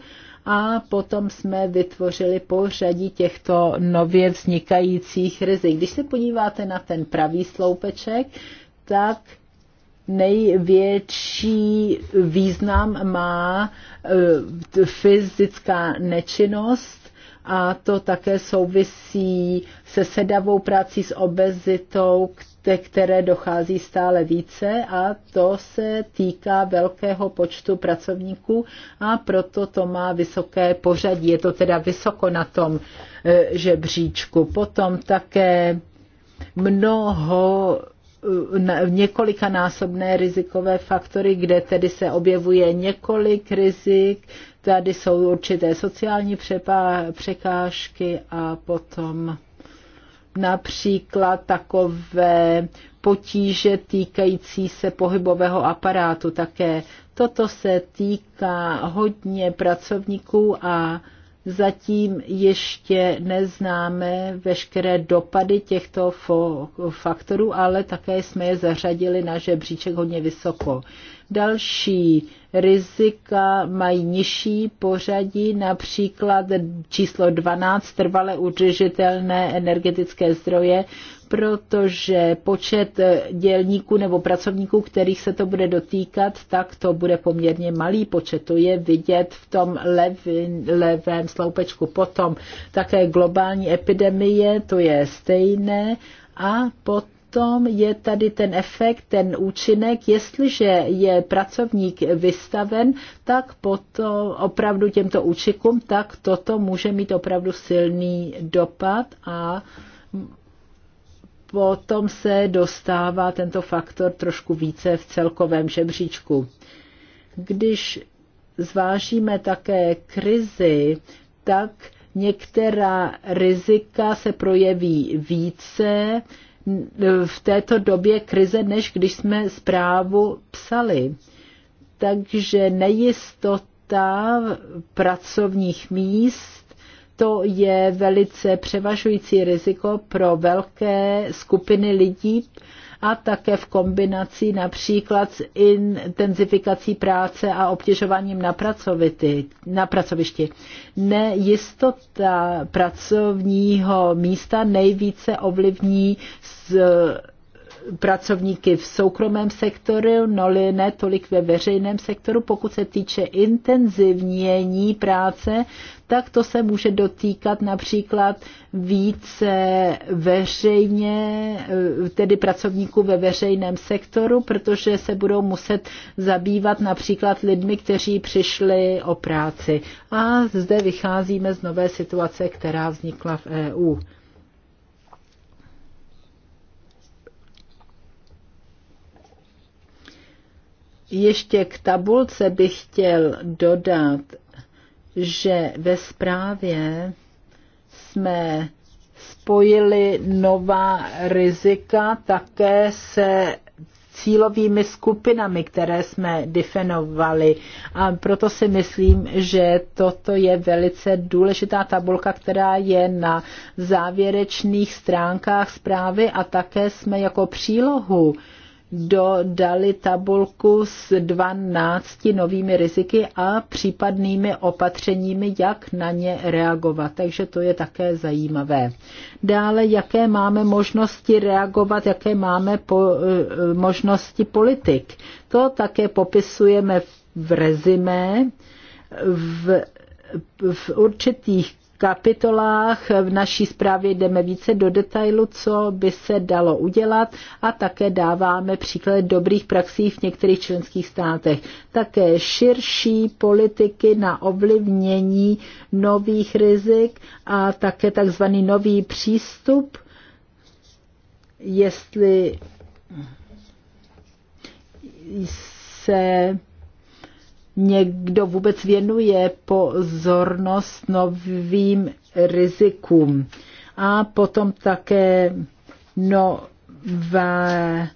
a potom jsme vytvořili pořadí těchto nově vznikajících rizik. Když se podíváte na ten pravý sloupeček, tak největší význam má e, fyzická nečinnost a to také souvisí se sedavou prací, s obezitou, ke které dochází stále více a to se týká velkého počtu pracovníků a proto to má vysoké pořadí. Je to teda vysoko na tom e, žebříčku. Potom také mnoho e, několikanásobné rizikové faktory, kde tedy se objevuje několik rizik, tady jsou určité sociální překážky a potom například takové potíže týkající se pohybového aparátu také. Toto se týká hodně pracovníků a zatím ještě neznáme veškeré dopady těchto faktorů, ale také jsme je zařadili na žebříček hodně vysoko. Další rizika mají nižší pořadí, například číslo 12 trvale udržitelné energetické zdroje, protože počet dělníků nebo pracovníků, kterých se to bude dotýkat, tak to bude poměrně malý počet. To je vidět v tom levý, levém sloupečku. Potom také globální epidemie, to je stejné. A potom potom je tady ten efekt, ten účinek, jestliže je pracovník vystaven, tak potom opravdu těmto účikům, tak toto může mít opravdu silný dopad a potom se dostává tento faktor trošku více v celkovém žebříčku. Když zvážíme také krizi, tak některá rizika se projeví více v této době krize, než když jsme zprávu psali. Takže nejistota pracovních míst to je velice převažující riziko pro velké skupiny lidí, a také v kombinaci například s intenzifikací práce a obtěžováním na, na pracovišti. Nejistota pracovního místa nejvíce ovlivní z pracovníky v soukromém sektoru, no ne tolik ve veřejném sektoru. Pokud se týče intenzivnění práce, tak to se může dotýkat například více veřejně, eh, tedy pracovníků ve veřejném sektoru, protože se budou muset zabývat například lidmi, kteří přišli o práci. A zde vycházíme z nové situace, která vznikla v EU. Ještě k tabulce bych chtěl dodat, že ve zprávě jsme spojili nová rizika také se cílovými skupinami, které jsme definovali. A proto si myslím, že toto je velice důležitá tabulka, která je na závěrečných stránkách zprávy a také jsme jako přílohu uh, dodali tabulku s 12 novými riziky a případnými opatřeními, jak na ně reagovat. Takže to je také zajímavé. Dále, jaké máme možnosti reagovat, jaké máme po, eh, možnosti politik. To také popisujeme v rezime. V v určitých kapitolách v naší zprávě jdeme více do detailu, co by se dalo udělat a také dáváme příklad dobrých praxí v některých členských státech. Také širší politiky na ovlivnění nových rizik a také takzvaný nový přístup, jestli se někdo vůbec věnuje pozornost novým rizikům. A potom také nové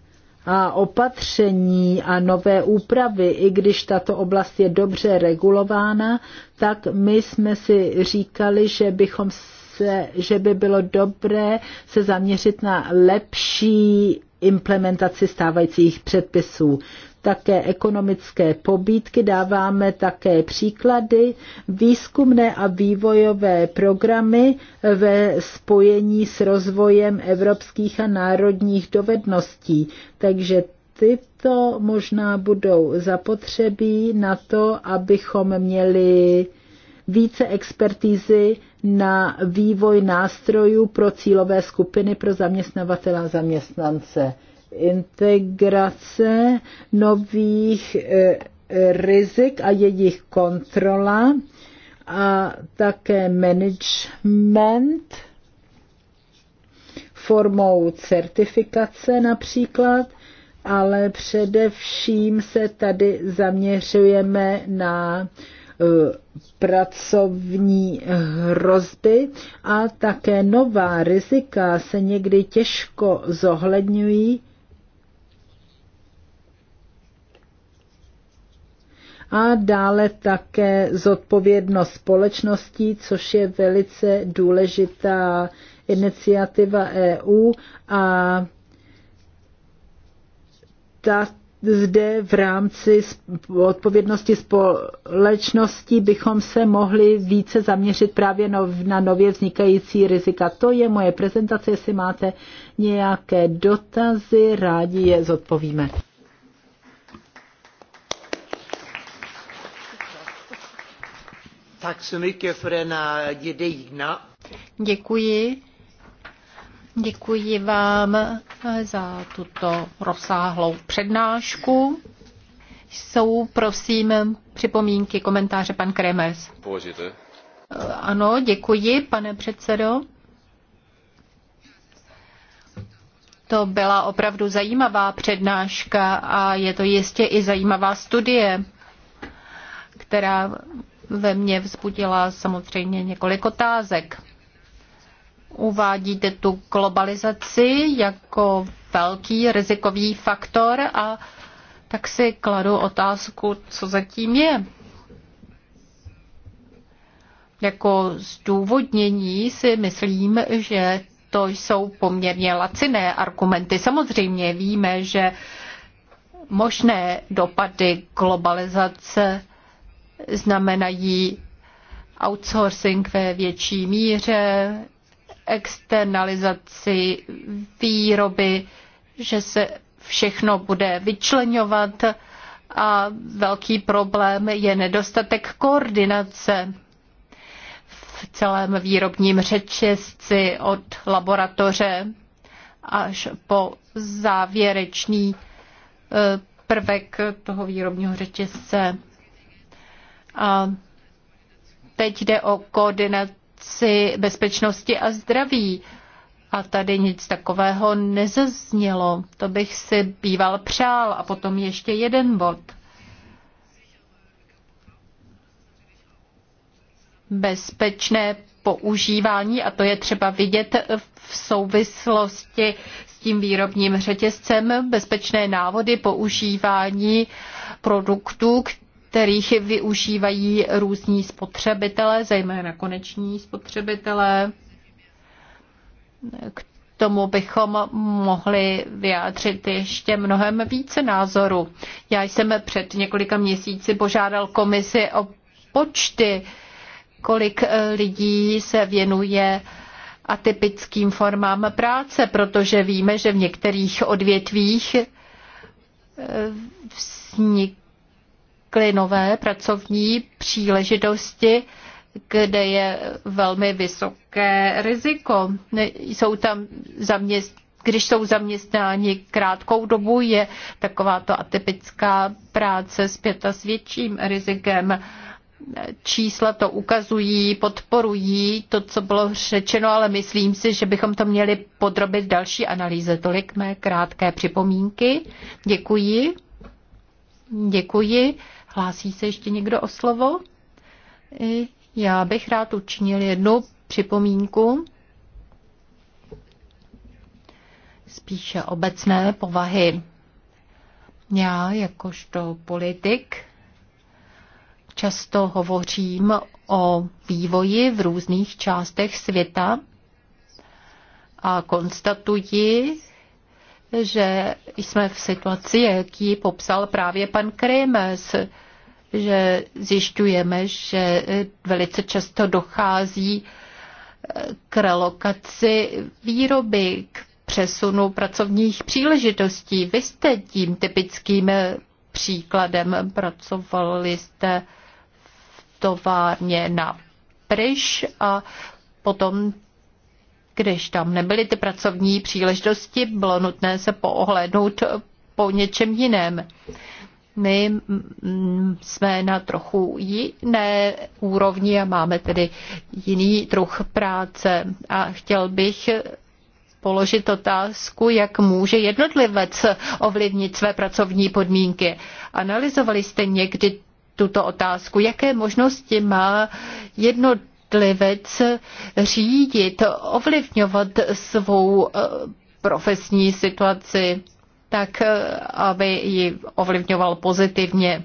a opatření a nové úpravy, i když tato oblast je dobře regulována, tak my jsme si říkali, že bychom se, že by bylo dobré se zaměřit na lepší implementaci stávajících předpisů také ekonomické pobídky, dáváme také příklady, výzkumné a vývojové programy ve spojení s rozvojem evropských a národních dovedností. Takže tyto možná budou zapotřebí na to, abychom měli více expertízy na vývoj nástrojů pro cílové skupiny pro zaměstnavatele a zaměstnance integrace nových e, rizik a jejich kontrola a také management formou certifikace například, ale především se tady zaměřujeme na e, pracovní hrozby a také nová rizika se někdy těžko zohledňují a dále také zodpovědnost společností, což je velice důležitá iniciativa EU a ta zde v rámci odpovědnosti společnosti bychom se mohli více zaměřit právě na nově vznikající rizika. To je moje prezentace, jestli máte nějaké dotazy, rádi je zodpovíme. Děkuji. Děkuji vám za tuto rozsáhlou přednášku. Jsou, prosím, připomínky, komentáře pan Kremers. Půjďte. Ano, děkuji, pane předsedo. To byla opravdu zajímavá přednáška a je to jistě i zajímavá studie, která ve mně vzbudila samozřejmě několik otázek. Uvádíte tu globalizaci jako velký rizikový faktor a tak si kladu otázku, co zatím je. Jako zdůvodnění si myslím, že to jsou poměrně laciné argumenty. Samozřejmě víme, že možné dopady globalizace znamenají outsourcing ve větší míře, externalizaci výroby, že se všechno bude vyčlenovat a velký problém je nedostatek koordinace v celém výrobním řetězci od laboratoře až po závěrečný eh, prvek toho výrobního řetězce. A teď jde o koordinaci bezpečnosti a zdraví. A tady nic takového nezaznělo. To bych si býval přál. A potom ještě jeden bod. Bezpečné používání, a to je třeba vidět v souvislosti s tím výrobním řetězcem, bezpečné návody používání produktů, kterých využívají různí spotřebitelé, zejména koneční spotřebitelé. K tomu bychom mohli vyjádřit ještě mnohem více názoru. Já jsem před několika měsíci požádal komisi o počty, kolik lidí se věnuje atypickým formám práce, protože víme, že v některých odvětvích vznik vznikly nové pracovní příležitosti, kde je velmi vysoké riziko. Jsou tam zaměst, když jsou zaměstnáni krátkou dobu, je takováto atypická práce zpěta s větším rizikem. Čísla to ukazují, podporují to, co bylo řečeno, ale myslím si, že bychom to měli podrobit další analýze. Tolik mé krátké připomínky. Děkuji. Děkuji. Hlásí se ještě někdo o slovo? Já bych rád učinil jednu připomínku, spíše obecné povahy. Já jakožto politik často hovořím o vývoji v různých částech světa a konstatuji, že jsme v situaci, jak ji popsal právě pan Kremes, že zjišťujeme, že velice často dochází eh, k relokaci výroby, k přesunu pracovních příležitostí. Vy jste tím typickým příkladem. Pracovali jste v továrně na pryš a potom když tam nebyly ty pracovní příležitosti, bylo nutné se poohlednout po něčem jiném. My jsme na trochu jiné úrovni a máme tedy jiný druh práce. A chtěl bych položit otázku, jak může jednotlivec ovlivnit své pracovní podmínky. Analyzovali jste někdy tuto otázku, jaké možnosti má jednotlivec jednotlivec řídit, ovlivňovat svou eh, profesní situaci tak, eh, aby ji ovlivňoval pozitivně.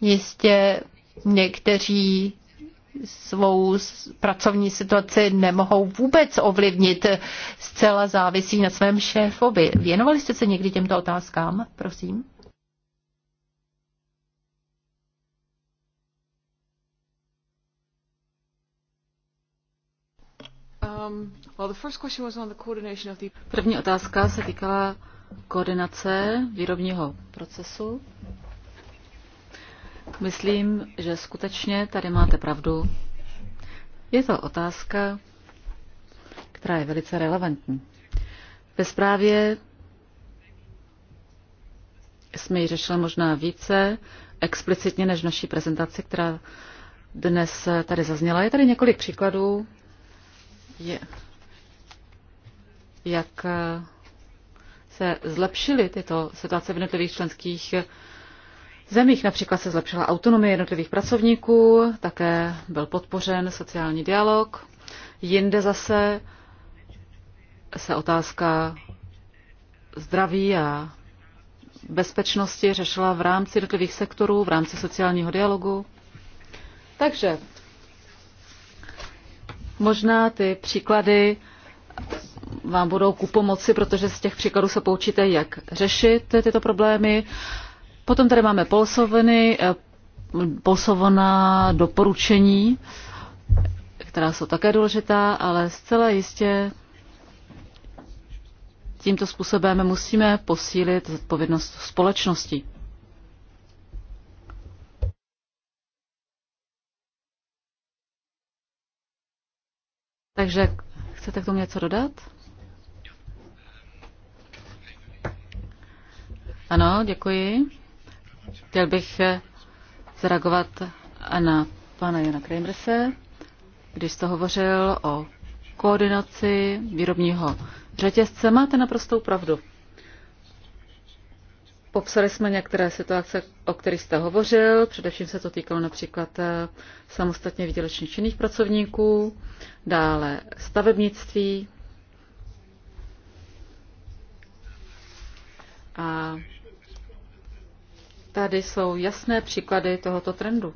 Jistě někteří svou pracovní situaci nemohou vůbec ovlivnit, zcela závisí na svém šéfovi. Věnovali jste se někdy těmto otázkám, prosím? Um, První otázka se týkala koordinace výrobního procesu. Myslím, že skutečně tady máte pravdu. Je to otázka, která je velice relevantní. Ve zprávě jsme ji řešili možná více explicitně než v naší prezentaci, která dnes tady zazněla. Je tady několik příkladů je, jak eh, se zlepšily tyto situace v jednotlivých členských zemích. Například se zlepšila autonomie jednotlivých pracovníků, také byl podpořen sociální dialog. Jinde zase se otázka zdraví a bezpečnosti řešila v rámci jednotlivých sektorů, v rámci sociálního dialogu. Takže Možná ty příklady vám budou ku pomoci, protože z těch příkladů se poučíte, jak řešit tyto problémy. Potom tady máme polsoviny, eh, polsovaná doporučení, která jsou také důležitá, ale zcela jistě tímto způsobem musíme posílit zodpovědnost společnosti. Takže chcete k tomu něco dodat? Ano, děkuji. Chtěl bych zareagovat na pana Jana Kramerse, když jste hovořil o koordinaci výrobního řetězce. Máte naprostou pravdu. Popsali jsme některé situace, o kterých jste hovořil. Především se to týkalo například eh, samostatně výdělečně činných pracovníků, dále stavebnictví a tady jsou jasné příklady tohoto trendu.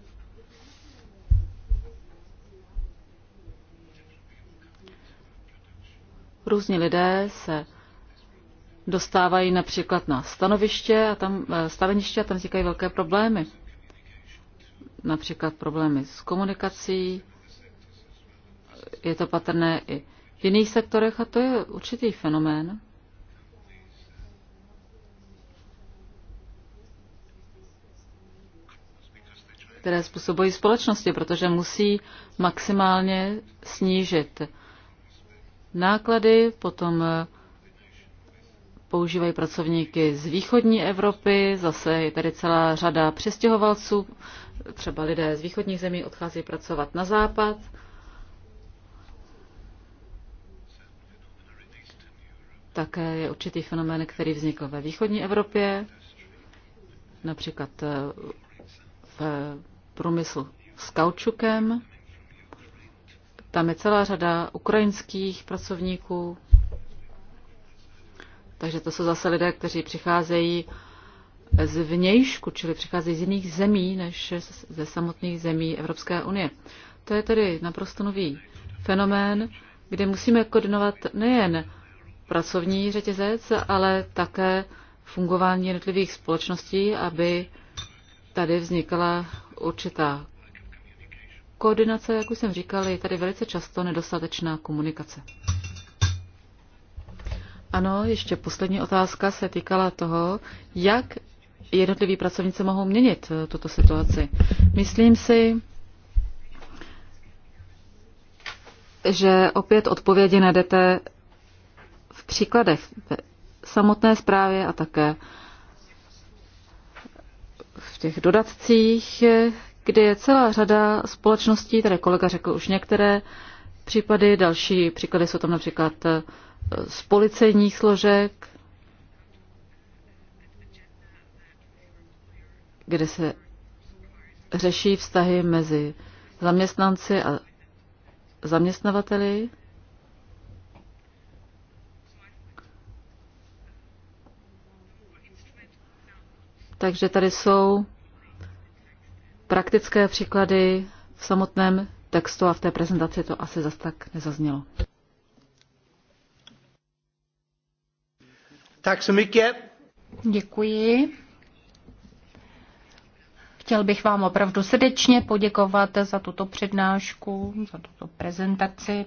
Různí lidé se dostávají například na stanoviště a tam, eh, staveniště a tam vznikají velké problémy. Například problémy s komunikací, je to patrné i v jiných sektorech a to je určitý fenomén. které způsobují společnosti, protože musí maximálně snížit náklady, potom eh, používají pracovníky z východní Evropy, zase je tady celá řada přestěhovalců, třeba lidé z východních zemí odchází pracovat na západ. Také je určitý fenomén, který vznikl ve východní Evropě, například eh, v průmyslu s kaučukem. Tam je celá řada ukrajinských pracovníků, takže to jsou zase lidé, kteří přicházejí z vnějšku, čili přicházejí z jiných zemí než ze samotných zemí Evropské unie. To je tedy naprosto nový fenomén, kde musíme koordinovat nejen pracovní řetězec, ale také fungování jednotlivých společností, aby tady vznikla určitá koordinace, jak už jsem říkal, je tady velice často nedostatečná komunikace. Ano, ještě poslední otázka se týkala toho, jak jednotliví pracovníci mohou měnit eh, tuto situaci. Myslím si, že opět odpovědi najdete v příkladech v samotné zprávě a také v těch dodatcích, kde je celá řada společností, tady kolega řekl už některé případy, další příklady jsou tam například eh, z policejních složek, kde se řeší vztahy mezi zaměstnanci a zaměstnavateli. Takže tady jsou praktické příklady v samotném textu a v té prezentaci to asi zas tak nezaznělo. Děkuji. Chtěl bych vám opravdu srdečně poděkovat za tuto přednášku, za tuto prezentaci.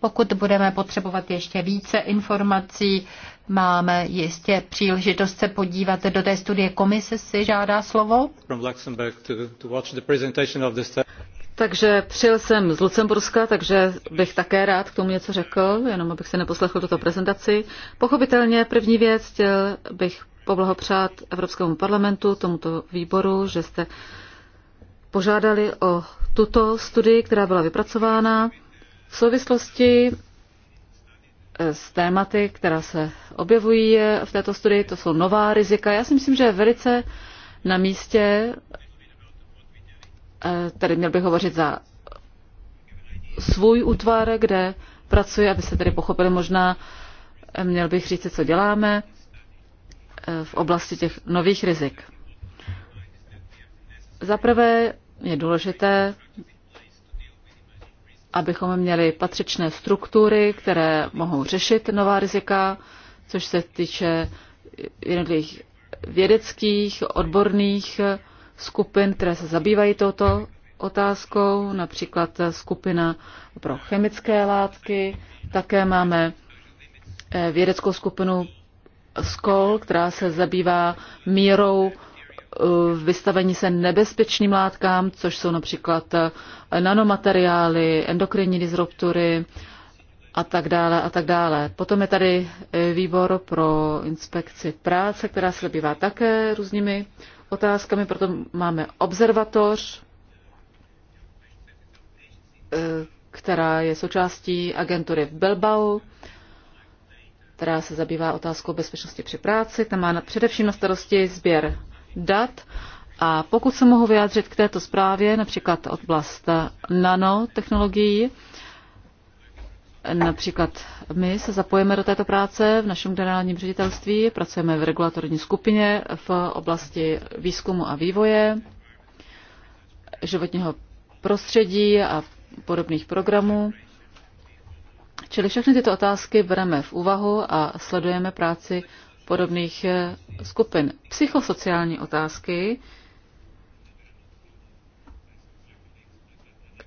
Pokud budeme potřebovat ještě více informací, máme jistě příležitost se podívat do té studie komise, si žádá slovo. Takže přijel jsem z Lucemburska, takže bych také rád k tomu něco řekl, jenom abych se neposlechl tuto prezentaci. Pochopitelně první věc, chtěl bych poblahopřát Evropskému parlamentu, tomuto výboru, že jste požádali o tuto studii, která byla vypracována v souvislosti eh, s tématy, která se objevují eh, v této studii, to jsou nová rizika. Já si myslím, že je velice na místě Eh, tady měl bych hovořit za svůj útvar, kde pracuji, aby se tady pochopili možná, eh, měl bych říct, co děláme eh, v oblasti těch nových rizik. Zaprvé je důležité, abychom měli patřičné struktury, které mohou řešit nová rizika, což se týče jednotlivých vědeckých, odborných skupin, které se zabývají touto otázkou, například skupina pro chemické látky. Také máme eh, vědeckou skupinu SKOL, která se zabývá mírou eh, vystavení se nebezpečným látkám, což jsou například eh, nanomateriály, endokrinní disruptory a tak dále a tak dále. Potom je tady výbor pro inspekci práce, která se zabývá také různými otázkami, proto máme observatoř, eh, která je součástí agentury v Bilbao, která se zabývá otázkou bezpečnosti při práci. Tam má především na starosti sběr dat. A pokud se mohu vyjádřit k této zprávě, například oblast nanotechnologií, Například my se zapojíme do této práce v našem generálním ředitelství, pracujeme v regulatorní skupině v oblasti výzkumu a vývoje, životního prostředí a podobných programů. Čili všechny tyto otázky bereme v úvahu a sledujeme práci podobných eh, skupin. Psychosociální otázky,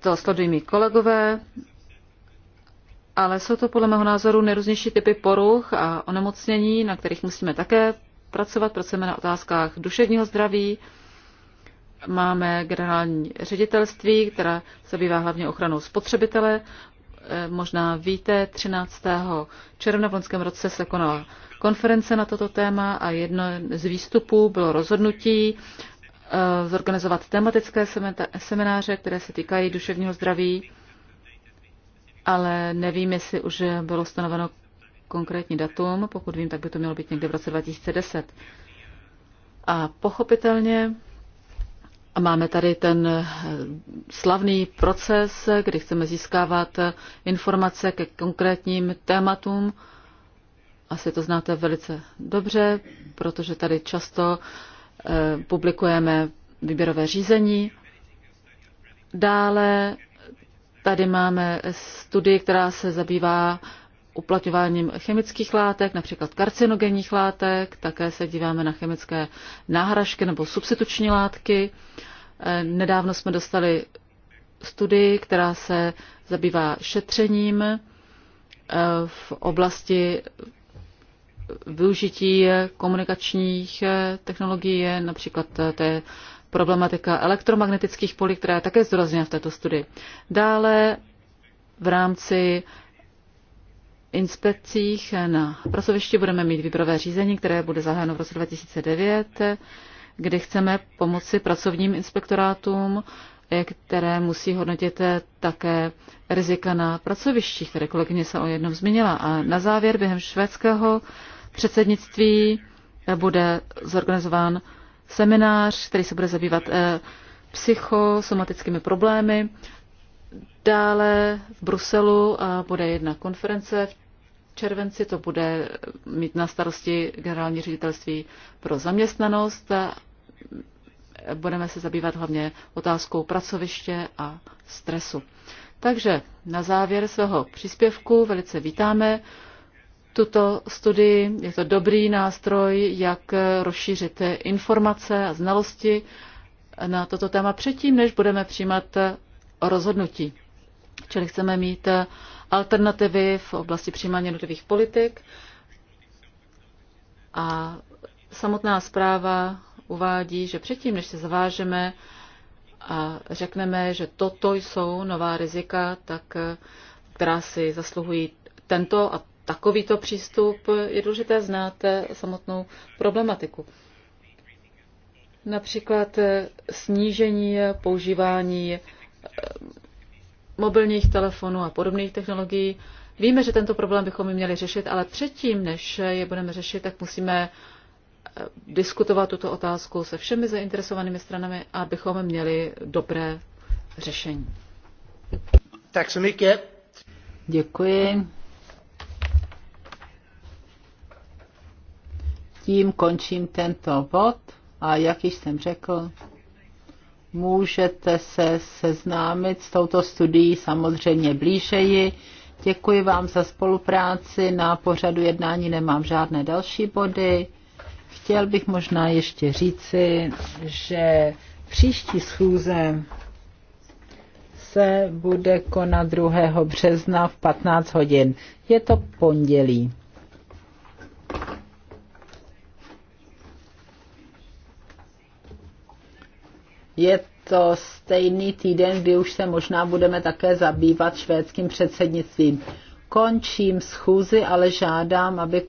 to sledují mý kolegové, ale jsou to podle mého názoru nejrůznější typy poruch a onemocnění, na kterých musíme také pracovat. Pracujeme na otázkách duševního zdraví. Máme generální ředitelství, která bývá hlavně ochranou spotřebitele. E, možná víte, 13. června v loňském roce se konala konference na toto téma a jedno z výstupů bylo rozhodnutí e, zorganizovat tematické semináře, které se týkají duševního zdraví ale nevím, jestli už bylo stanoveno konkrétní datum. Pokud vím, tak by to mělo být někde v roce 2010. A pochopitelně a máme tady ten eh, slavný proces, kdy chceme získávat eh, informace ke konkrétním tématům. Asi to znáte velice dobře, protože tady často eh, publikujeme výběrové řízení. Dále Tady máme studii, která se zabývá uplatňováním chemických látek, například karcinogenních látek, také se díváme na chemické náhražky nebo substituční látky. Nedávno jsme dostali studii, která se zabývá šetřením eh, v oblasti využití komunikačních eh, technologií, například je problematika elektromagnetických polí, která je také zdůrazněna v této studii. Dále v rámci inspekcích na pracovišti budeme mít výběrové řízení, které bude zahájeno v roce 2009, kdy chceme pomoci pracovním inspektorátům, které musí hodnotit také rizika na pracovištích, které kolegyně se o jednom zmínila. A na závěr během švédského předsednictví bude zorganizován seminář, který se bude zabývat eh, psychosomatickými problémy. Dále v Bruselu eh, bude jedna konference v červenci, to bude eh, mít na starosti generální ředitelství pro zaměstnanost. Budeme se zabývat hlavně otázkou pracoviště a stresu. Takže na závěr svého příspěvku velice vítáme tuto studii. Je to dobrý nástroj, jak rozšířit informace a znalosti na toto téma předtím, než budeme přijímat rozhodnutí. Čili chceme mít alternativy v oblasti přijímání jednotlivých politik. A samotná zpráva uvádí, že předtím, než se zavážeme a řekneme, že toto jsou nová rizika, tak, která si zasluhují tento a takovýto přístup, je důležité znát samotnou problematiku. Například snížení používání eh, mobilních telefonů a podobných technologií. Víme, že tento problém bychom měli řešit, ale předtím, než je budeme řešit, tak musíme eh, diskutovat tuto otázku se všemi zainteresovanými stranami, abychom měli dobré řešení. Tak se Děkuji. tím končím tento bod a jak již jsem řekl, můžete se seznámit s touto studií samozřejmě blížeji. Děkuji vám za spolupráci. Na pořadu jednání nemám žádné další body. Chtěl bych možná ještě říci, že příští schůze se bude konat 2. března v 15 hodin. Je to pondělí. Je to stejný týden, kdy už se možná budeme také zabývat švédským předsednictvím. Končím schůzi, ale žádám, aby